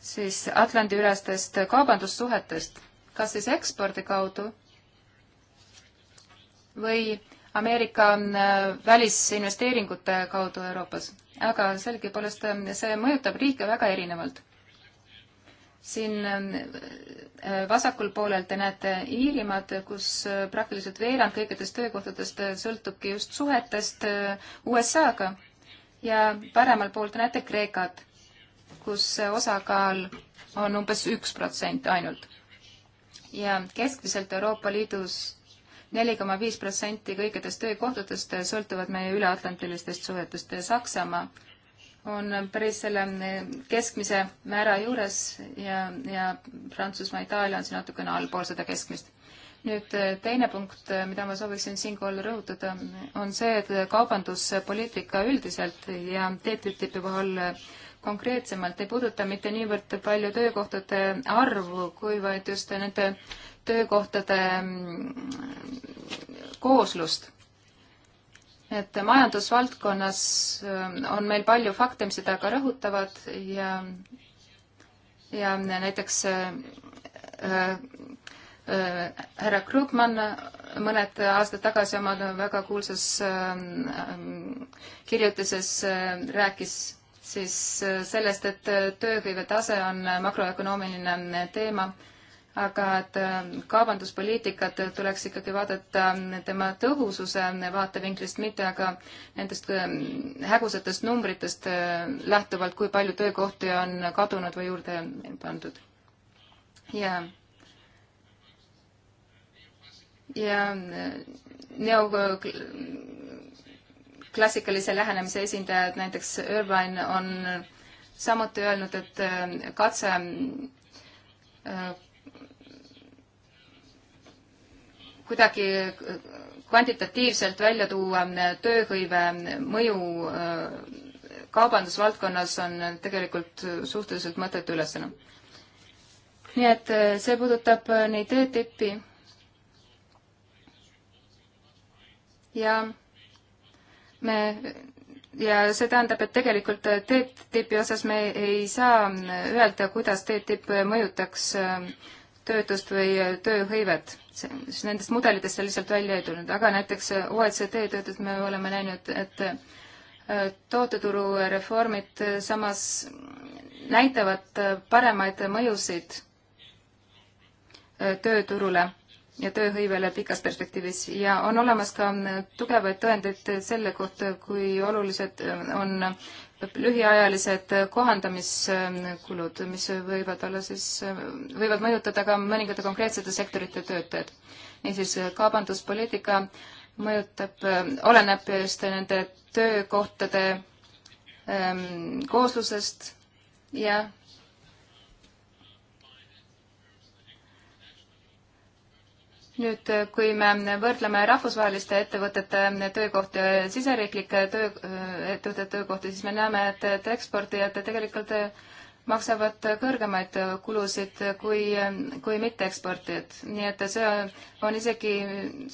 siis Atlandi-ülestest kaubandussuhetest, kas siis ekspordi kaudu või Ameerika äh, välisinvesteeringute kaudu Euroopas. aga sellegipoolest äh, see mõjutab riike väga erinevalt siin äh, vasakul poolel te näete Iirimaad, kus äh, praktiliselt veerand kõikidest töökohtadest äh, sõltubki just suhetest USA-ga ja paremal pool te näete Kreekat, kus see osakaal on umbes üks protsent ainult. ja keskmiselt Euroopa Liidus neli koma viis protsenti kõikidest töökohtadest sõltuvad meie üleatlantilistest suhetest ja Saksamaa on päris selle eh, keskmise määra juures ja, ja Prantsusmaa, Itaalia on siin natukene allpool seda keskmist. nüüd eh, teine punkt, eh, mida ma sooviksin siinkohal rõhutada, on see, et kaubanduspoliitika üldiselt ja TTIP-i puhul konkreetsemalt ei puuduta mitte niivõrd palju töökohtade arvu, kuivõrd just nende töökohtade mm, kooslust et majandusvaldkonnas ähm, on meil palju fakte, mis seda ka rõhutavad ja, ja näiteks äh, äh, härra äh, Krugman mõned aastad tagasi oma väga kuulsas äh, kirjutises äh, rääkis siis äh, sellest, et tööhõive tase on makroökonoomiline teema aga et ähm, kaubanduspoliitikat tuleks ikkagi vaadata ähm, tema tõhususe vaatevinklist, mitte aga nendest ähm, hägusatest numbritest äh, lähtuvalt, kui palju töökohti on kadunud või juurde pandud. ja, ja äh, neoklassikalise lähenemise esindajad, näiteks Irvine on samuti öelnud, et äh, katse kuidagi kvantitatiivselt välja tuua tööhõive mõju äh, kaubandusvaldkonnas on tegelikult suhteliselt mõttetu ülesanne. nii et äh, see puudutab äh, nii TTIP-i ja me ja see tähendab, et tegelikult TTIP-i osas me ei saa öelda, kuidas TTIP mõjutaks äh, töötust või äh, tööhõivet, siis nendest mudelitest see lihtsalt välja ei tulnud, aga näiteks äh, OECD töötust me oleme näinud, et äh, tooteturu reformid samas näitavad paremaid mõjusid tööturule ja tööhõivele pikas perspektiivis ja on olemas ka tugevaid tõendeid selle kohta, kui olulised on lühiajalised kohandamiskulud, mis võivad olla siis, võivad mõjutada ka mõningate konkreetsete sektorite töötajad. niisiis, kaubanduspoliitika mõjutab, oleneb just nende töökohtade ähm, kooslusest ja nüüd, kui me võrdleme rahvusvaheliste ettevõtete töökohti siseriiklike töö, ettevõtete töökohti, siis me näeme, et, et eksportijad tegelikult maksavad kõrgemaid kulusid kui, kui mitteeksportijad. nii et see on isegi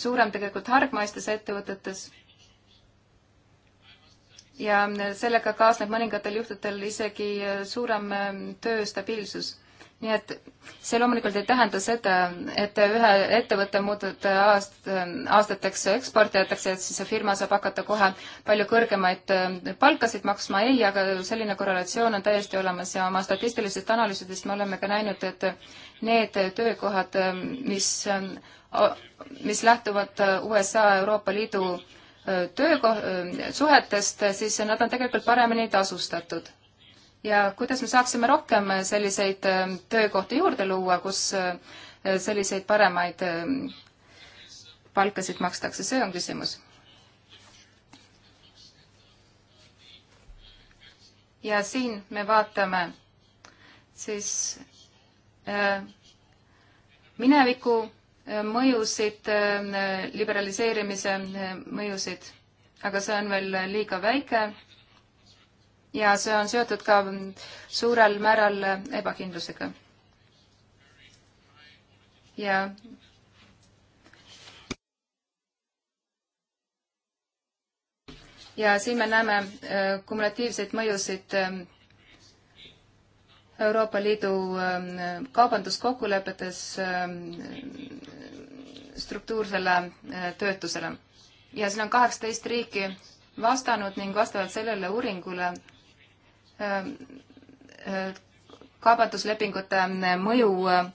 suurem tegelikult hargmaistes ettevõtetes. ja sellega kaasneb mõningatel juhtudel isegi suurem töö stabiilsus nii et see loomulikult ei tähenda seda, et ühe ettevõtte muutud äh, aast-, äh, aastateks eksportijateks, et siis see firma saab hakata kohe palju kõrgemaid äh, palkasid maksma, ei, aga selline korrelatsioon on täiesti olemas ja oma statistilisest analüüsidest me oleme ka näinud, et need töökohad, mis, mis lähtuvad USA, Euroopa Liidu tööko-, suhetest, siis nad on tegelikult paremini tasustatud ja kuidas me saaksime rohkem selliseid ähm, töökohti juurde luua, kus äh, selliseid paremaid ähm, palkasid makstakse, see on küsimus. ja siin me vaatame siis äh, mineviku äh, mõjusid, liberaliseerimise mõjusid, aga see on veel liiga väike ja see on seotud ka suurel määral ebakindlusega. ja ja siin me näeme äh, kumulatiivseid mõjusid äh, Euroopa Liidu äh, kaubanduskokkulepetes struktuursele töötusele. ja siin on kaheksateist riiki vastanud ning vastavalt sellele uuringule Ehm, ehm, kaubanduslepingute mõju eh,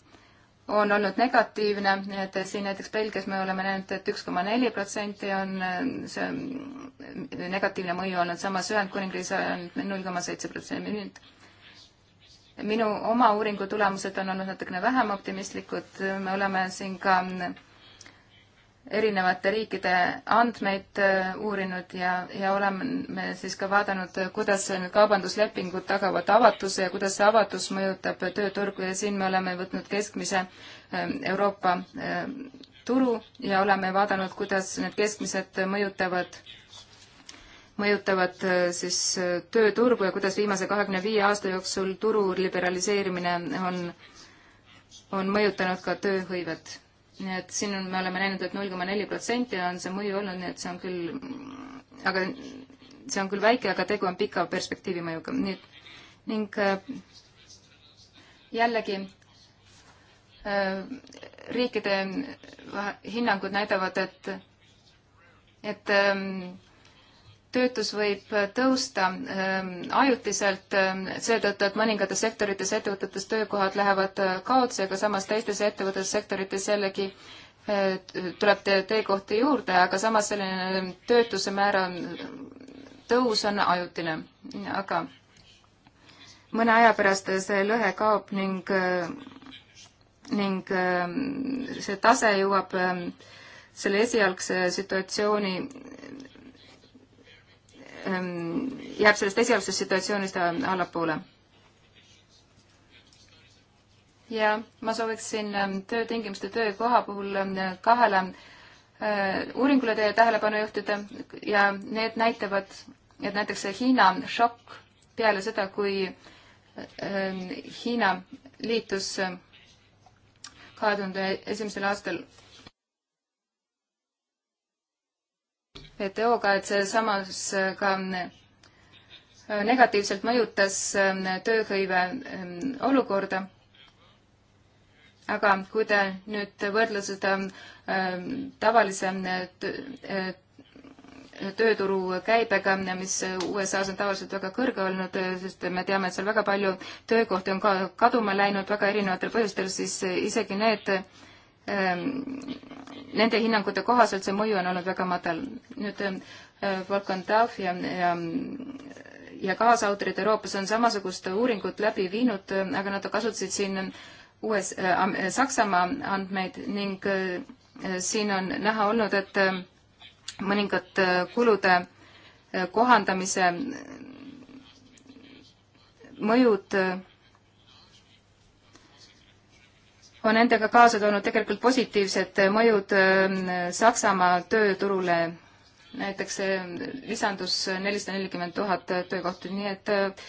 on olnud negatiivne, et siin näiteks Belgias me oleme näinud et, et üks koma neli protsenti on eh, see mm, negatiivne mõju olnud, samas Ühendkuningriigis on null koma seitse protsenti. minu oma uuringu tulemused on olnud natukene vähem optimistlikud, me oleme siin ka mm, erinevate riikide andmeid äh, uurinud ja, ja oleme siis ka vaadanud, kuidas need kaubanduslepingud tagavad avatuse ja kuidas see avatus mõjutab tööturgu ja siin me oleme võtnud keskmise ähm, Euroopa äh, turu ja oleme vaadanud, kuidas need keskmised mõjutavad mõjutavad äh, siis tööturgu ja kuidas viimase kahekümne viie aasta jooksul turu liberaliseerimine on, on mõjutanud ka tööhõivet nii et siin on, me oleme näinud et, et null koma neli protsenti on see mõju olnud, nii et see on küll, aga see on küll väike, aga tegu on pika perspektiivi mõjuga, nii et ning äh, jällegi äh, riikide hinnangud näitavad, et, et ähm, töötus võib tõusta ähm, ajutiselt ähm, seetõttu, et mõningates sektorites, ettevõtetes töökohad lähevad äh, kaotsi, aga samas teistes ettevõtetes, sektorites jällegi äh, tuleb töökohti juurde, aga samas selline ähm, töötuse määra äh, tõus on ajutine, aga mõne aja pärast see lõhe kaob ning, ning see tase jõuab selle esialgse situatsiooni Ehm, jääb sellest esialgsest situatsioonist allapoole. ja ma sooviksin ehm, töötingimuste töökoha puhul ehm, kahele uuringule teie tähelepanu juhtida ja need näitavad, et näiteks see Hiina šokk peale seda, kui Hiina liitus kahe tuhande esimesel aastal teoga, et see samas äh, ka äh, negatiivselt mõjutas äh, tööhõive olukorda. aga kui te nüüd võrdle seda tavalise tööturu käibega, mis USA-s on tavaliselt väga kõrge olnud, sest me teame, et seal väga palju töökohti on ka kaduma läinud väga erinevatel põhjustel, siis isegi need Ehm, nende hinnangute kohaselt see mõju on olnud väga madal. nüüd ehm, Volkan Tav ja, ja ja kaasautorid Euroopas on samasugust uuringut läbi viinud, aga nad kasutasid siin uues äh, äh, Saksamaa andmeid ning äh, siin on näha olnud, et äh, mõningad äh, kulude äh, kohandamise mõjud äh, on endaga kaasa toonud tegelikult positiivsed mõjud ähm, Saksamaa tööturule. näiteks äh, lisandus nelisada nelikümmend tuhat töökohta, nii et äh,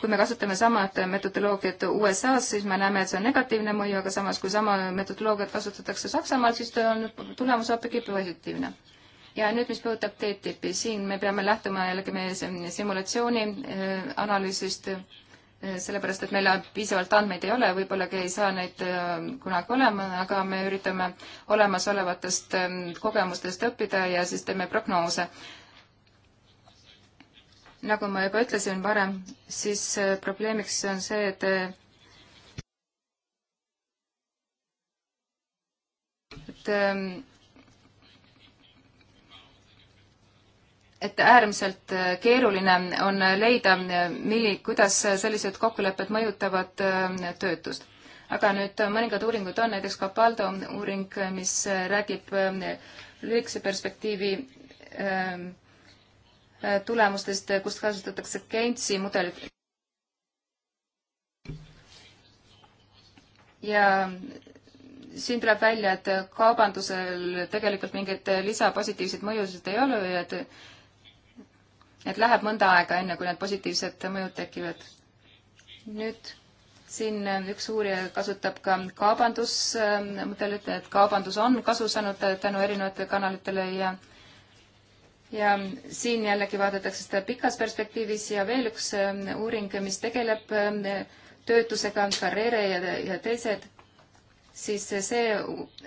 kui me kasutame samad metodoloogiat USA-s, siis me näeme, et see on negatiivne mõju, aga samas, kui sama metodoloogiat kasutatakse Saksamaal, siis ta on tulemus hoopis positiivne. ja nüüd, mis puudutab TTIP-i, siin me peame lähtuma jällegi meie simulatsiooni äh, analüüsist äh, Äh, sellepärast et meil piisavalt andmeid ei ole, võib-olla ei saa neid äh, kunagi olema, aga me üritame olemasolevatest ähm, kogemustest õppida ja siis teeme prognoose. nagu ma juba ütlesin varem, siis äh, probleemiks on see, et et ähm, et äärmiselt äh, keeruline on äh, leida, äh, milli-, kuidas sellised kokkulepped mõjutavad töötust. aga nüüd mõningad uuringud on, näiteks Capaldo uuring, mis räägib lühikese perspektiivi ähm, tulemustest, kust kasutatakse Keinsi mudelit. ja siin tuleb välja, et kaubandusel tegelikult mingeid lisapositiivseid mõjusid ei ole ja et et läheb mõnda aega, enne kui need positiivsed mõjud tekivad. nüüd siin üks uurija kasutab ka kaubandusmudelit, et kaubandus on kasu saanud tänu erinevatele kanalitele ja ja siin jällegi vaadatakse seda pikas perspektiivis ja veel üks uuring, mis tegeleb töötusega, karjääre ja, ja teised, siis see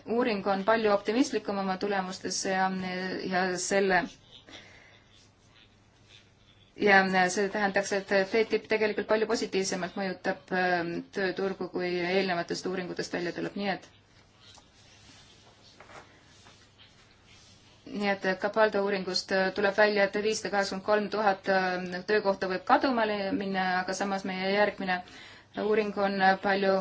uuring on palju optimistlikum oma tulemustes ja, ja selle ja äh, see tähendaks, et TTIP tegelikult palju positiivsemalt mõjutab ähm, tööturgu, kui eelnevatest uuringutest välja tuleb, nii et nii et Kapaldo uuringust äh, tuleb välja, et viissada kaheksakümmend kolm tuhat äh, töökohta võib kaduma minna, aga samas meie järgmine uuring on palju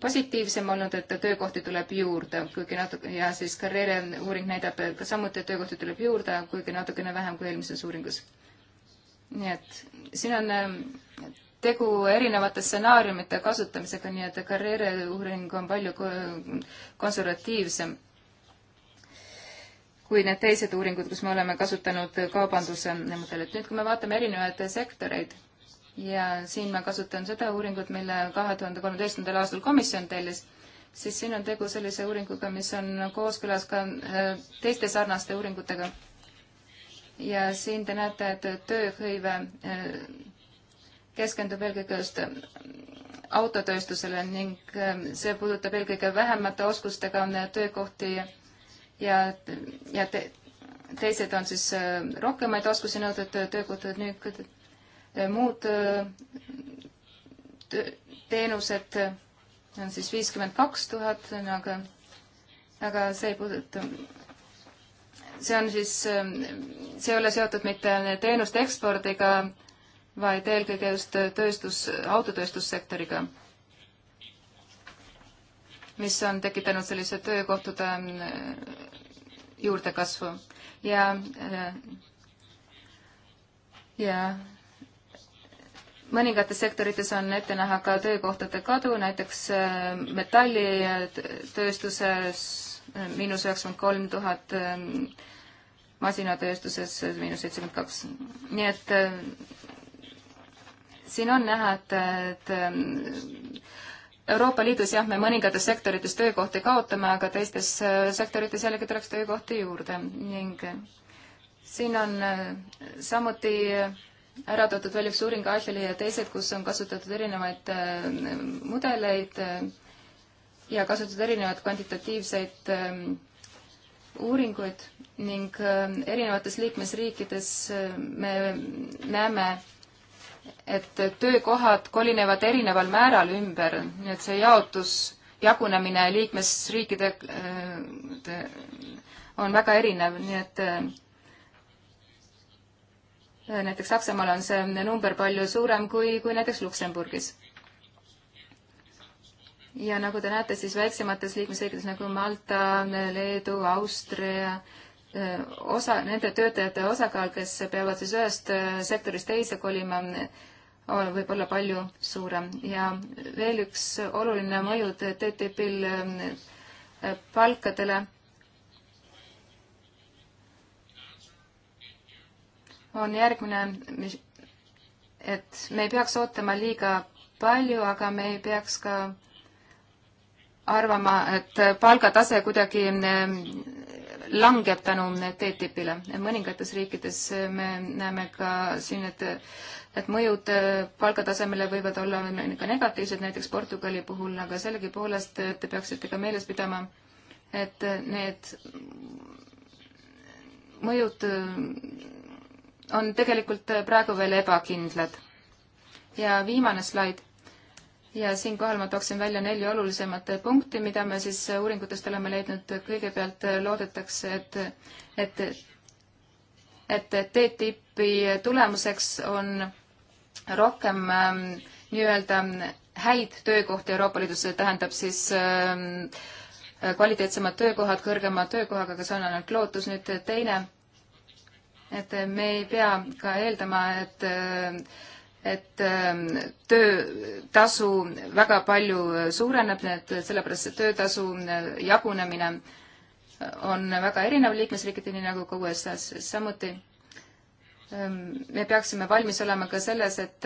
positiivsem olnud, et töökohti tuleb juurde, kuigi natuke ja siis karjääriuuring näitab ka samuti, et töökohti tuleb juurde, kuigi natukene vähem kui eelmises uuringus. nii et siin on ähm, tegu erinevate stsenaariumite kasutamisega, nii et karjääriuuring on palju konservatiivsem kui need teised uuringud, kus me oleme kasutanud kaubanduse mudelit. nüüd, kui me vaatame erinevaid sektoreid ja siin ma kasutan seda uuringut, mille kahe tuhande kolmeteistkümnendal aastal komisjon tellis, siis siin on tegu sellise uuringuga, mis on kooskõlas ka äh, teiste sarnaste uuringutega. ja siin te näete, et tööhõive äh, keskendub eelkõige just äh, autotööstusele ning see puudutab eelkõige vähemate oskustega töökohti ja, ja te, teised on siis rohkemaid oskusi nõudvad töökohtad, nüüd Äh, muud äh, teenused on siis viiskümmend kaks tuhat, aga, aga see ei puuduta, see on siis, äh, see ei ole seotud mitte teenuste ekspordiga, vaid eelkõige just tööstus, autotööstussektoriga, mis on tekitanud sellise töökohtade juurdekasvu ja, ja mõningates sektorites on ette näha ka töökohtade kadu, näiteks äh, metallitööstuses äh, äh, miinus üheksakümmend kolm tuhat, masinatööstuses miinus seitsekümmend kaks. nii et siin on näha, et, et Euroopa Liidus jah, me mõningates sektorites töökohti kaotame, aga teistes sektorites jällegi tuleks töökohti juurde ning siin on samuti ära toodud veel üks uuring Aasiale ja teised, kus on kasutatud erinevaid äh, mudeleid äh, ja kasutatud erinevaid kvantitatiivseid äh, uuringuid ning erinevates liikmesriikides me näeme, et töökohad kolinevad erineval määral ümber, nii et see jaotus, jagunemine liikmesriikide on väga erinev, nii et näiteks Saksamaal on see number palju suurem kui, kui näiteks Luksemburgis. ja nagu te näete, siis väiksemates liikmesriikides nagu Malta, Leedu, Austria, osa, nende töötajate osakaal, kes peavad siis ühest sektorist teise kolima, võib olla palju suurem ja veel üks oluline mõju TTIP-il palkadele on järgmine, mis, et me ei peaks ootama liiga palju, aga me ei peaks ka arvama, et palgatase kuidagi ehm, langeb tänu TTIP-ile. mõningates riikides me näeme ka siin, et, et mõjud ehm, palgatasemele võivad olla ka negatiivsed, näiteks Portugali puhul, aga sellegipoolest te peaksite ka meeles pidama, et need mõjud on tegelikult äh, praegu veel ebakindlad. ja viimane slaid. ja siinkohal ma tooksin välja neli olulisemat punkti, mida me siis äh, uuringutest oleme leidnud. kõigepealt äh, loodetakse, et, et, et TTIP-i tulemuseks on rohkem ähm, nii-öelda ähm, häid töökohti Euroopa Liidus, see tähendab siis ähm, kvaliteetsemad töökohad, kõrgema töökohaga, aga see on ainult lootus. nüüd teine et me ei pea ka eeldama, et et töötasu väga palju suureneb, et sellepärast see töötasu jagunemine on väga erinev liikmesriikide, nii nagu ka USA-s samuti. me peaksime valmis olema ka selles, et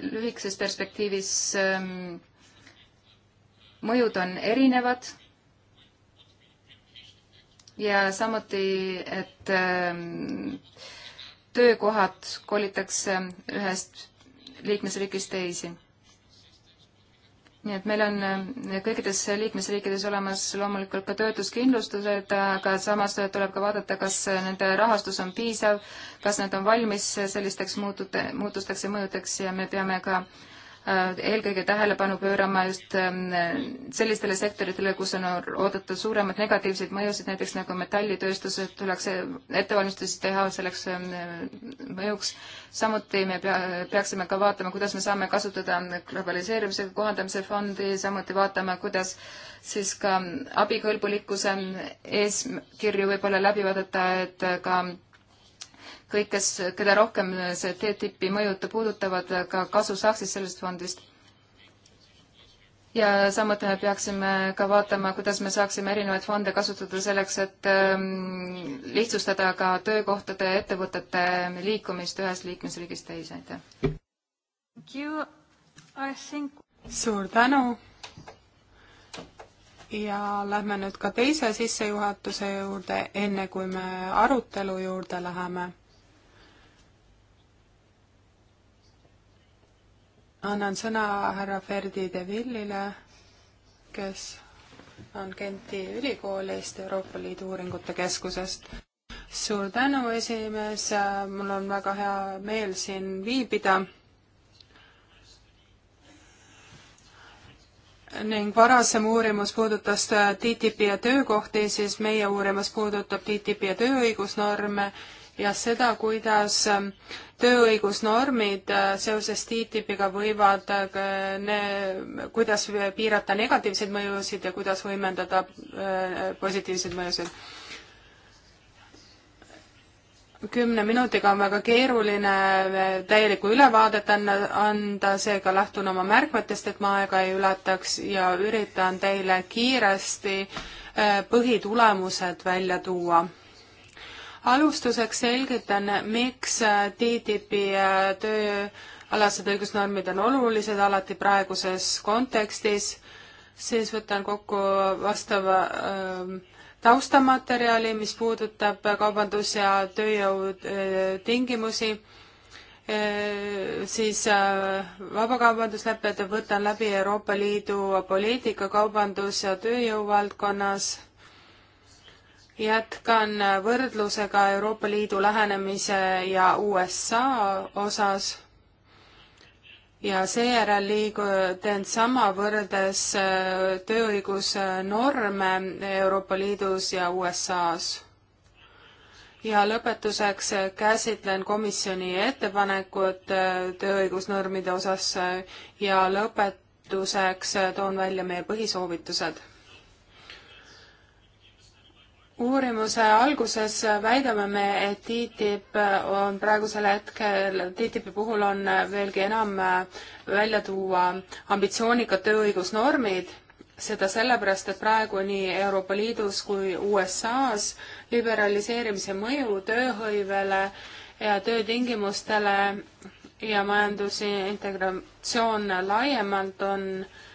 lühikeses perspektiivis mõjud on erinevad ja samuti, et ähm, töökohad kolitakse ühest liikmesriigist teisi. nii et meil on äh, kõikides liikmesriikides olemas loomulikult ka töötuskindlustused, aga samas tuleb ka vaadata, kas nende rahastus on piisav, kas nad on valmis sellisteks muutute, muutusteks ja mõjudeks ja me peame ka äh, Äh, eelkõige tähelepanu pöörama just ähm, sellistele sektoritele, kus on oodata suuremaid negatiivseid mõjusid, näiteks nagu metallitööstused tuleks e-, ettevalmistusi teha selleks ähm, mõjuks. samuti me pea, peaksime ka vaatama, kuidas me saame kasutada globaliseerimisega kohandamise fondi, samuti vaatame, kuidas siis ka abikõlbulikkuse eeskirju võib-olla läbi vaadata, et ka kõik, kes, keda rohkem see TTIP-i mõjutab, puudutavad, ka kasu saaksid sellest fondist. ja samuti me peaksime ka vaatama, kuidas me saaksime erinevaid fonde kasutada selleks, et ähm, lihtsustada ka töökohtade ja ettevõtete liikumist ühest liikmesriigist teise, aitäh. suur tänu! ja lähme nüüd ka teise sissejuhatuse juurde, enne kui me arutelu juurde läheme annan sõna härra Ferdi de Villile, kes on Genti ülikoolist, Euroopa Liidu uuringute keskusest. suur tänu, esimees, mul on väga hea meel siin viibida ning varasem uurimus puudutas TTIP-i ja töökohti, siis meie uurimus puudutab TTIP-i ja tööõigusnorme ja seda, kuidas ähm, tööõigusnormid äh, seoses TTIP-iga võivad, äh, kuidas piirata negatiivseid mõjusid ja kuidas võimendada äh, positiivseid mõjusid. kümne minutiga on väga keeruline täielikku ülevaadet anda, anda, seega lähtun oma märkmetest, et ma aega ei ületaks ja üritan teile kiiresti põhitulemused välja tuua alustuseks selgitan, miks TTIP-i äh, tööalased õigusnormid on olulised alati praeguses kontekstis, siis võtan kokku vastava öö, ähm, taustamaterjali, mis puudutab kaubandus- ja tööjõutingimusi, äh, äh, siis vabakaubanduslepped võtan läbi Euroopa Liidu poliitika kaubandus- ja tööjõu valdkonnas jätkan võrdlusega Euroopa Liidu lähenemise ja USA osas ja seejärel liigu-, teen sama, võrreldes äh, tööõigusnorme Euroopa Liidus ja USA-s. ja lõpetuseks äh, käsitlen komisjoni ettepanekut äh, tööõigusnormide osas ja lõpetuseks toon välja meie põhisoovitused uurimuse alguses väidame me, et TTIP on praegusel hetkel, TTIP-i puhul on veelgi enam äh, välja tuua ambitsioonikad tööõigusnormid, seda sellepärast, et praegu nii Euroopa Liidus kui USA-s liberaliseerimise mõju tööhõivele ja töötingimustele ja majandusintegratsioon laiemalt on äh,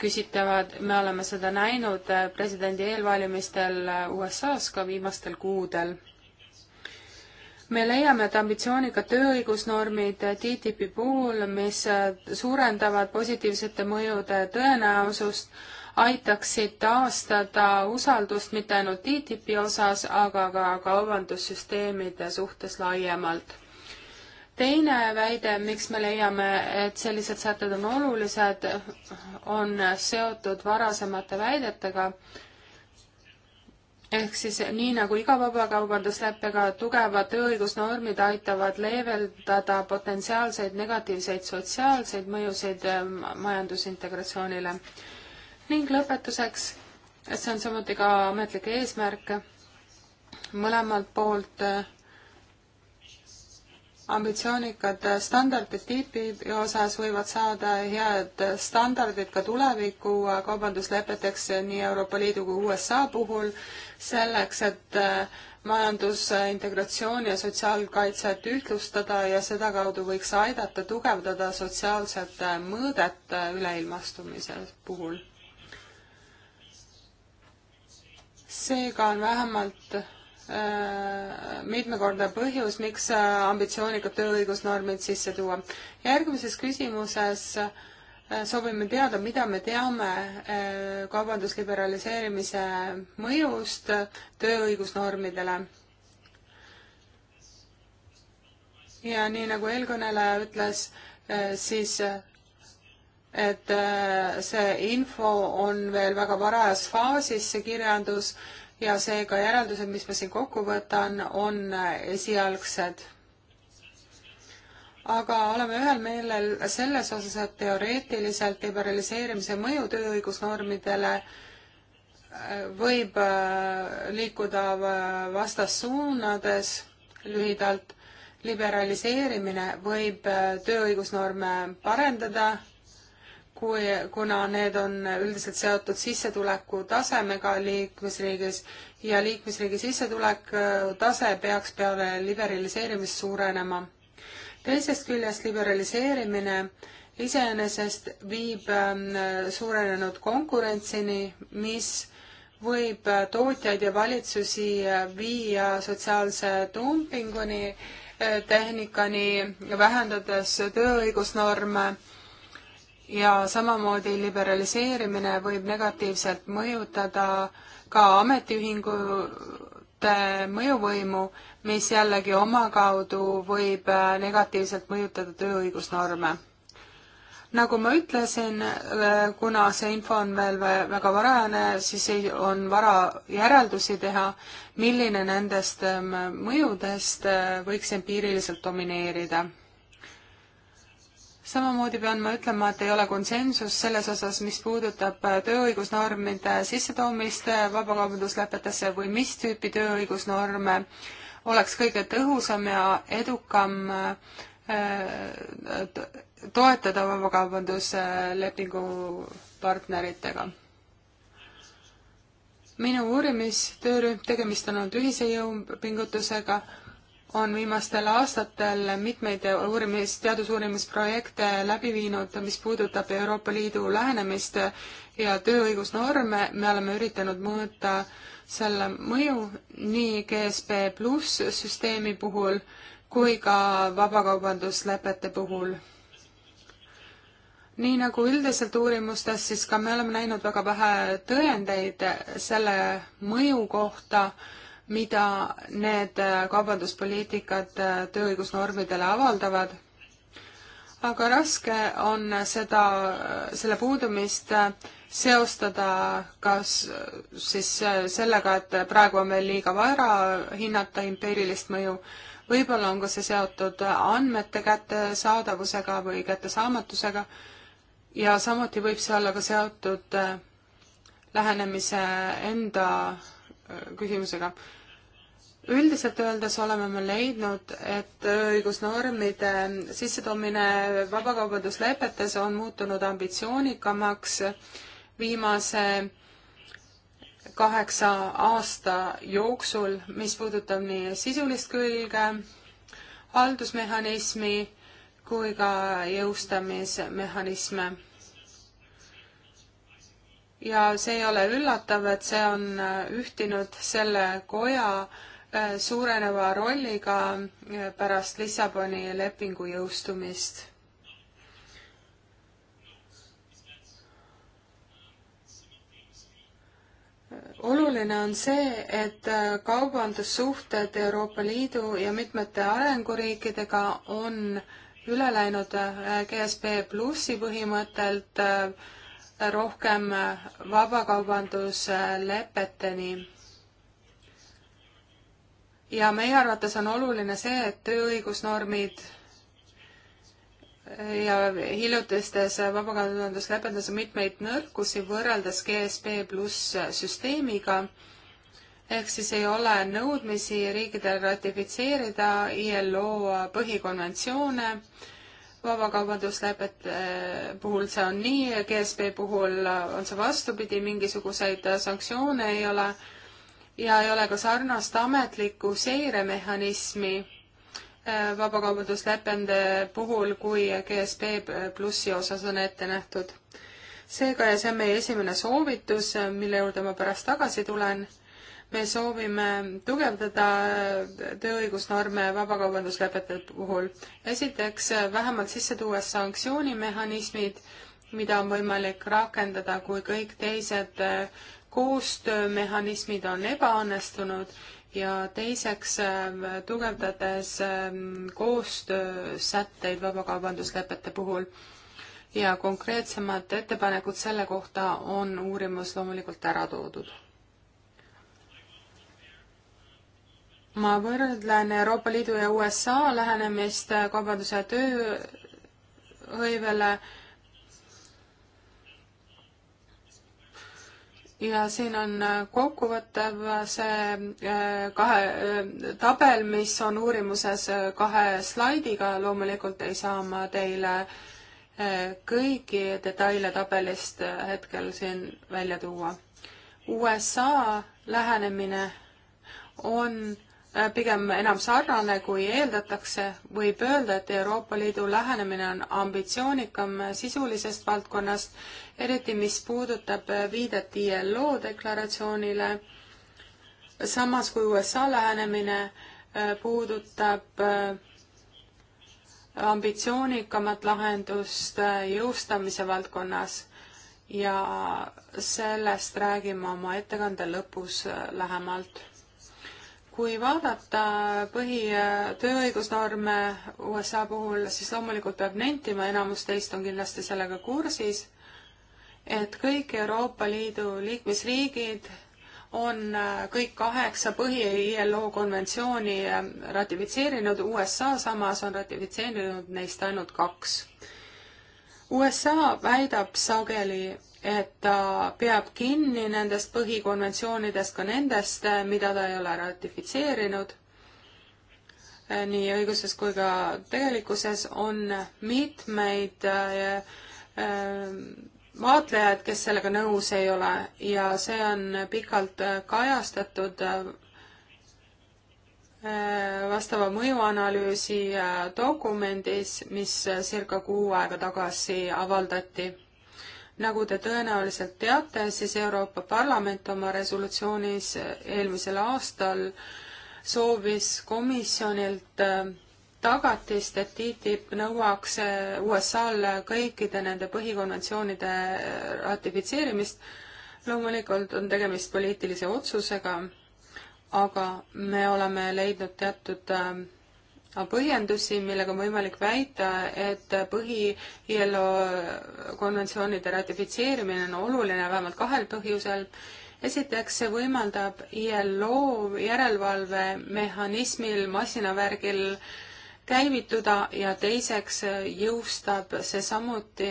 küsitavad, me oleme seda näinud äh, presidendi eelvalimistel äh, USA-s ka viimastel kuudel. me leiame, et ambitsioonika tööõigusnormid äh, TTIP-i puhul, mis suurendavad positiivsete mõjude tõenäosust, aitaksid taastada usaldust mitte ainult TTIP-i osas, aga ka kaubandussüsteemide suhtes laiemalt teine väide, miks me leiame, et sellised sätted on olulised, on seotud varasemate väidetega. ehk siis nii nagu iga vabakaubandusleppega, tugevad õigusnormid aitavad leevendada potentsiaalseid negatiivseid sotsiaalseid mõjusid ähm, majandusintegratsioonile. ning lõpetuseks, see on samuti ka ametlik eesmärk, mõlemalt poolt äh, ambitsioonikad standardid tiipi osas võivad saada head standardid ka tuleviku kaubanduslepeteks nii Euroopa Liidu kui USA puhul, selleks et äh, majandusintegratsiooni ja sotsiaalkaitset ühtlustada ja sedakaudu võiks aidata tugevdada sotsiaalset äh, mõõdet äh, üleilmastumise puhul. seega on vähemalt Äh, mitmekordne põhjus, miks äh, ambitsioonikad tööõigusnormid sisse tuua. järgmises küsimuses äh, soovime teada, mida me teame kaubandusliberaliseerimise mõjust tööõigusnormidele. ja nii nagu eelkõneleja ütles, siis et see info on veel väga varajas faasis, see kirjandus ja seega järeldused, mis ma siin kokku võtan, on esialgsed. aga oleme ühel meelel selles osas, et teoreetiliselt liberaliseerimise mõju tööõigusnormidele äh, võib äh, liikuda äh, vastassuunades lühidalt liberaliseerimine võib tööõigusnorme parendada kui, kuna need on üldiselt seotud sissetuleku tasemega liikmesriigis ja liikmesriigi sissetuleku äh, tase peaks peale liberaliseerimist suurenema. teisest küljest liberaliseerimine iseenesest viib ähm, suurenenud konkurentsini, mis võib äh, tootjaid ja valitsusi äh, viia sotsiaalse dumpinguni, tehnikani, vähendades tööõigusnorme ja samamoodi liberaliseerimine võib negatiivselt mõjutada ka ametiühingute mõjuvõimu, mis jällegi omakaudu võib äh, negatiivselt mõjutada tööõigusnorme. nagu ma ütlesin, äh, kuna see info on veel väga varajane, siis ei, on vara järeldusi teha, milline nendest ähm, mõjudest äh, võiks empiiriliselt domineerida samamoodi pean ma ütlema, et ei ole konsensus selles osas, mis puudutab äh, tööõigusnormide sissetoomist äh, vabakaubanduslepetesse või mis tüüpi tööõigusnorme oleks kõige tõhusam ja edukam äh, toetada vabakaubanduslepingu partneritega. minu uurimistöörühm, tegemist on olnud ühise jõupingutusega on viimastel aastatel mitmeid uurimis, teadusuurimisprojekte läbi viinud, mis puudutab Euroopa Liidu lähenemist ja tööõigusnorme, me oleme üritanud mõõta selle mõju nii GSP pluss süsteemi puhul kui ka vabakaubanduslepete puhul. nii nagu üldiselt uurimustes, siis ka me oleme näinud väga vähe tõendeid selle mõju kohta, mida need äh, kaubanduspoliitikad äh, tööõigusnormidele avaldavad, aga raske on seda, äh, selle puudumist seostada kas siis sellega, et praegu on veel liiga vara hinnata empiirilist mõju, võib-olla on ka see seotud andmete kättesaadavusega või kättesaamatusega ja samuti võib see olla ka seotud lähenemise enda küsimusega. üldiselt öeldes oleme me leidnud, et õigusnormide sissetoomine vabakaubanduslepetes on muutunud ambitsioonikamaks viimase kaheksa aasta jooksul, mis puudutab nii sisulist külge, haldusmehhanismi kui ka jõustamismehhanisme ja see ei ole üllatav, et see on äh, ühtinud selle koja äh, suureneva rolliga äh, pärast Lissaboni lepingu jõustumist. oluline on see, et kaubandussuhted Euroopa Liidu ja mitmete arenguriikidega on üle läinud GSP plussi põhimõttelt äh, rohkem vabakaubanduslepeteni. ja meie arvates on oluline see, et tööõigusnormid ja hiljutistes vabakaubanduslepetes on mitmeid nõrkusi võrreldes GSP pluss süsteemiga, ehk siis ei ole nõudmisi riikidel ratifitseerida ILO põhikonventsioone, vabakaubanduslepete eh, puhul see on nii, GSP puhul on see vastupidi, mingisuguseid sanktsioone ei ole ja ei ole ka sarnast ametlikku seiremehhanismi eh, vabakaubanduslepende puhul, kui GSP plussi osas on ette nähtud. seega, ja see on meie esimene soovitus, mille juurde ma pärast tagasi tulen me soovime tugevdada tööõigusnorme vabakaubanduslepete puhul. esiteks, vähemalt sisse tuues sanktsioonimehhanismid, mida on võimalik rakendada, kui kõik teised äh, koostöömehhanismid on ebaõnnestunud ja teiseks äh, tugevdades ähm, koostöösätteid vabakaubanduslepete puhul. ja konkreetsemad ettepanekud selle kohta on uurimus loomulikult ära toodud ma võrdlen Euroopa Liidu ja USA lähenemist kaubanduse tööhõivele ja siin on kokkuvõttev see äh, kahe äh, tabel, mis on uurimuses äh, kahe slaidiga, loomulikult ei saa ma teile kõiki detaile tabelist hetkel siin välja tuua. USA lähenemine on Äh, pigem enam sarnane, kui eeldatakse, võib öelda, et Euroopa Liidu lähenemine on ambitsioonikam sisulisest valdkonnast, eriti mis puudutab äh, viidet ILO deklaratsioonile, samas kui USA lähenemine äh, puudutab ambitsioonikamat lahendust jõustamise valdkonnas ja sellest räägime oma ettekande lõpus lähemalt kui vaadata põhitööõigusnorme USA puhul, siis loomulikult peab nentima, enamus teist on kindlasti sellega kursis, et kõik Euroopa Liidu liikmesriigid on äh, kõik kaheksa põhi-ILO konventsiooni äh, ratifitseerinud, USA samas on ratifitseerinud neist ainult kaks. USA väidab sageli, et ta peab kinni nendest põhikonventsioonidest, ka nendest, eh, mida ta ei ole ratifitseerinud. Eh, nii õiguses kui ka tegelikkuses on mitmeid eh, vaatlejaid, kes sellega nõus ei ole ja see on pikalt kajastatud vastava mõjuanalüüsi dokumendis, mis circa kuu aega tagasi avaldati nagu te tõenäoliselt teate, siis Euroopa Parlament oma resolutsioonis eelmisel aastal soovis komisjonilt äh, tagatist, et TTIP nõuaks äh, USA-le kõikide nende põhikonventsioonide äh, ratifitseerimist. loomulikult on tegemist poliitilise otsusega, aga me oleme leidnud teatud põhjendusi, millega on võimalik väita, et põhi-ILO konventsioonide ratifitseerimine on oluline vähemalt kahel põhjusel. esiteks, see võimaldab ILO järelevalvemehhanismil masinavärgil käivituda ja teiseks jõustab see samuti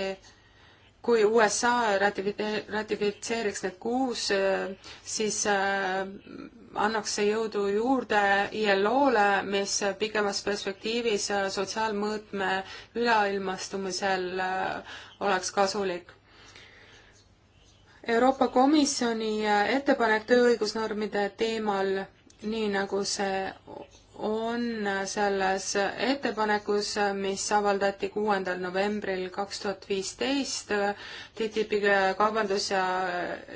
kui USA ratifitseeriks need kuus, siis äh, annaks see jõudu juurde ILO-le, mis pikemas perspektiivis sotsiaalmõõtme üleilmastumisel äh, oleks kasulik Euroopa Komisjoni äh, ettepanek tööõigusnormide teemal, nii nagu see on äh, selles ettepanekus, mis avaldati kuuendal novembril kaks tuhat viisteist, TTIP-i kaubandus- ja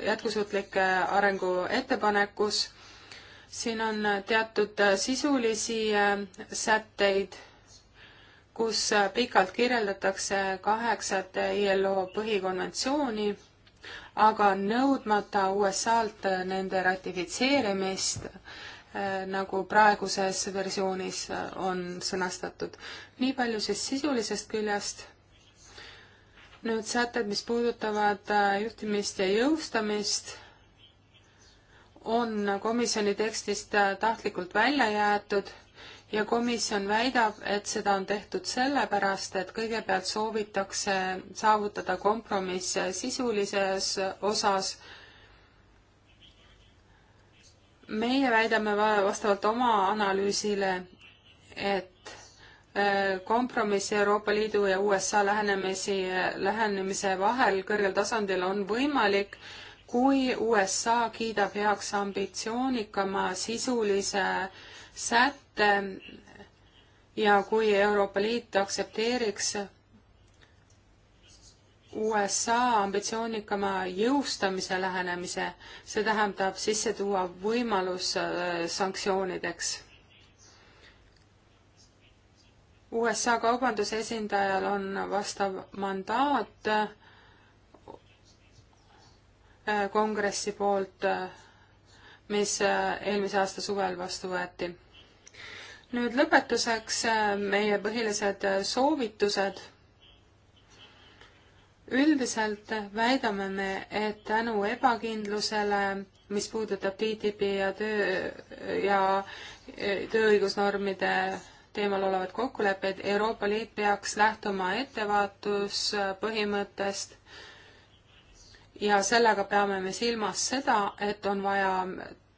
jätkusuutlike arengu ettepanekus siin on teatud sisulisi äh, sätteid, kus äh, pikalt kirjeldatakse kaheksat ILO põhikonventsiooni, aga nõudmata USA-lt nende ratifitseerimist, äh, nagu praeguses versioonis on sõnastatud. nii palju siis sisulisest küljest. nüüd sätted, mis puudutavad juhtimist ja jõustamist on komisjoni tekstist tahtlikult välja jäetud ja komisjon väidab, et seda on tehtud sellepärast, et kõigepealt soovitakse saavutada kompromiss sisulises osas. meie väidame vastavalt oma analüüsile, et äh, kompromiss Euroopa Liidu ja USA lähenemisi, lähenemise vahel kõrgel tasandil on võimalik kui USA kiidab heaks ambitsioonikama sisulise sätte ja kui Euroopa Liit aktsepteeriks USA ambitsioonikama jõustamise lähenemise, see tähendab sisse tuua võimalus äh, sanktsioonideks. USA kaubanduse esindajal on vastav mandaat Äh, kongressi poolt, äh, mis äh, eelmise aasta suvel vastu võeti. nüüd lõpetuseks meie põhilised soovitused. üldiselt väidame me, et tänu ebakindlusele, mis puudutab TTIP-i ja töö ja tööõigusnormide teemal olevad kokkulepped, Euroopa Liit peaks lähtuma ettevaatuspõhimõttest äh, ja sellega peame me silmas seda, et on vaja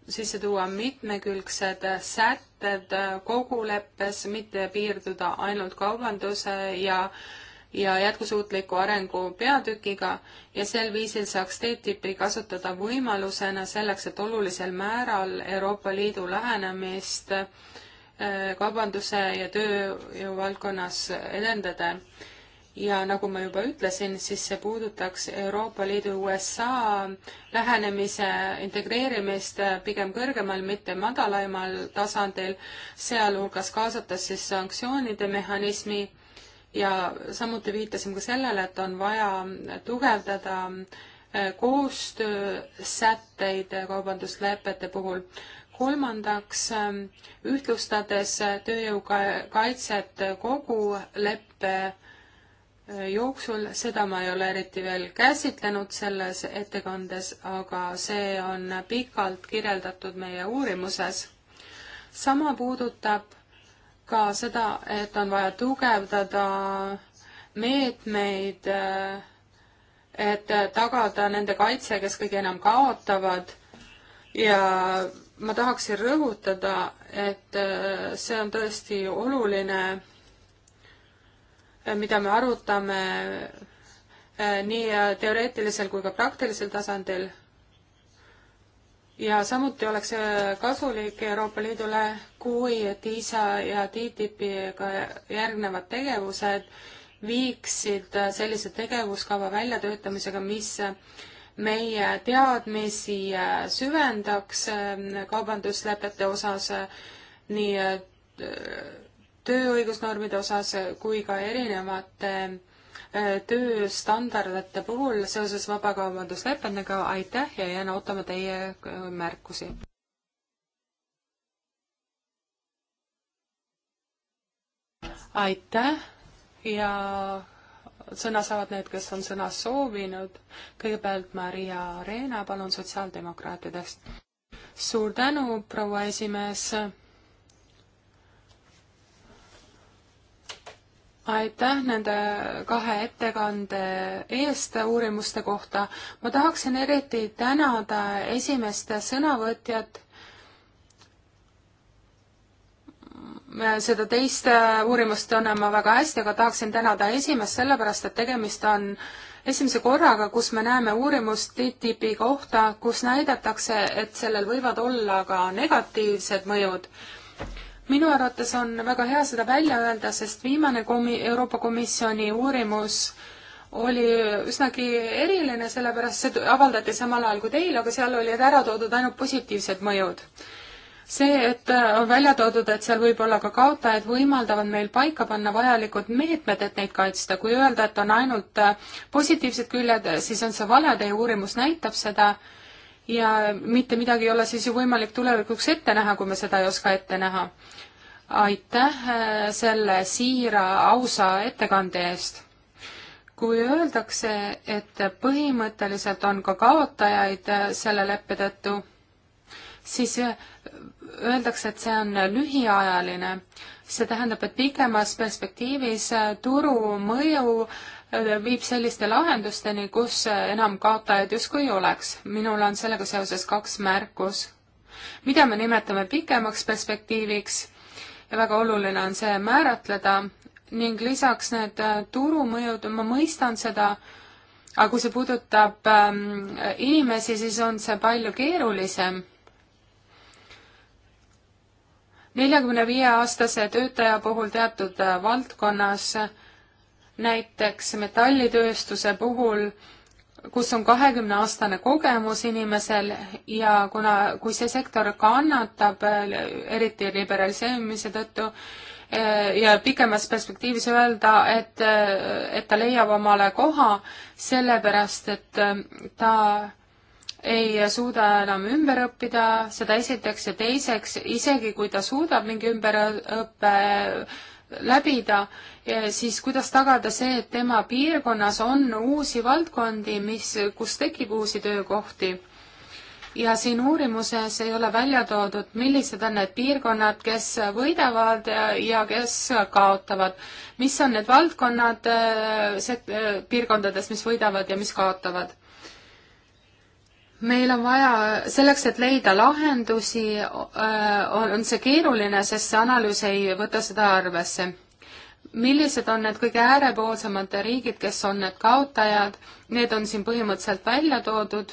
sisse tuua mitmekülgsed sätted koguleppes, mitte piirduda ainult kaubanduse ja ja jätkusuutliku arengu peatükiga ja sel viisil saaks TTIP-i kasutada võimalusena selleks, et olulisel määral Euroopa Liidu lähenemist äh, kaubanduse ja tööjõu valdkonnas edendada ja nagu ma juba ütlesin, siis see puudutaks Euroopa Liidu USA lähenemise integreerimist pigem kõrgemal, mitte madalaimal tasandil, sealhulgas kaasates siis sanktsioonide mehhanismi ja samuti viitasime ka sellele, et on vaja tugevdada eh, koostöösätteid kaubanduslepete puhul kolmandaks, eh, ühtlustades tööjõu kaitset kogu leppe jooksul, seda ma ei ole eriti veel käsitlenud selles ettekandes, aga see on pikalt kirjeldatud meie uurimuses. sama puudutab ka seda, et on vaja tugevdada meetmeid, et tagada nende kaitse, kes kõige enam kaotavad ja ma tahaksin rõhutada, et see on tõesti oluline mida me arutame äh, nii äh, teoreetilisel kui ka praktilisel tasandil. ja samuti oleks see äh, kasulik Euroopa Liidule, kui TISA ja TTIP-iga järgnevad tegevused viiksid sellise tegevuskava väljatöötamisega, mis meie teadmisi süvendaks kaubanduslepete osas nii tööõigusnormide osas kui ka erinevate äh, tööstandardite puhul seoses vabakaubanduslepetega, aitäh ja jään ootama teie äh, märkusi. aitäh ja sõna saavad need, kes on sõna soovinud. kõigepealt Maria Reena, palun sotsiaaldemokraatidest. suur tänu, proua esimees aitäh nende kahe ettekande eest uurimuste kohta. ma tahaksin eriti tänada esimest sõnavõtjat, seda teist uurimust tunnen ma väga hästi, aga tahaksin tänada esimest sellepärast, et tegemist on esimese korraga, kus me näeme uurimust TTIP-i kohta, kus näidatakse, et sellel võivad olla ka negatiivsed mõjud minu arvates on väga hea seda välja öelda, sest viimane komi-, Euroopa Komisjoni uurimus oli üsnagi eriline, sellepärast see avaldati samal ajal kui teil, aga seal olid ära toodud ainult positiivsed mõjud. see, et äh, on välja toodud, et seal võib olla ka kaotajad, võimaldavad meil paika panna vajalikud meetmed, et neid kaitsta. kui öelda, et on ainult äh, positiivsed küljed, siis on see vale, teie uurimus näitab seda ja mitte midagi ei ole siis ju võimalik tulevikuks ette näha, kui me seda ei oska ette näha. aitäh äh, selle siira, ausa ettekande eest. kui öeldakse, et põhimõtteliselt on ka kaotajaid äh, selle leppe tõttu, siis äh, öeldakse, et see on lühiajaline. see tähendab, et pikemas perspektiivis turu mõju äh, Äh, viib selliste lahendusteni, kus äh, enam kaotajaid justkui ei oleks. minul on sellega seoses kaks märkus. mida me nimetame pikemaks perspektiiviks ja väga oluline on see määratleda ning lisaks need äh, turumõjud, ma mõistan seda, aga kui see puudutab ähm, inimesi, siis on see palju keerulisem. neljakümne viie aastase töötaja puhul teatud valdkonnas äh, näiteks metallitööstuse puhul, kus on kahekümneaastane kogemus inimesel ja kuna, kui see sektor kannatab, eriti liberaliseerimise tõttu, eh, ja pikemas perspektiivis öelda, et, eh, et ta leiab omale koha, sellepärast et eh, ta ei suuda enam ümber õppida, seda esiteks, ja teiseks, isegi kui ta suudab mingi ümberõppe läbida, siis kuidas tagada see, et tema piirkonnas on uusi valdkondi, mis, kus tekib uusi töökohti? ja siin uurimuses ei ole välja toodud, millised on need piirkonnad, kes võidavad ja, ja kes kaotavad. mis on need valdkonnad eh, sek-, eh, piirkondades, mis võidavad ja mis kaotavad? meil on vaja, selleks, et leida lahendusi, eh, on see keeruline, sest see analüüs ei võta seda arvesse millised on need kõige äärepoolsemad riigid, kes on need kaotajad, need on siin põhimõtteliselt välja toodud,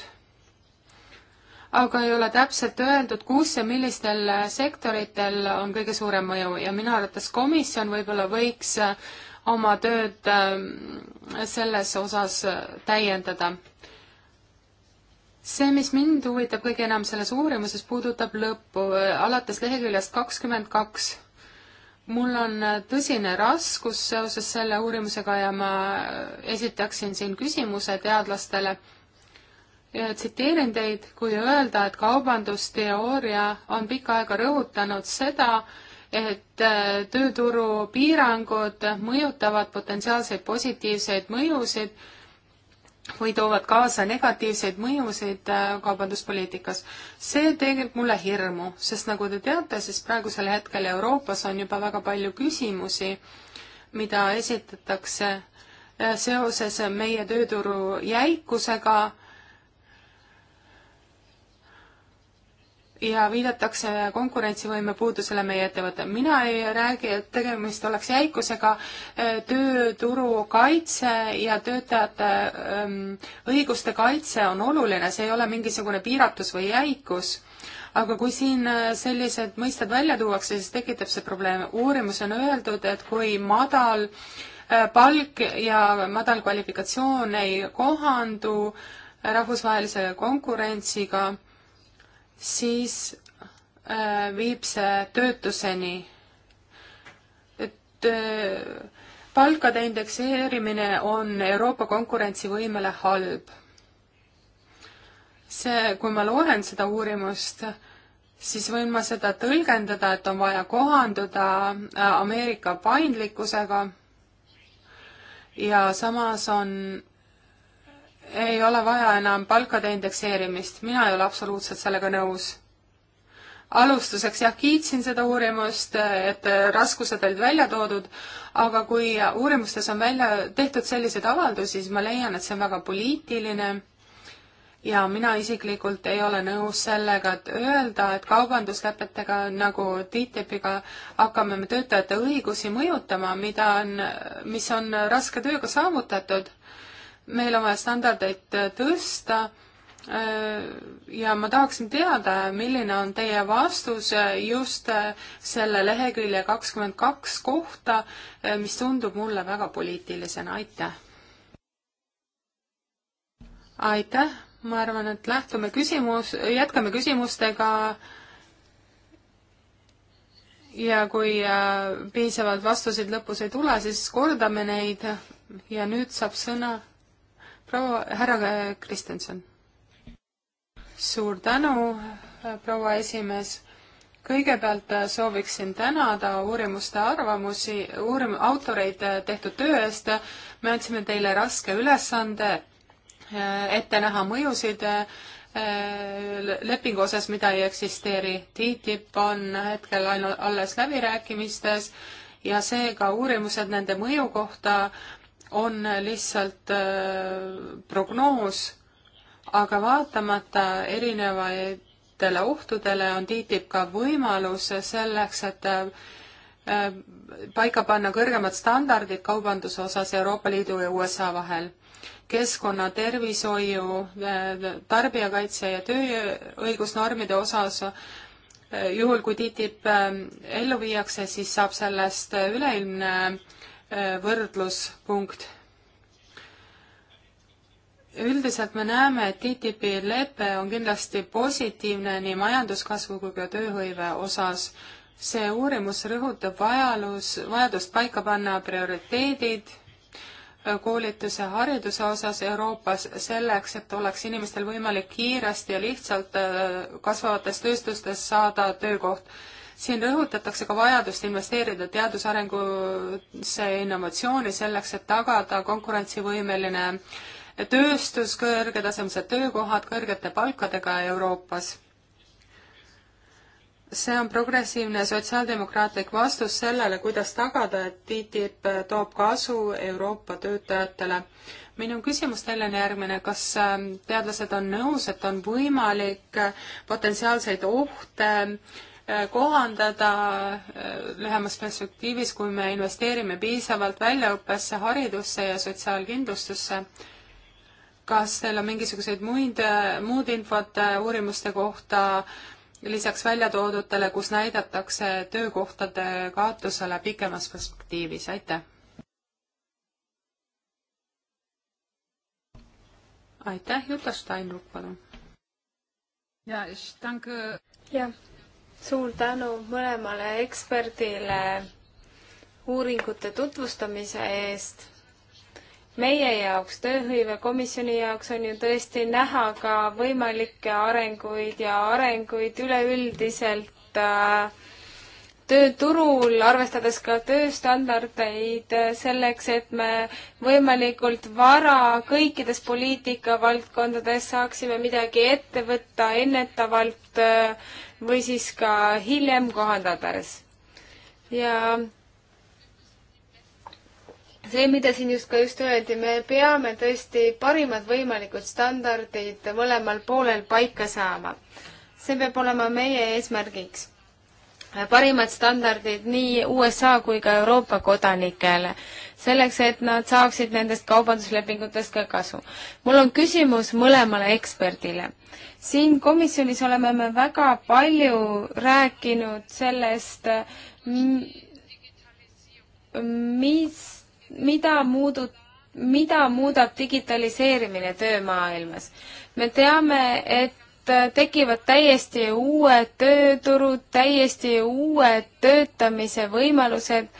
aga ei ole täpselt öeldud, kus ja millistel sektoritel on kõige suurem mõju ja minu arvates komisjon võib-olla võiks äh, oma tööd äh, selles osas äh, täiendada. see, mis mind huvitab kõige enam selles uurimuses, puudutab lõppu, alates leheküljest kakskümmend kaks mul on äh, tõsine raskus seoses selle uurimusega ja ma äh, esitaksin siin küsimuse teadlastele. tsiteerin teid, kui öelda, et kaubandusteooria on pikka aega rõhutanud seda, et äh, tööturu piirangud mõjutavad potentsiaalseid positiivseid mõjusid või toovad kaasa negatiivseid mõjusid äh, kaubanduspoliitikas. see teeb mulle hirmu, sest nagu te teate, siis praegusel hetkel Euroopas on juba väga palju küsimusi, mida esitatakse äh, seoses meie tööturu jäikusega ja viidatakse konkurentsivõime puudusele meie ettevõte. mina ei räägi, et tegemist oleks jäikusega, äh, tööturu kaitse ja töötajate ähm, õiguste kaitse on oluline, see ei ole mingisugune piiratus või jäikus, aga kui siin äh, sellised mõisted välja tuuakse, siis tekitab see probleeme. uurimus on öeldud, et kui madal äh, palk ja madal kvalifikatsioon ei kohandu rahvusvahelise konkurentsiga, siis äh, viib see töötuseni. et äh, palkade indekseerimine on Euroopa konkurentsivõimele halb. see, kui ma loen seda uurimust, siis võin ma seda tõlgendada, et on vaja kohanduda äh, Ameerika paindlikkusega ja samas on ei ole vaja enam palkade indekseerimist, mina ei ole absoluutselt sellega nõus. alustuseks jah, kiitsin seda uurimust, et raskused olid välja toodud, aga kui uurimustes on välja tehtud selliseid avaldusi, siis ma leian, et see on väga poliitiline ja mina isiklikult ei ole nõus sellega, et öelda, et kaubanduslepetega nagu TTIP-iga e hakkame me töötajate õigusi mõjutama, mida on, mis on raske tööga saavutatud meil on vaja standardeid tõsta äh, ja ma tahaksin teada, milline on teie vastus äh, just äh, selle lehekülje kakskümmend kaks kohta, mis tundub mulle väga poliitilisena, aitäh. aitäh, ma arvan, et lähtume küsimus, jätkame küsimustega. ja kui piisavalt vastuseid lõpus ei tule, siis kordame neid ja nüüd saab sõna proua, härra äh, Kristjanson. suur tänu, äh, proua esimees. kõigepealt äh, sooviksin tänada uurimuste arvamusi, uurim-, autoreid tehtud töö eest. me andsime teile raske ülesande ette näha mõjusid lepingu osas, mida ei eksisteeri. TTIP on hetkel ainult alles läbirääkimistes ja seega uurimused nende mõju kohta on lihtsalt äh, prognoos, aga vaatamata erinevatele ohtudele on TTIP ka võimalus selleks, et äh, äh, paika panna kõrgemad standardid kaubanduse osas Euroopa Liidu ja USA vahel. keskkonna, tervishoiu, tarbijakaitse ja tööõigusnormide osas juhul, kui TTIP ellu viiakse, siis saab sellest üleilmne võrdluspunkt. üldiselt me näeme, et TTIP-i lepe on kindlasti positiivne nii majanduskasvu kui ka tööhõive osas. see uurimus rõhutab vajalus, vajadust paika panna prioriteedid koolituse ja hariduse osas Euroopas selleks, et oleks inimestel võimalik kiiresti ja lihtsalt äh, kasvavates tööstustes saada töökoht siin rõhutatakse ka vajadust investeerida teadusarengusse ja innovatsiooni selleks, et tagada konkurentsivõimeline tööstus, kõrgetasemelised töökohad kõrgete palkadega Euroopas. see on progressiivne sotsiaaldemokraatlik vastus sellele, kuidas tagada, et TTIP toob kasu Euroopa töötajatele. minu küsimus teile on järgmine, kas ähm, teadlased on nõus, et on võimalik äh, potentsiaalseid ohte äh, Äh, kohandada äh, lühemas perspektiivis, kui me investeerime piisavalt väljaõppesse, haridusse ja sotsiaalkindlustusse. kas teil on mingisuguseid muid, äh, muud infot uurimuste kohta lisaks välja toodutele, kus näidatakse töökohtade kaotusele pikemas perspektiivis, aitäh! aitäh, Juta Steinruck, palun! ja, jah, suur tänu mõlemale eksperdile uuringute tutvustamise eest. meie jaoks, tööhõivekomisjoni jaoks on ju tõesti näha ka võimalikke arenguid ja arenguid üleüldiselt äh, tööturul, arvestades ka tööstandardeid äh, selleks, et me võimalikult vara kõikides poliitikavaldkondades saaksime midagi ette võtta, ennetavalt äh, või siis ka hiljem kohandades. ja see, mida siin just ka just öeldi, me peame tõesti parimad võimalikud standardid mõlemal poolel paika saama. see peab olema meie eesmärgiks parimad standardid nii USA kui ka Euroopa kodanikele, selleks et nad saaksid nendest kaubanduslepingutest ka kasu. mul on küsimus mõlemale eksperdile. siin komisjonis oleme me väga palju rääkinud sellest, mis, mida muudut-, mida muudab digitaliseerimine töömaailmas. me teame, et Äh, tekivad täiesti uued tööturud, täiesti uued töötamise võimalused.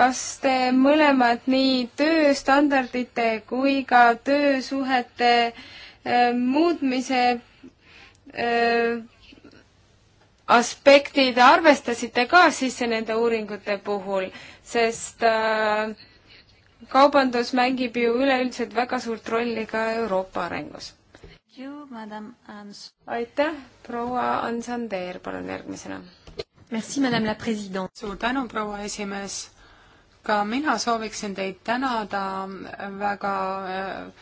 kas te mõlemad nii tööstandardite kui ka töösuhete äh, muutmise äh, aspektid arvestasite ka sisse nende uuringute puhul, sest kaubandus mängib ju üleüldiselt väga suurt rolli ka Euroopa arengus you, madam Ans-. aitäh, proua Ansander, palun järgmisena. Merci, madame la president. suur tänu, proua esimees. ka mina sooviksin teid tänada väga äh,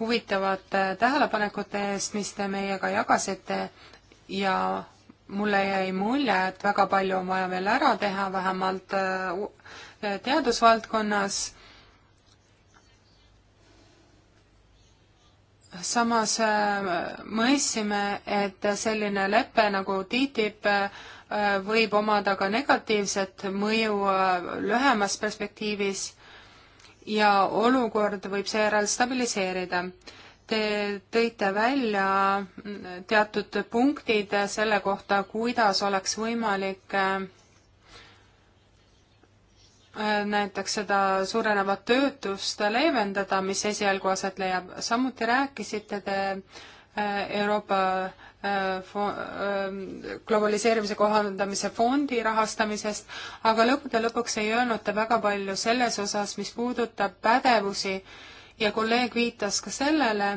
huvitavate tähelepanekute eest, mis te meiega jagasite ja mulle jäi mulje, et väga palju on vaja veel ära teha, vähemalt äh, teadusvaldkonnas samas äh, mõistsime, et selline lepe nagu TTIP äh, võib omada ka negatiivset mõju äh, lühemas perspektiivis ja olukord võib seejärel stabiliseerida. Te tõite välja mm, teatud punktid selle kohta, kuidas oleks võimalik Äh, näiteks seda suurenevat töötust leevendada, mis esialgu aset leiab. samuti rääkisite te äh, Euroopa äh, globaliseerimise kohandamise fondi rahastamisest, aga lõppude lõpuks ei öelnud te väga palju selles osas, mis puudutab pädevusi ja kolleeg viitas ka sellele,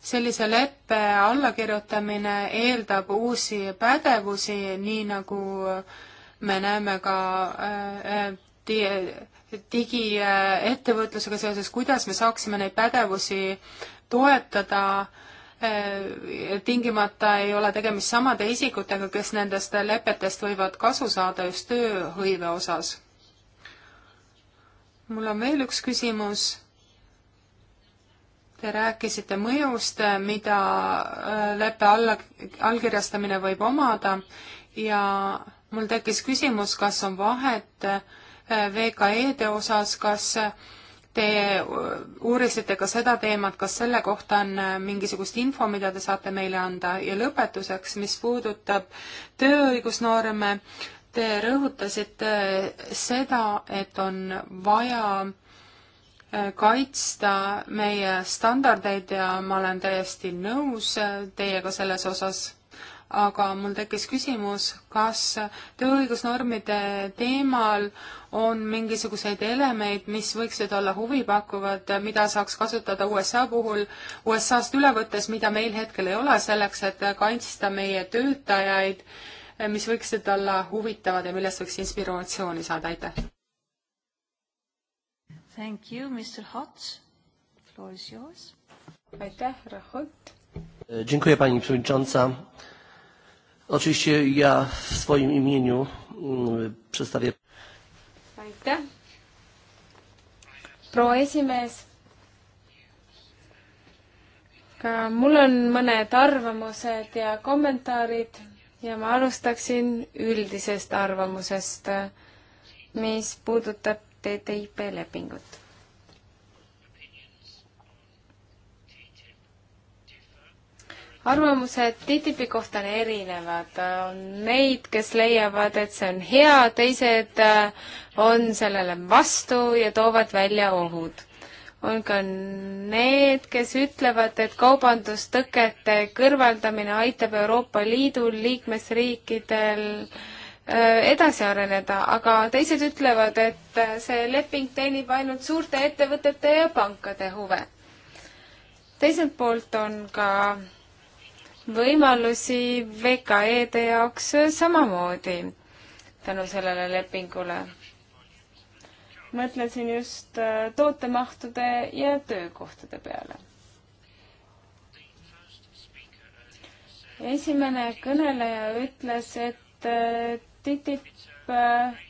sellise leppe allakirjutamine eeldab uusi pädevusi, nii nagu äh, me näeme ka äh, äh, digiettevõtlusega äh, seoses, kuidas me saaksime neid pädevusi toetada, tingimata ei ole tegemist samade isikutega, kes nendest lepetest võivad kasu saada just tööhõive osas. mul on veel üks küsimus. Te rääkisite mõjust, mida leppe alla, allkirjastamine võib omada ja mul tekkis küsimus, kas on vahet äh, VKE-de osas, kas äh, te äh, uurisite ka seda teemat, kas selle kohta on mingisugust info, mida te saate meile anda ja lõpetuseks, mis puudutab tööõigusnorme, te rõhutasite seda, et on vaja kaitsta meie standardeid ja ma olen täiesti nõus teiega selles osas aga mul tekkis küsimus, kas tööõigusnormide teemal on mingisuguseid elemeid, mis võiksid olla huvipakkuvad, mida saaks kasutada USA puhul, USA-st üle võttes, mida meil hetkel ei ole, selleks et kaitsta meie töötajaid, mis võiksid olla huvitavad ja millest võiks inspiratsiooni saada, aitäh! Thank you, Mr Hots. Floor is yours. Aitäh, härra Holt. Dziękuję pani przewodnicząca. Oczywiście ja w swoim imieniu mm, przedstawię. Aitäh. proua esimees. ka mul on mõned arvamused ja kommentaarid ja ma alustaksin üldisest arvamusest, mis puudutab TTIP lepingut arvamused TTIP-i kohta on erinevad, on neid, kes leiavad, et see on hea, teised äh, on sellele vastu ja toovad välja ohud. on ka need, kes ütlevad, et kaubandustõkete kõrvaldamine aitab Euroopa Liidul liikmesriikidel äh, edasi areneda, aga teised ütlevad, et äh, see leping teenib ainult suurte ettevõtete ja pankade huve. teiselt poolt on ka võimalusi VKE-de jaoks samamoodi tänu sellele lepingule. mõtlesin just äh, tootemahtude ja töökohtade peale. esimene kõneleja ütles, et äh, TTIP äh,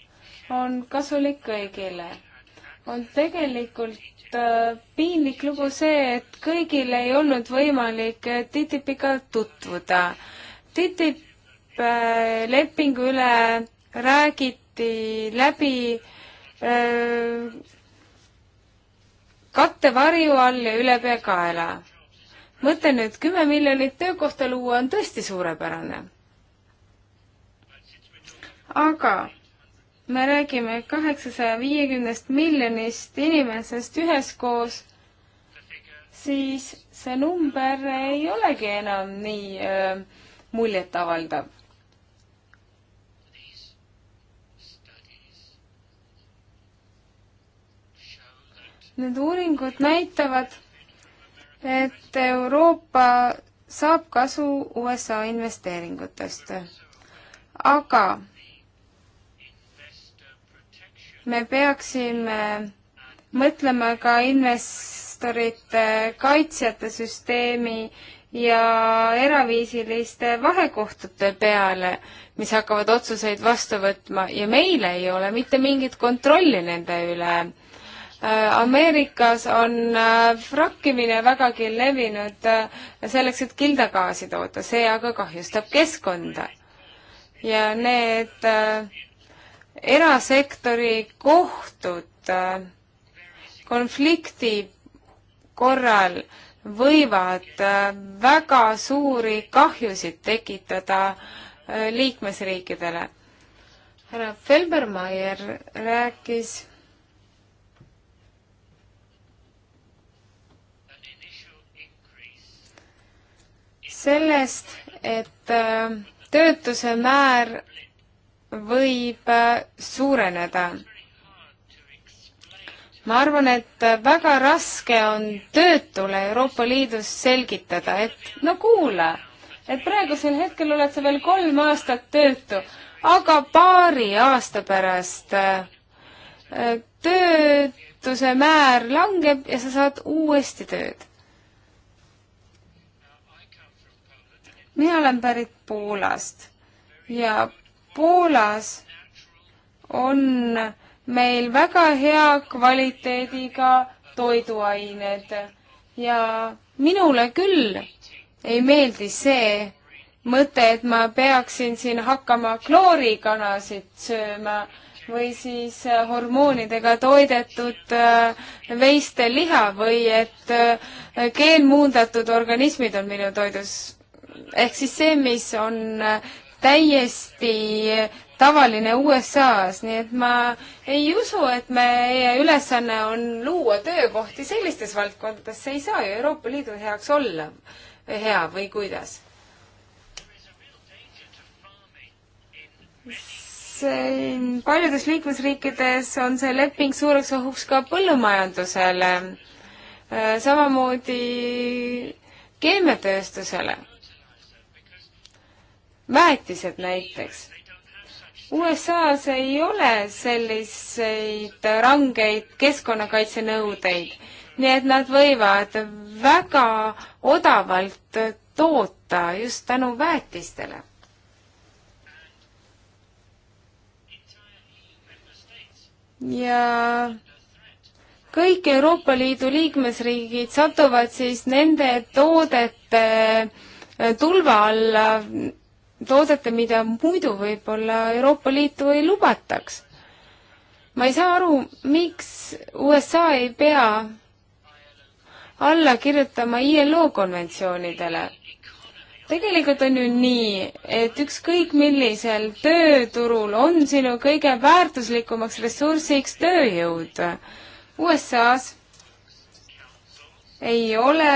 on kasulik kõigile. on tegelikult Äh, piinlik lugu see, et kõigil ei olnud võimalik äh, TTIP-iga tutvuda. TTIP äh, lepingu üle räägiti läbi kattevarju all ja ülepeakaela. mõte nüüd kümme miljonit töökohta luua on tõesti suurepärane. aga me räägime kaheksasaja viiekümnest miljonist inimesest üheskoos, siis see number ei olegi enam nii äh, muljetavaldav. Need uuringud näitavad, et Euroopa saab kasu USA investeeringutest, aga me peaksime mõtlema ka investorite kaitsjate süsteemi ja eraviisiliste vahekohtute peale, mis hakkavad otsuseid vastu võtma ja meil ei ole mitte mingit kontrolli nende üle. Äh, Ameerikas on äh, frakkimine vägagi levinud äh, selleks, et kildagaasi toota, see aga kahjustab keskkonda. ja need äh, erasektori kohtud äh, konflikti korral võivad äh, väga suuri kahjusid tekitada äh, liikmesriikidele. härra Felbermeier rääkis sellest, et töötuse määr võib äh, suureneda. ma arvan, et väga raske on töötule Euroopa Liidus selgitada, et no kuule, et praegusel hetkel oled sa veel kolm aastat töötu, aga paari aasta pärast äh, töötuse määr langeb ja sa saad uuesti tööd mina olen pärit Poolast ja Poolas on meil väga hea kvaliteediga toiduained ja minule küll ei meeldi see mõte, et ma peaksin siin hakkama kloorikanasid sööma või siis hormoonidega toidetud äh, veiste liha või et äh, geenmuundatud organismid on minu toidus. ehk siis see, mis on äh, täiesti tavaline USA-s, nii et ma ei usu, et meie ülesanne on luua töökohti sellistes valdkondades, see ei saa ju Euroopa Liidu heaks olla hea või kuidas. siin paljudes liikmesriikides on see leping suureks ohuks ka põllumajandusele, samamoodi keemiatööstusele väetised näiteks. USA-s ei ole selliseid rangeid keskkonnakaitsenõudeid, nii et nad võivad väga odavalt toota just tänu väetistele. ja kõik Euroopa Liidu liikmesriigid satuvad siis nende toodete tulva alla toodete, mida muidu võib-olla Euroopa Liitu ei lubataks. ma ei saa aru, miks USA ei pea alla kirjutama ILO konventsioonidele. tegelikult on ju nii, et ükskõik millisel tööturul on sinu kõige väärtuslikumaks ressursiks tööjõud. USA-s ei ole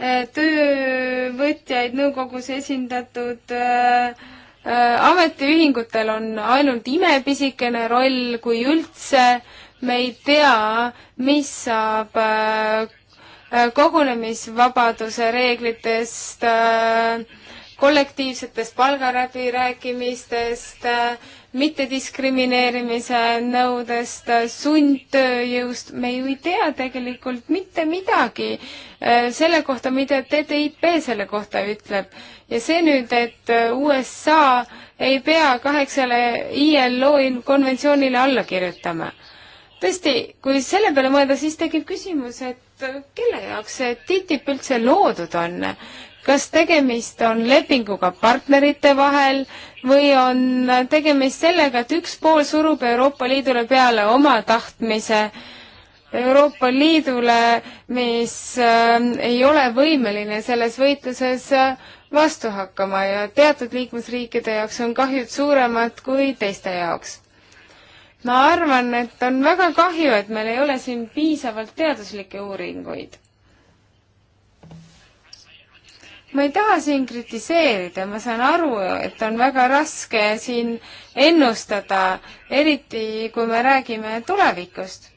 Eh, töövõtjaid nõukogus esindatud eh, eh, ametiühingutel on ainult imepisikene roll, kui üldse me ei tea, mis saab kogunemisvabaduse reeglitest äh, kollektiivsetest palgaläbirääkimistest, mittediskrimineerimise nõudest, sundtööjõust, me ju ei tea tegelikult mitte midagi äh, selle kohta, mida TTIP selle kohta ütleb. ja see nüüd, et äh, USA ei pea kaheksale ILO konventsioonile alla kirjutama tõesti, kui selle peale mõelda, siis tekib küsimus, et äh, kelle jaoks see TTIP üldse loodud on? kas tegemist on lepinguga partnerite vahel või on tegemist sellega, et üks pool surub Euroopa Liidule peale oma tahtmise Euroopa Liidule, mis äh, ei ole võimeline selles võitluses äh, vastu hakkama ja teatud liikmesriikide jaoks on kahjud suuremad kui teiste jaoks. ma arvan, et on väga kahju, et meil ei ole siin piisavalt teaduslikke uuringuid ma ei taha siin kritiseerida, ma saan aru, et on väga raske siin ennustada, eriti kui me räägime tulevikust.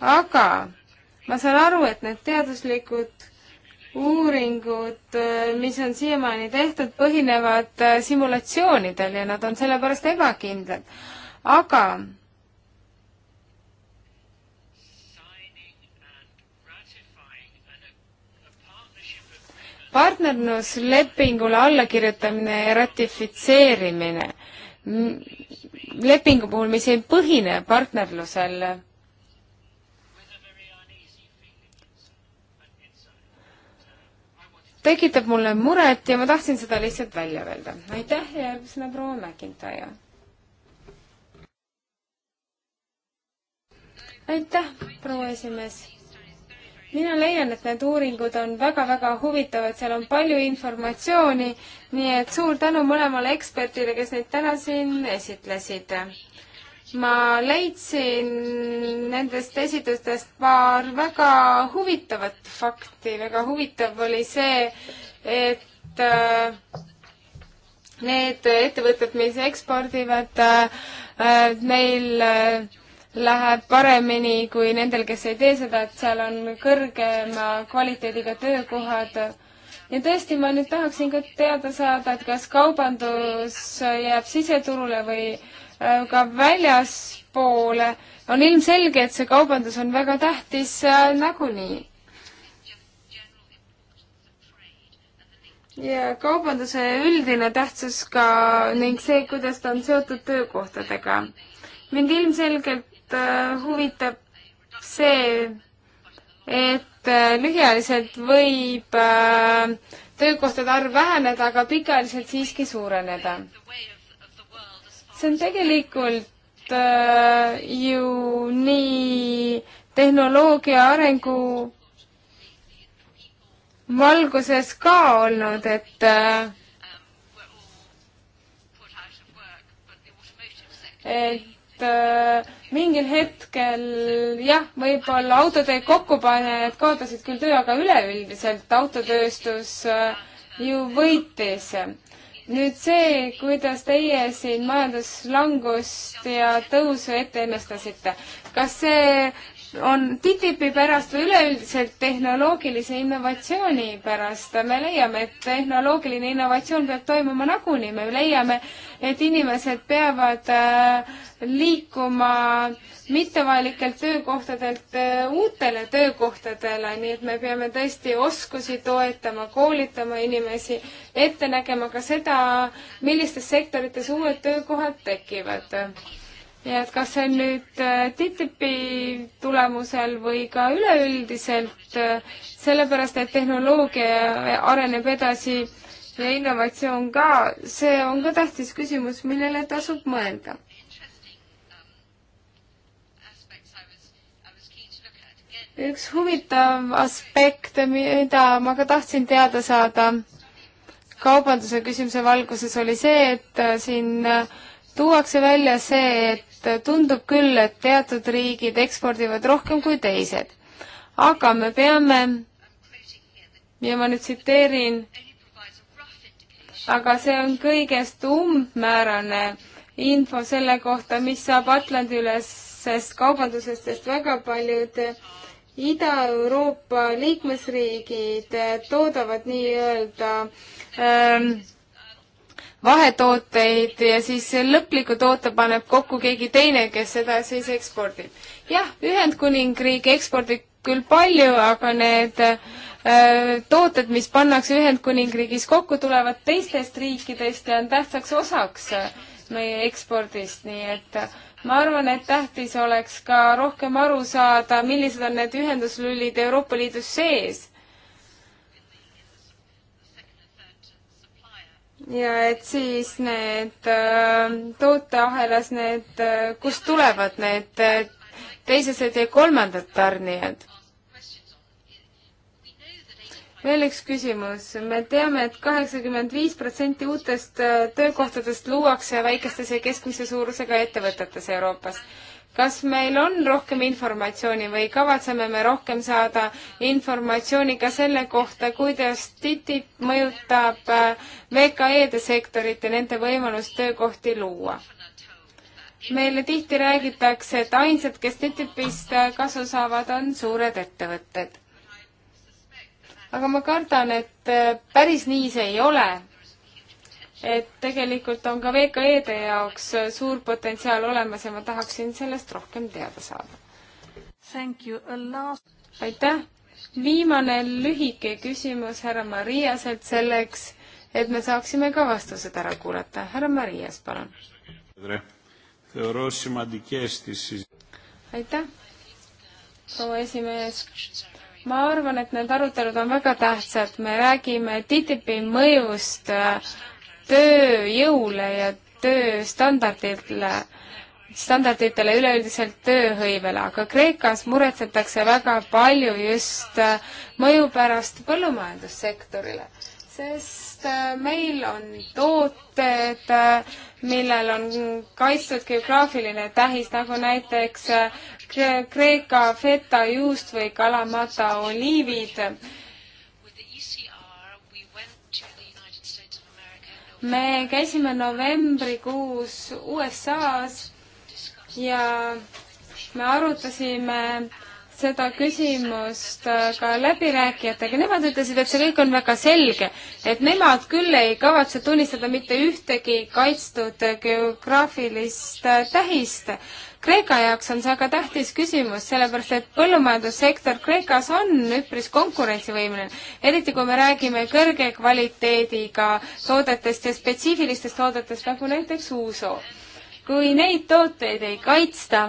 aga ma saan aru, et need teaduslikud uuringud, mis on siiamaani tehtud, põhinevad simulatsioonidel ja nad on sellepärast ebakindlad. aga partnerluslepingule allakirjutamine ja ratifitseerimine lepingu puhul, mis ei põhine partnerlusel, tekitab mulle muret ja ma tahtsin seda lihtsalt välja öelda. aitäh ja järgmisena proua McIntyre. aitäh, proua esimees mina leian, et need uuringud on väga-väga huvitavad, seal on palju informatsiooni, nii et suur tänu mõlemale eksperdile, kes neid täna siin esitlesid. ma leidsin nendest esitustest paar väga huvitavat fakti, väga huvitav oli see, et äh, need ettevõtted, mis ekspordivad, äh, äh, neil läheb paremini kui nendel, kes ei tee seda, et seal on kõrgema kvaliteediga töökohad. ja tõesti, ma nüüd tahaksin ka teada saada, et kas kaubandus jääb siseturule või äh, ka väljaspoole. on ilmselge, et see kaubandus on väga tähtis äh, nagunii. ja kaubanduse üldine tähtsus ka ning see, kuidas ta on seotud töökohtadega mind ilmselgelt Äh, huvitab see, et äh, lühiajaliselt võib äh, töökohtade arv väheneda, aga pikaajaliselt siiski suureneda. see on tegelikult ju nii tehnoloogia arengu valguses ka olnud, et et mingil hetkel jah, võib-olla autotee kokkupanejad kaotasid küll töö, aga üleüldiselt autotööstus äh, ju võitis. nüüd see, kuidas teie siin majanduslangust ja tõusu ette ennustasite, kas see on TTIP-i pärast või üleüldiselt tehnoloogilise innovatsiooni pärast. me leiame, et tehnoloogiline innovatsioon peab toimuma nagunii, me leiame, et inimesed peavad äh, liikuma mittevajalikelt töökohtadelt äh, uutele töökohtadele, nii et me peame tõesti oskusi toetama, koolitama inimesi, ette nägema ka seda, millistes sektorites uued töökohad tekivad ja et kas see on nüüd äh, TTIP-i tulemusel või ka üleüldiselt, äh, sellepärast et tehnoloogia areneb edasi ja innovatsioon ka, see on ka tähtis küsimus, millele tasub mõelda. üks huvitav aspekt, mida ma ka tahtsin teada saada kaubanduse küsimuse valguses, oli see, et äh, siin tuuakse välja see, et tundub küll, et teatud riigid ekspordivad rohkem kui teised. aga me peame, ja ma nüüd tsiteerin, aga see on kõigest umbmäärane info selle kohta, mis saab Atlandi-ülesest kaubandusest, sest väga paljud Ida-Euroopa liikmesriigid toodavad nii-öelda ähm, vahetooteid ja siis lõpliku toote paneb kokku keegi teine, kes seda siis ekspordib. jah, Ühendkuningriik ekspordib küll palju, aga need äh, tooted, mis pannakse Ühendkuningriigis kokku, tulevad teistest riikidest ja on tähtsaks osaks äh, meie ekspordist, nii et äh, ma arvan, et tähtis oleks ka rohkem aru saada, millised on need ühenduslülid Euroopa Liidus sees ja et siis need äh, tooteahelas need, äh, kust tulevad need äh, teised ja kolmandad tarnijad? veel üks küsimus. me teame et, et kaheksakümmend viis protsenti uutest töökohtadest luuakse väikestes ja keskmise suurusega ettevõtetes Euroopas kas meil on rohkem informatsiooni või kavatseme me rohkem saada informatsiooni ka selle kohta, kuidas TTIP mõjutab äh, VKE-de sektorit ja nende võimalust töökohti luua? meile tihti räägitakse, et ainsad, kes TTIP-ist äh, kasu saavad, on suured ettevõtted. aga ma kardan, et äh, päris nii see ei ole et tegelikult on ka VKE-de jaoks suur potentsiaal olemas ja ma tahaksin sellest rohkem teada saada. aitäh! viimane lühike küsimus härra Mariaselt selleks, et me saaksime ka vastused ära kuulata. härra Marias, palun. aitäh, proua esimees. ma arvan, et need arutelud on väga tähtsad. me räägime TTIP-i mõjust äh, tööjõule ja tööstandarditele, standarditele üleüldiselt tööhõivele, aga Kreekas muretsetakse väga palju just äh, mõju pärast põllumajandussektorile, sest äh, meil on tooted, äh, millel on kaitstud geograafiline tähis, nagu näiteks Kreeka feta juust või kalamata oliivid me käisime novembrikuus USA-s ja me arutasime seda küsimust äh, ka läbirääkijatega, nemad ütlesid, et see kõik on väga selge, et nemad küll ei kavatse tunnistada mitte ühtegi kaitstud geograafilist äh, tähist Kreeka jaoks on see aga tähtis küsimus, sellepärast et põllumajandussektor Kreekas on üpris konkurentsivõimeline, eriti kui me räägime kõrge kvaliteediga toodetest ja spetsiifilistest toodetest, nagu näiteks uusoo. kui neid tooteid ei kaitsta,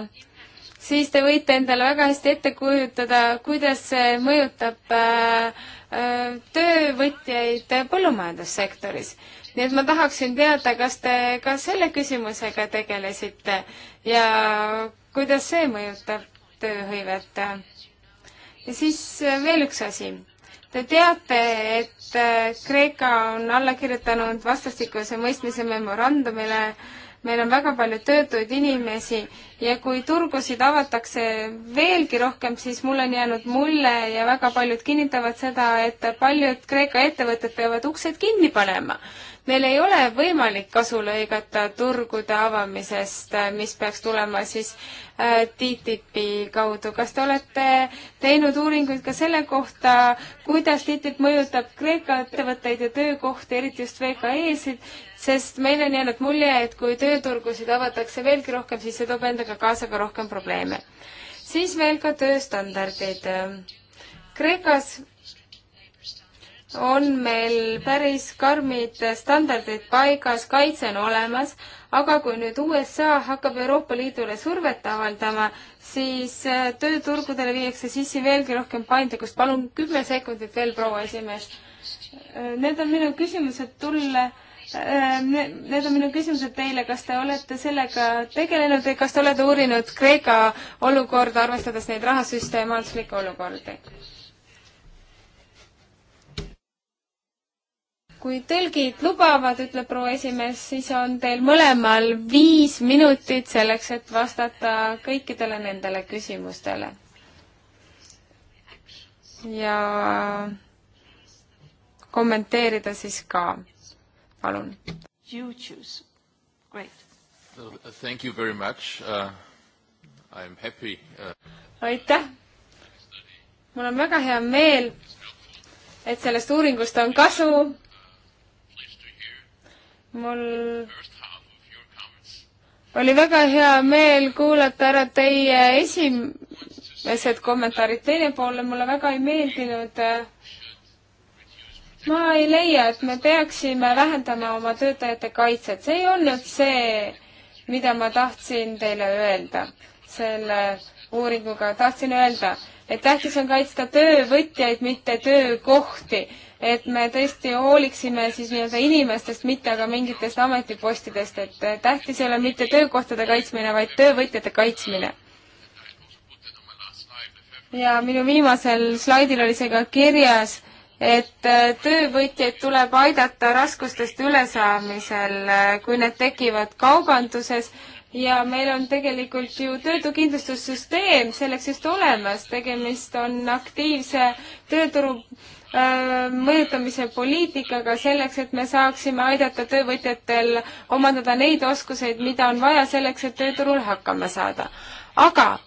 siis te võite endale väga hästi ette kujutada, kuidas see mõjutab äh, äh, töövõtjaid põllumajandussektoris. nii et ma tahaksin teada, kas te ka selle küsimusega tegelesite ja kuidas see mõjutab tööhõivet. ja siis äh, veel üks asi. Te teate, et äh, Kreeka on alla kirjutanud vastastikuse mõistmise memorandumile, meil on väga palju töötuid inimesi ja kui turgusid avatakse veelgi rohkem, siis mul on jäänud mulje ja väga paljud kinnitavad seda, et paljud Kreeka ettevõtted peavad uksed kinni panema meil ei ole võimalik kasu lõigata turgude avamisest, äh, mis peaks tulema siis äh, TTIP-i kaudu. kas te olete teinud uuringuid ka selle kohta, kuidas TTIP mõjutab Kreeka ettevõtteid ja töökohti, eriti just VKE-sid, sest meil on jäänud mulje, et kui tööturgusid avatakse veelgi rohkem, siis see toob endaga kaasa ka rohkem probleeme. siis veel ka tööstandardid. Kreekas on meil päris karmid standardid paigas, kaitse on olemas, aga kui nüüd USA hakkab Euroopa Liidule survet avaldama, siis äh, tööturgudele viiakse sisse veelgi rohkem paindlikkust. palun kümme sekundit veel, proua esimees. Äh, need on minu küsimused tulla äh, Need on minu küsimused teile, kas te olete sellega tegelenud või kas te olete uurinud Kreeka olukorda, arvestades neid rahasüste ja majanduslikke olukordi? kui tõlgid lubavad, ütleb proua esimees, siis on teil mõlemal viis minutit selleks, et vastata kõikidele nendele küsimustele. ja kommenteerida siis ka, palun. You choose, great. Thank you very much uh,, I am happy uh.... aitäh, mul on väga hea meel et sellest uuringust on kasu mul oli väga hea meel kuulata ära teie esimesed kommentaarid, teine pool mulle väga ei meeldinud. ma ei leia, et me peaksime vähendama oma töötajate kaitset, see ei olnud see, mida ma tahtsin teile öelda selle uuringuga, tahtsin öelda, et tähtis on kaitsta töövõtjaid, mitte töökohti et me tõesti hooliksime siis nii-öelda inimestest, mitte aga mingitest ametipostidest, et tähtis ei ole mitte töökohtade kaitsmine, vaid töövõtjate kaitsmine. ja minu viimasel slaidil oli see ka kirjas, et äh, töövõtjaid tuleb aidata raskustest ülesaamisel, äh, kui need tekivad kaubanduses ja meil on tegelikult ju töötukindlustussüsteem selleks just olemas, tegemist on aktiivse tööturu Äh, mõjutamise poliitikaga selleks, et me saaksime aidata töövõtjatel omandada neid oskuseid, mida on vaja selleks, et tööturul hakkama saada. aga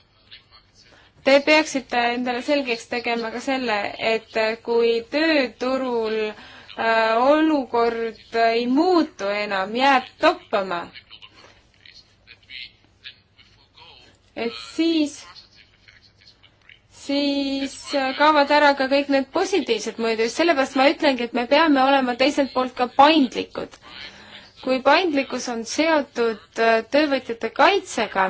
Te peaksite endale selgeks tegema ka selle, et kui tööturul äh, olukord ei muutu enam, jääb toppama, et siis siis äh, kaovad ära ka kõik need positiivsed mõjud, just sellepärast ma ütlengi, et me peame olema teiselt poolt ka paindlikud. kui paindlikkus on seotud äh, töövõtjate kaitsega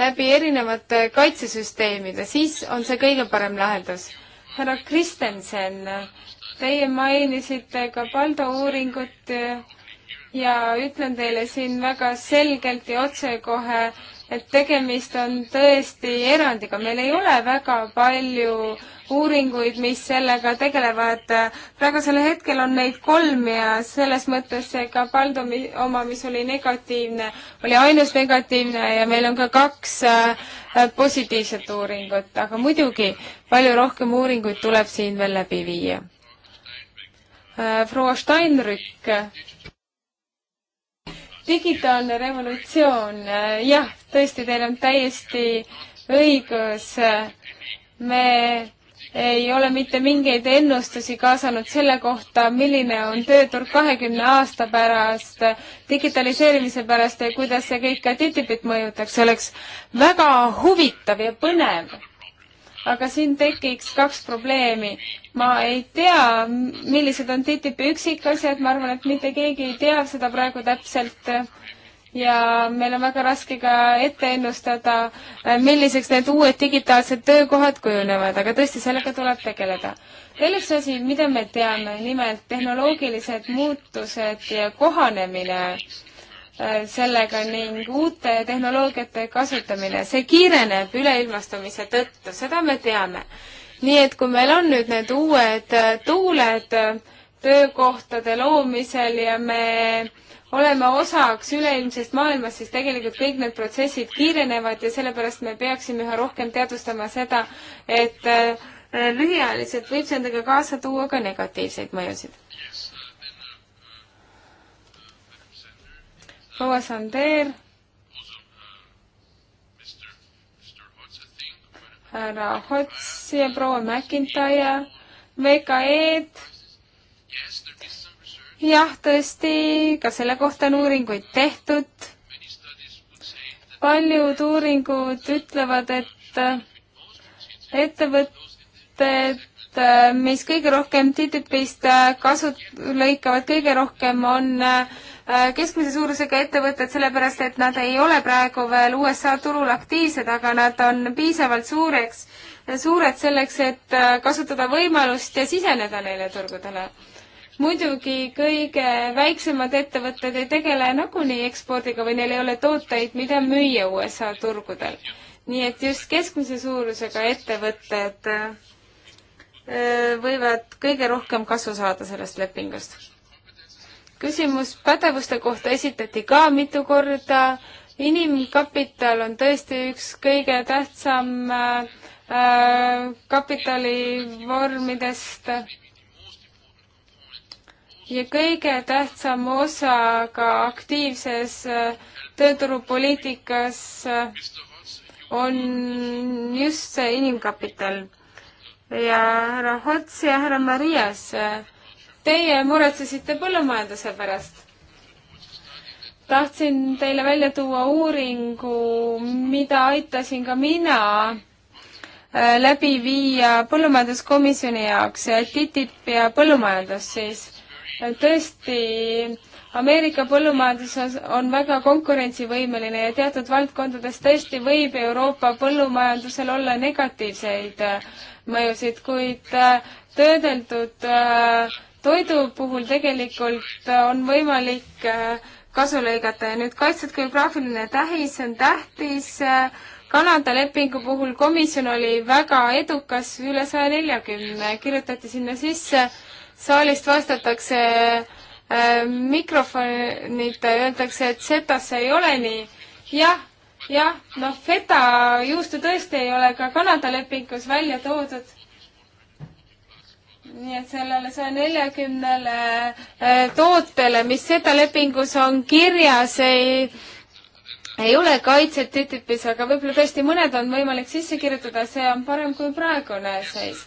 läbi erinevate kaitsesüsteemide, siis on see kõige parem lahendus. härra Kristensen, teie mainisite ka Paldo uuringut äh, ja ütlen teile siin väga selgelt ja otsekohe, et tegemist on tõesti erandiga, meil ei ole väga palju uuringuid, mis sellega tegelevad. praegusel hetkel on neid kolm ja selles mõttes see Capaldo oma, mis oli negatiivne, oli ainus negatiivne ja meil on ka kaks äh, positiivset uuringut, aga muidugi palju rohkem uuringuid tuleb siin veel läbi viia. Äh, proua Steinrück digitaalne revolutsioon, jah, tõesti, teil on täiesti õigus. me ei ole mitte mingeid ennustusi kaasanud selle kohta, milline on tööturg kahekümne aasta pärast, digitaliseerimise pärast ja kuidas see kõik ka TTIP-it mõjutaks, see oleks väga huvitav ja põnev aga siin tekiks kaks probleemi. ma ei tea, millised on TTIP-i üksikasjad, ma arvan, et mitte keegi ei tea seda praegu täpselt ja meil on väga raske ka ette ennustada, milliseks need uued digitaalsed töökohad kujunevad, aga tõesti, sellega tuleb tegeleda. veel üks asi, mida me teame, nimelt tehnoloogilised muutused ja kohanemine Äh, sellega ning uute tehnoloogiate kasutamine, see kiireneb üleilmastumise tõttu, seda me teame. nii et kui meil on nüüd need uued äh, tuuled äh, töökohtade loomisel ja me oleme osaks üleilmsest maailmast, siis tegelikult kõik need protsessid kiirenevad ja sellepärast me peaksime üha rohkem teadvustama seda, et lühiajaliselt võib see endaga kaasa tuua ka negatiivseid mõjusid proua Sander, härra Hots ja proua McIntyre, VKE-d. jah, tõesti, ka selle kohta on uuringuid tehtud. paljud uuringud ütlevad, et ettevõtted Äh, mis kõige rohkem TTIP-ist äh, kasu lõikavad, kõige rohkem on äh, keskmise suurusega ettevõtted, sellepärast et nad ei ole praegu veel USA turul aktiivsed, aga nad on piisavalt suureks, suured selleks, et kasutada võimalust ja siseneda neile turgudele. muidugi kõige väiksemad ettevõtted ei tegele nagunii ekspordiga või neil ei ole tooteid, mida müüa USA turgudel. nii et just keskmise suurusega ettevõtted et Äh, võivad kõige rohkem kasu saada sellest lepingust. küsimus pädevuste kohta esitati ka mitu korda. inimkapital on tõesti üks kõige tähtsam äh, kapitalivormidest ja kõige tähtsam osa ka aktiivses äh, tööturupoliitikas äh, on just see inimkapital ja härra Hots ja härra Marias, teie muretsesite põllumajanduse pärast. tahtsin teile välja tuua uuringu, mida aitasin ka mina äh, läbi viia põllumajanduskomisjoni jaoks, äh, TTIP ja põllumajandus siis. Äh, tõesti, Ameerika põllumajandus on väga konkurentsivõimeline ja teatud valdkondades tõesti võib Euroopa põllumajandusel olla negatiivseid mõjusid, kuid äh, töödeldud äh, toidu puhul tegelikult äh, on võimalik kasu lõigata ja nüüd kaitstud geograafiline tähis on tähtis. Kanada lepingu puhul komisjon oli väga edukas, üle saja neljakümne kirjutati sinna sisse. saalist vastatakse äh, mikrofonid, öeldakse, et setasse ei ole nii. jah jah, noh, feta juustu tõesti ei ole ka Kanada lepingus välja toodud. nii et sellele saja neljakümnele eh, tootele, mis seda lepingus on kirjas, ei, ei ole kaitset TTIP-is, aga võib-olla tõesti mõned on võimalik sisse kirjutada, see on parem kui praegune seis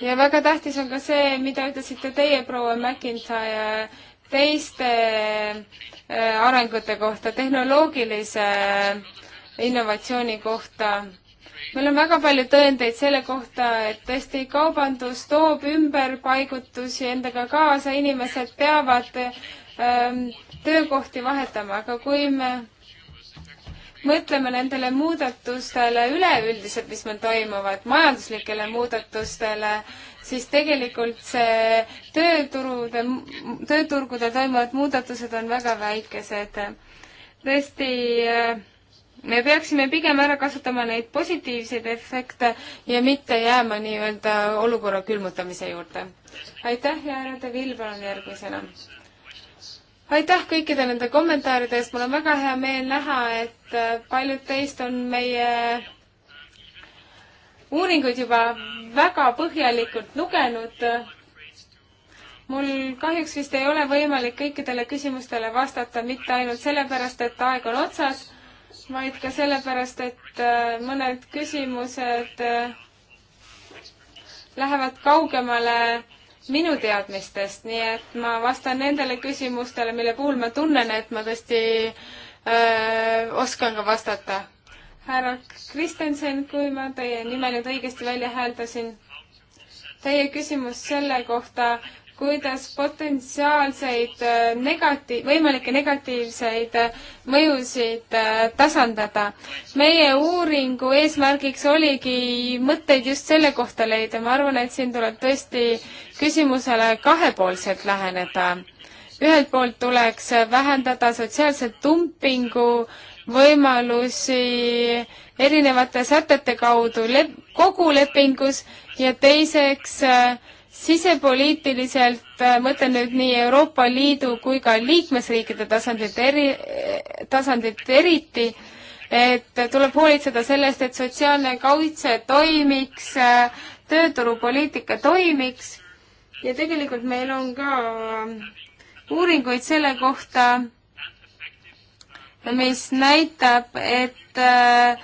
ja väga tähtis on ka see, mida ütlesite teie, proua McIntyre, teiste äh, Äh, arengute kohta, tehnoloogilise innovatsiooni kohta. meil on väga palju tõendeid selle kohta, et tõesti kaubandus toob ümberpaigutusi endaga kaasa, inimesed peavad ähm, töökohti vahetama, aga kui me mõtleme nendele muudatustele üleüldiselt, mis meil toimuvad, majanduslikele muudatustele siis tegelikult see tööturude, tööturgudel toimuvad muudatused on väga väikesed. tõesti, äh, me peaksime pigem ära kasutama neid positiivseid efekte ja mitte jääma nii-öelda olukorra külmutamise juurde. aitäh ja härra De Vill, palun järgmisena aitäh kõikide nende kommentaaride eest, mul on väga hea meel näha, et äh, paljud teist on meie uuringuid juba väga põhjalikult lugenud. mul kahjuks vist ei ole võimalik kõikidele küsimustele vastata mitte ainult sellepärast, et aeg on otsas, vaid ka sellepärast, et äh, mõned küsimused äh, lähevad kaugemale minu teadmistest, nii et ma vastan nendele küsimustele, mille puhul ma tunnen, et ma tõesti öö, äh, oskan ka vastata härra Kristensen, kui ma teie nime nüüd õigesti välja hääldasin. Teie küsimus selle kohta, kuidas potentsiaalseid äh, negati-, võimalikke negatiivseid äh, mõjusid äh, tasandada. meie uuringu eesmärgiks oligi mõtteid just selle kohta leida, ma arvan, et siin tuleb tõesti küsimusele kahepoolselt läheneda. ühelt poolt tuleks vähendada sotsiaalset dumpingu võimalusi erinevate sätete kaudu lep-, kogu lepingus ja teiseks äh, sisepoliitiliselt, äh, mõtlen nüüd nii Euroopa Liidu kui ka liikmesriikide tasandit eri, äh, tasandit eriti, et tuleb hoolitseda sellest, et sotsiaalne kaitse toimiks, tööturupoliitika toimiks ja tegelikult meil on ka uuringuid selle kohta, mis näitab, et äh,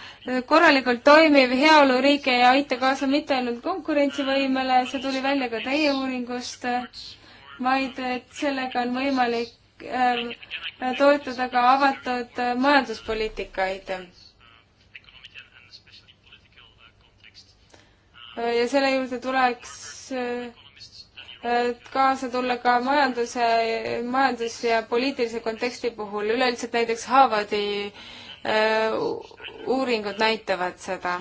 korralikult toimiv heaoluriik ei aita kaasa mitte ainult konkurentsivõimele, see tuli välja ka teie uuringust, vaid et sellega on võimalik ähm, toetada ka avatud majanduspoliitikaid. ja selle juurde tuleks äh, Äh, kaasa tulla ka majanduse, majandus ja poliitilise konteksti puhul, üleüldiselt näiteks Harvardi äh, uuringud näitavad seda.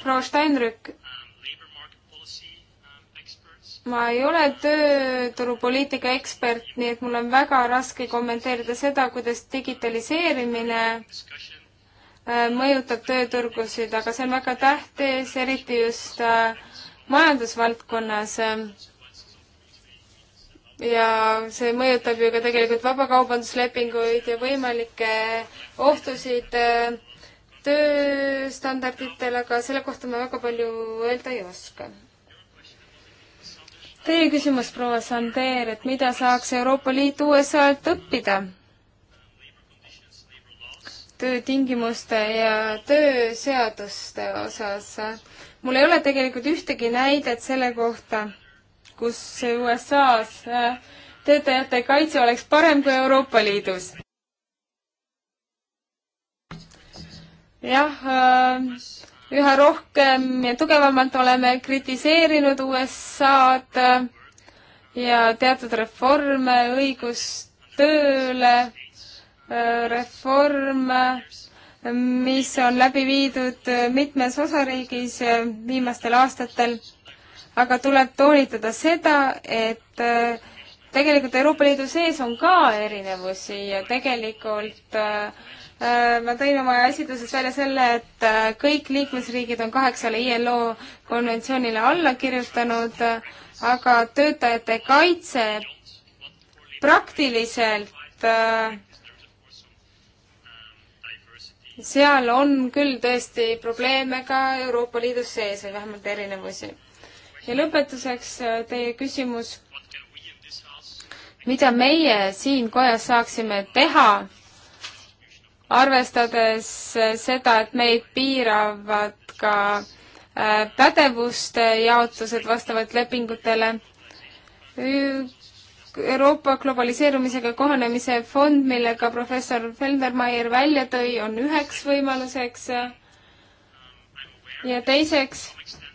proua Steinrück, ma ei ole tööturupoliitika ekspert, nii et mul on väga raske kommenteerida seda, kuidas digitaliseerimine äh, mõjutab tööturgusid, aga see on väga tähtis, eriti just äh, majandusvaldkonnas ja see mõjutab ju ka tegelikult vabakaubanduslepinguid ja võimalikke ohtusid äh, tööstandarditel, aga selle kohta ma väga palju öelda ei oska. Teie küsimus, proua Sander, et mida saaks Euroopa Liit USA-lt õppida? töötingimuste ja tööseaduste osas mul ei ole tegelikult ühtegi näidet selle kohta, kus USA-s äh, töötajate kaitse oleks parem kui Euroopa Liidus. jah, äh, üha rohkem ja tugevamalt oleme kritiseerinud USA-d äh, ja teatud reforme, õigust tööle, reform mis on läbi viidud äh, mitmes osariigis äh, viimastel aastatel. aga tuleb toonitada seda, et äh, tegelikult Euroopa Liidu sees on ka erinevusi ja tegelikult äh, ma tõin oma esituses välja selle, et kõik liikmesriigid on kaheksale ILO konventsioonile alla kirjutanud, aga töötajate kaitse praktiliselt äh, seal on küll tõesti probleeme ka Euroopa Liidus sees või vähemalt erinevusi. ja lõpetuseks äh, teie küsimus, mida meie siin kojas saaksime teha, arvestades äh, seda, et meid piiravad ka äh, pädevuste jaotused vastavalt lepingutele Euroopa globaliseerumisega kohanemise fond, millega professor Feldermeier välja tõi, on üheks võimaluseks. ja teiseks,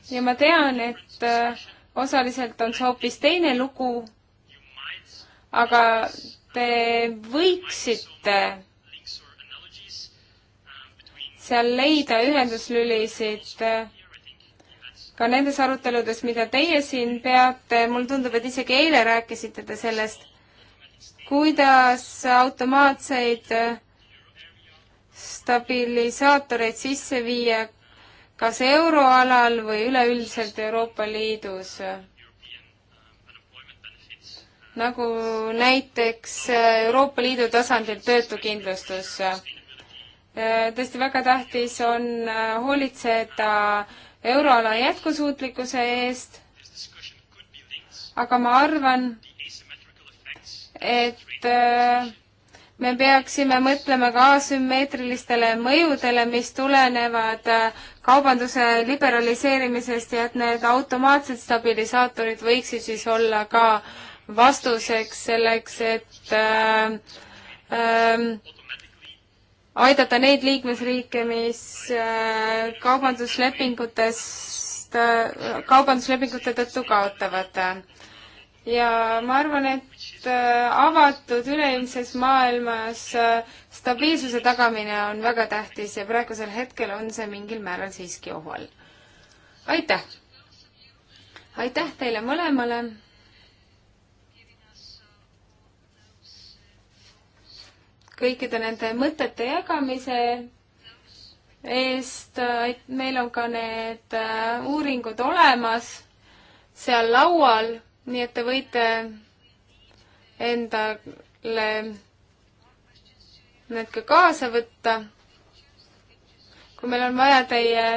ja ma tean, et äh, osaliselt on see hoopis teine lugu, aga te võiksite seal leida ühenduslülisid äh, ka nendes aruteludes, mida teie siin peate, mulle tundub, et isegi eile rääkisite te sellest, kuidas automaatseid äh, stabilisaatoreid sisse viia kas euroalal või üleüldiselt Euroopa Liidus nagu näiteks äh, Euroopa Liidu tasandil töötukindlustus. Äh, tõesti väga tähtis on hoolitseda euroala jätkusuutlikkuse eest, aga ma arvan, et äh, me peaksime mõtlema ka asümmeetrilistele mõjudele, mis tulenevad äh, kaubanduse liberaliseerimisest ja et need automaatsed stabilisaatorid võiksid siis olla ka vastuseks selleks, et äh, äh, aidata neid liikmesriike, mis äh, kaubanduslepingutest, äh, kaubanduslepingute tõttu kaotavad. ja ma arvan, et äh, avatud üleilmses maailmas stabiilsuse tagamine on väga tähtis ja praegusel hetkel on see mingil määral siiski ohu all. aitäh! aitäh teile mõlemale! kõikide nende mõtete jagamise eest. meil on ka need äh, uuringud olemas seal laual, nii et te võite endale need ka kaasa võtta. kui meil on vaja teie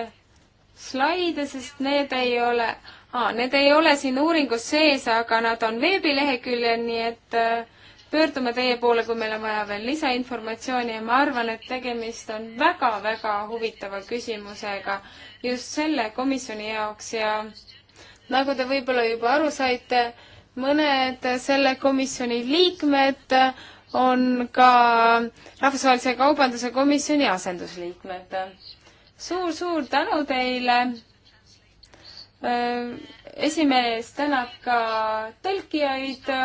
slaide, sest need ei ole ah,, need ei ole siin uuringus sees, aga nad on veebileheküljel, nii et äh, pöördume teie poole, kui meil on vaja veel lisainformatsiooni ja ma arvan, et tegemist on väga-väga huvitava küsimusega just selle komisjoni jaoks ja nagu te võib-olla juba aru saite, mõned selle komisjoni liikmed on ka Rahvusvahelise Kaubanduse Komisjoni asendusliikmed suur,. suur-suur tänu teile! Äh, esimees tänab ka tõlkijaid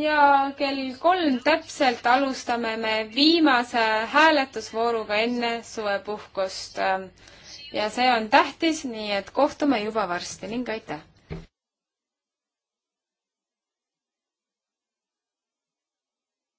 ja kell kolm täpselt alustame me viimase hääletusvooruga enne suvepuhkust. ja see on tähtis, nii et kohtume juba varsti ning aitäh!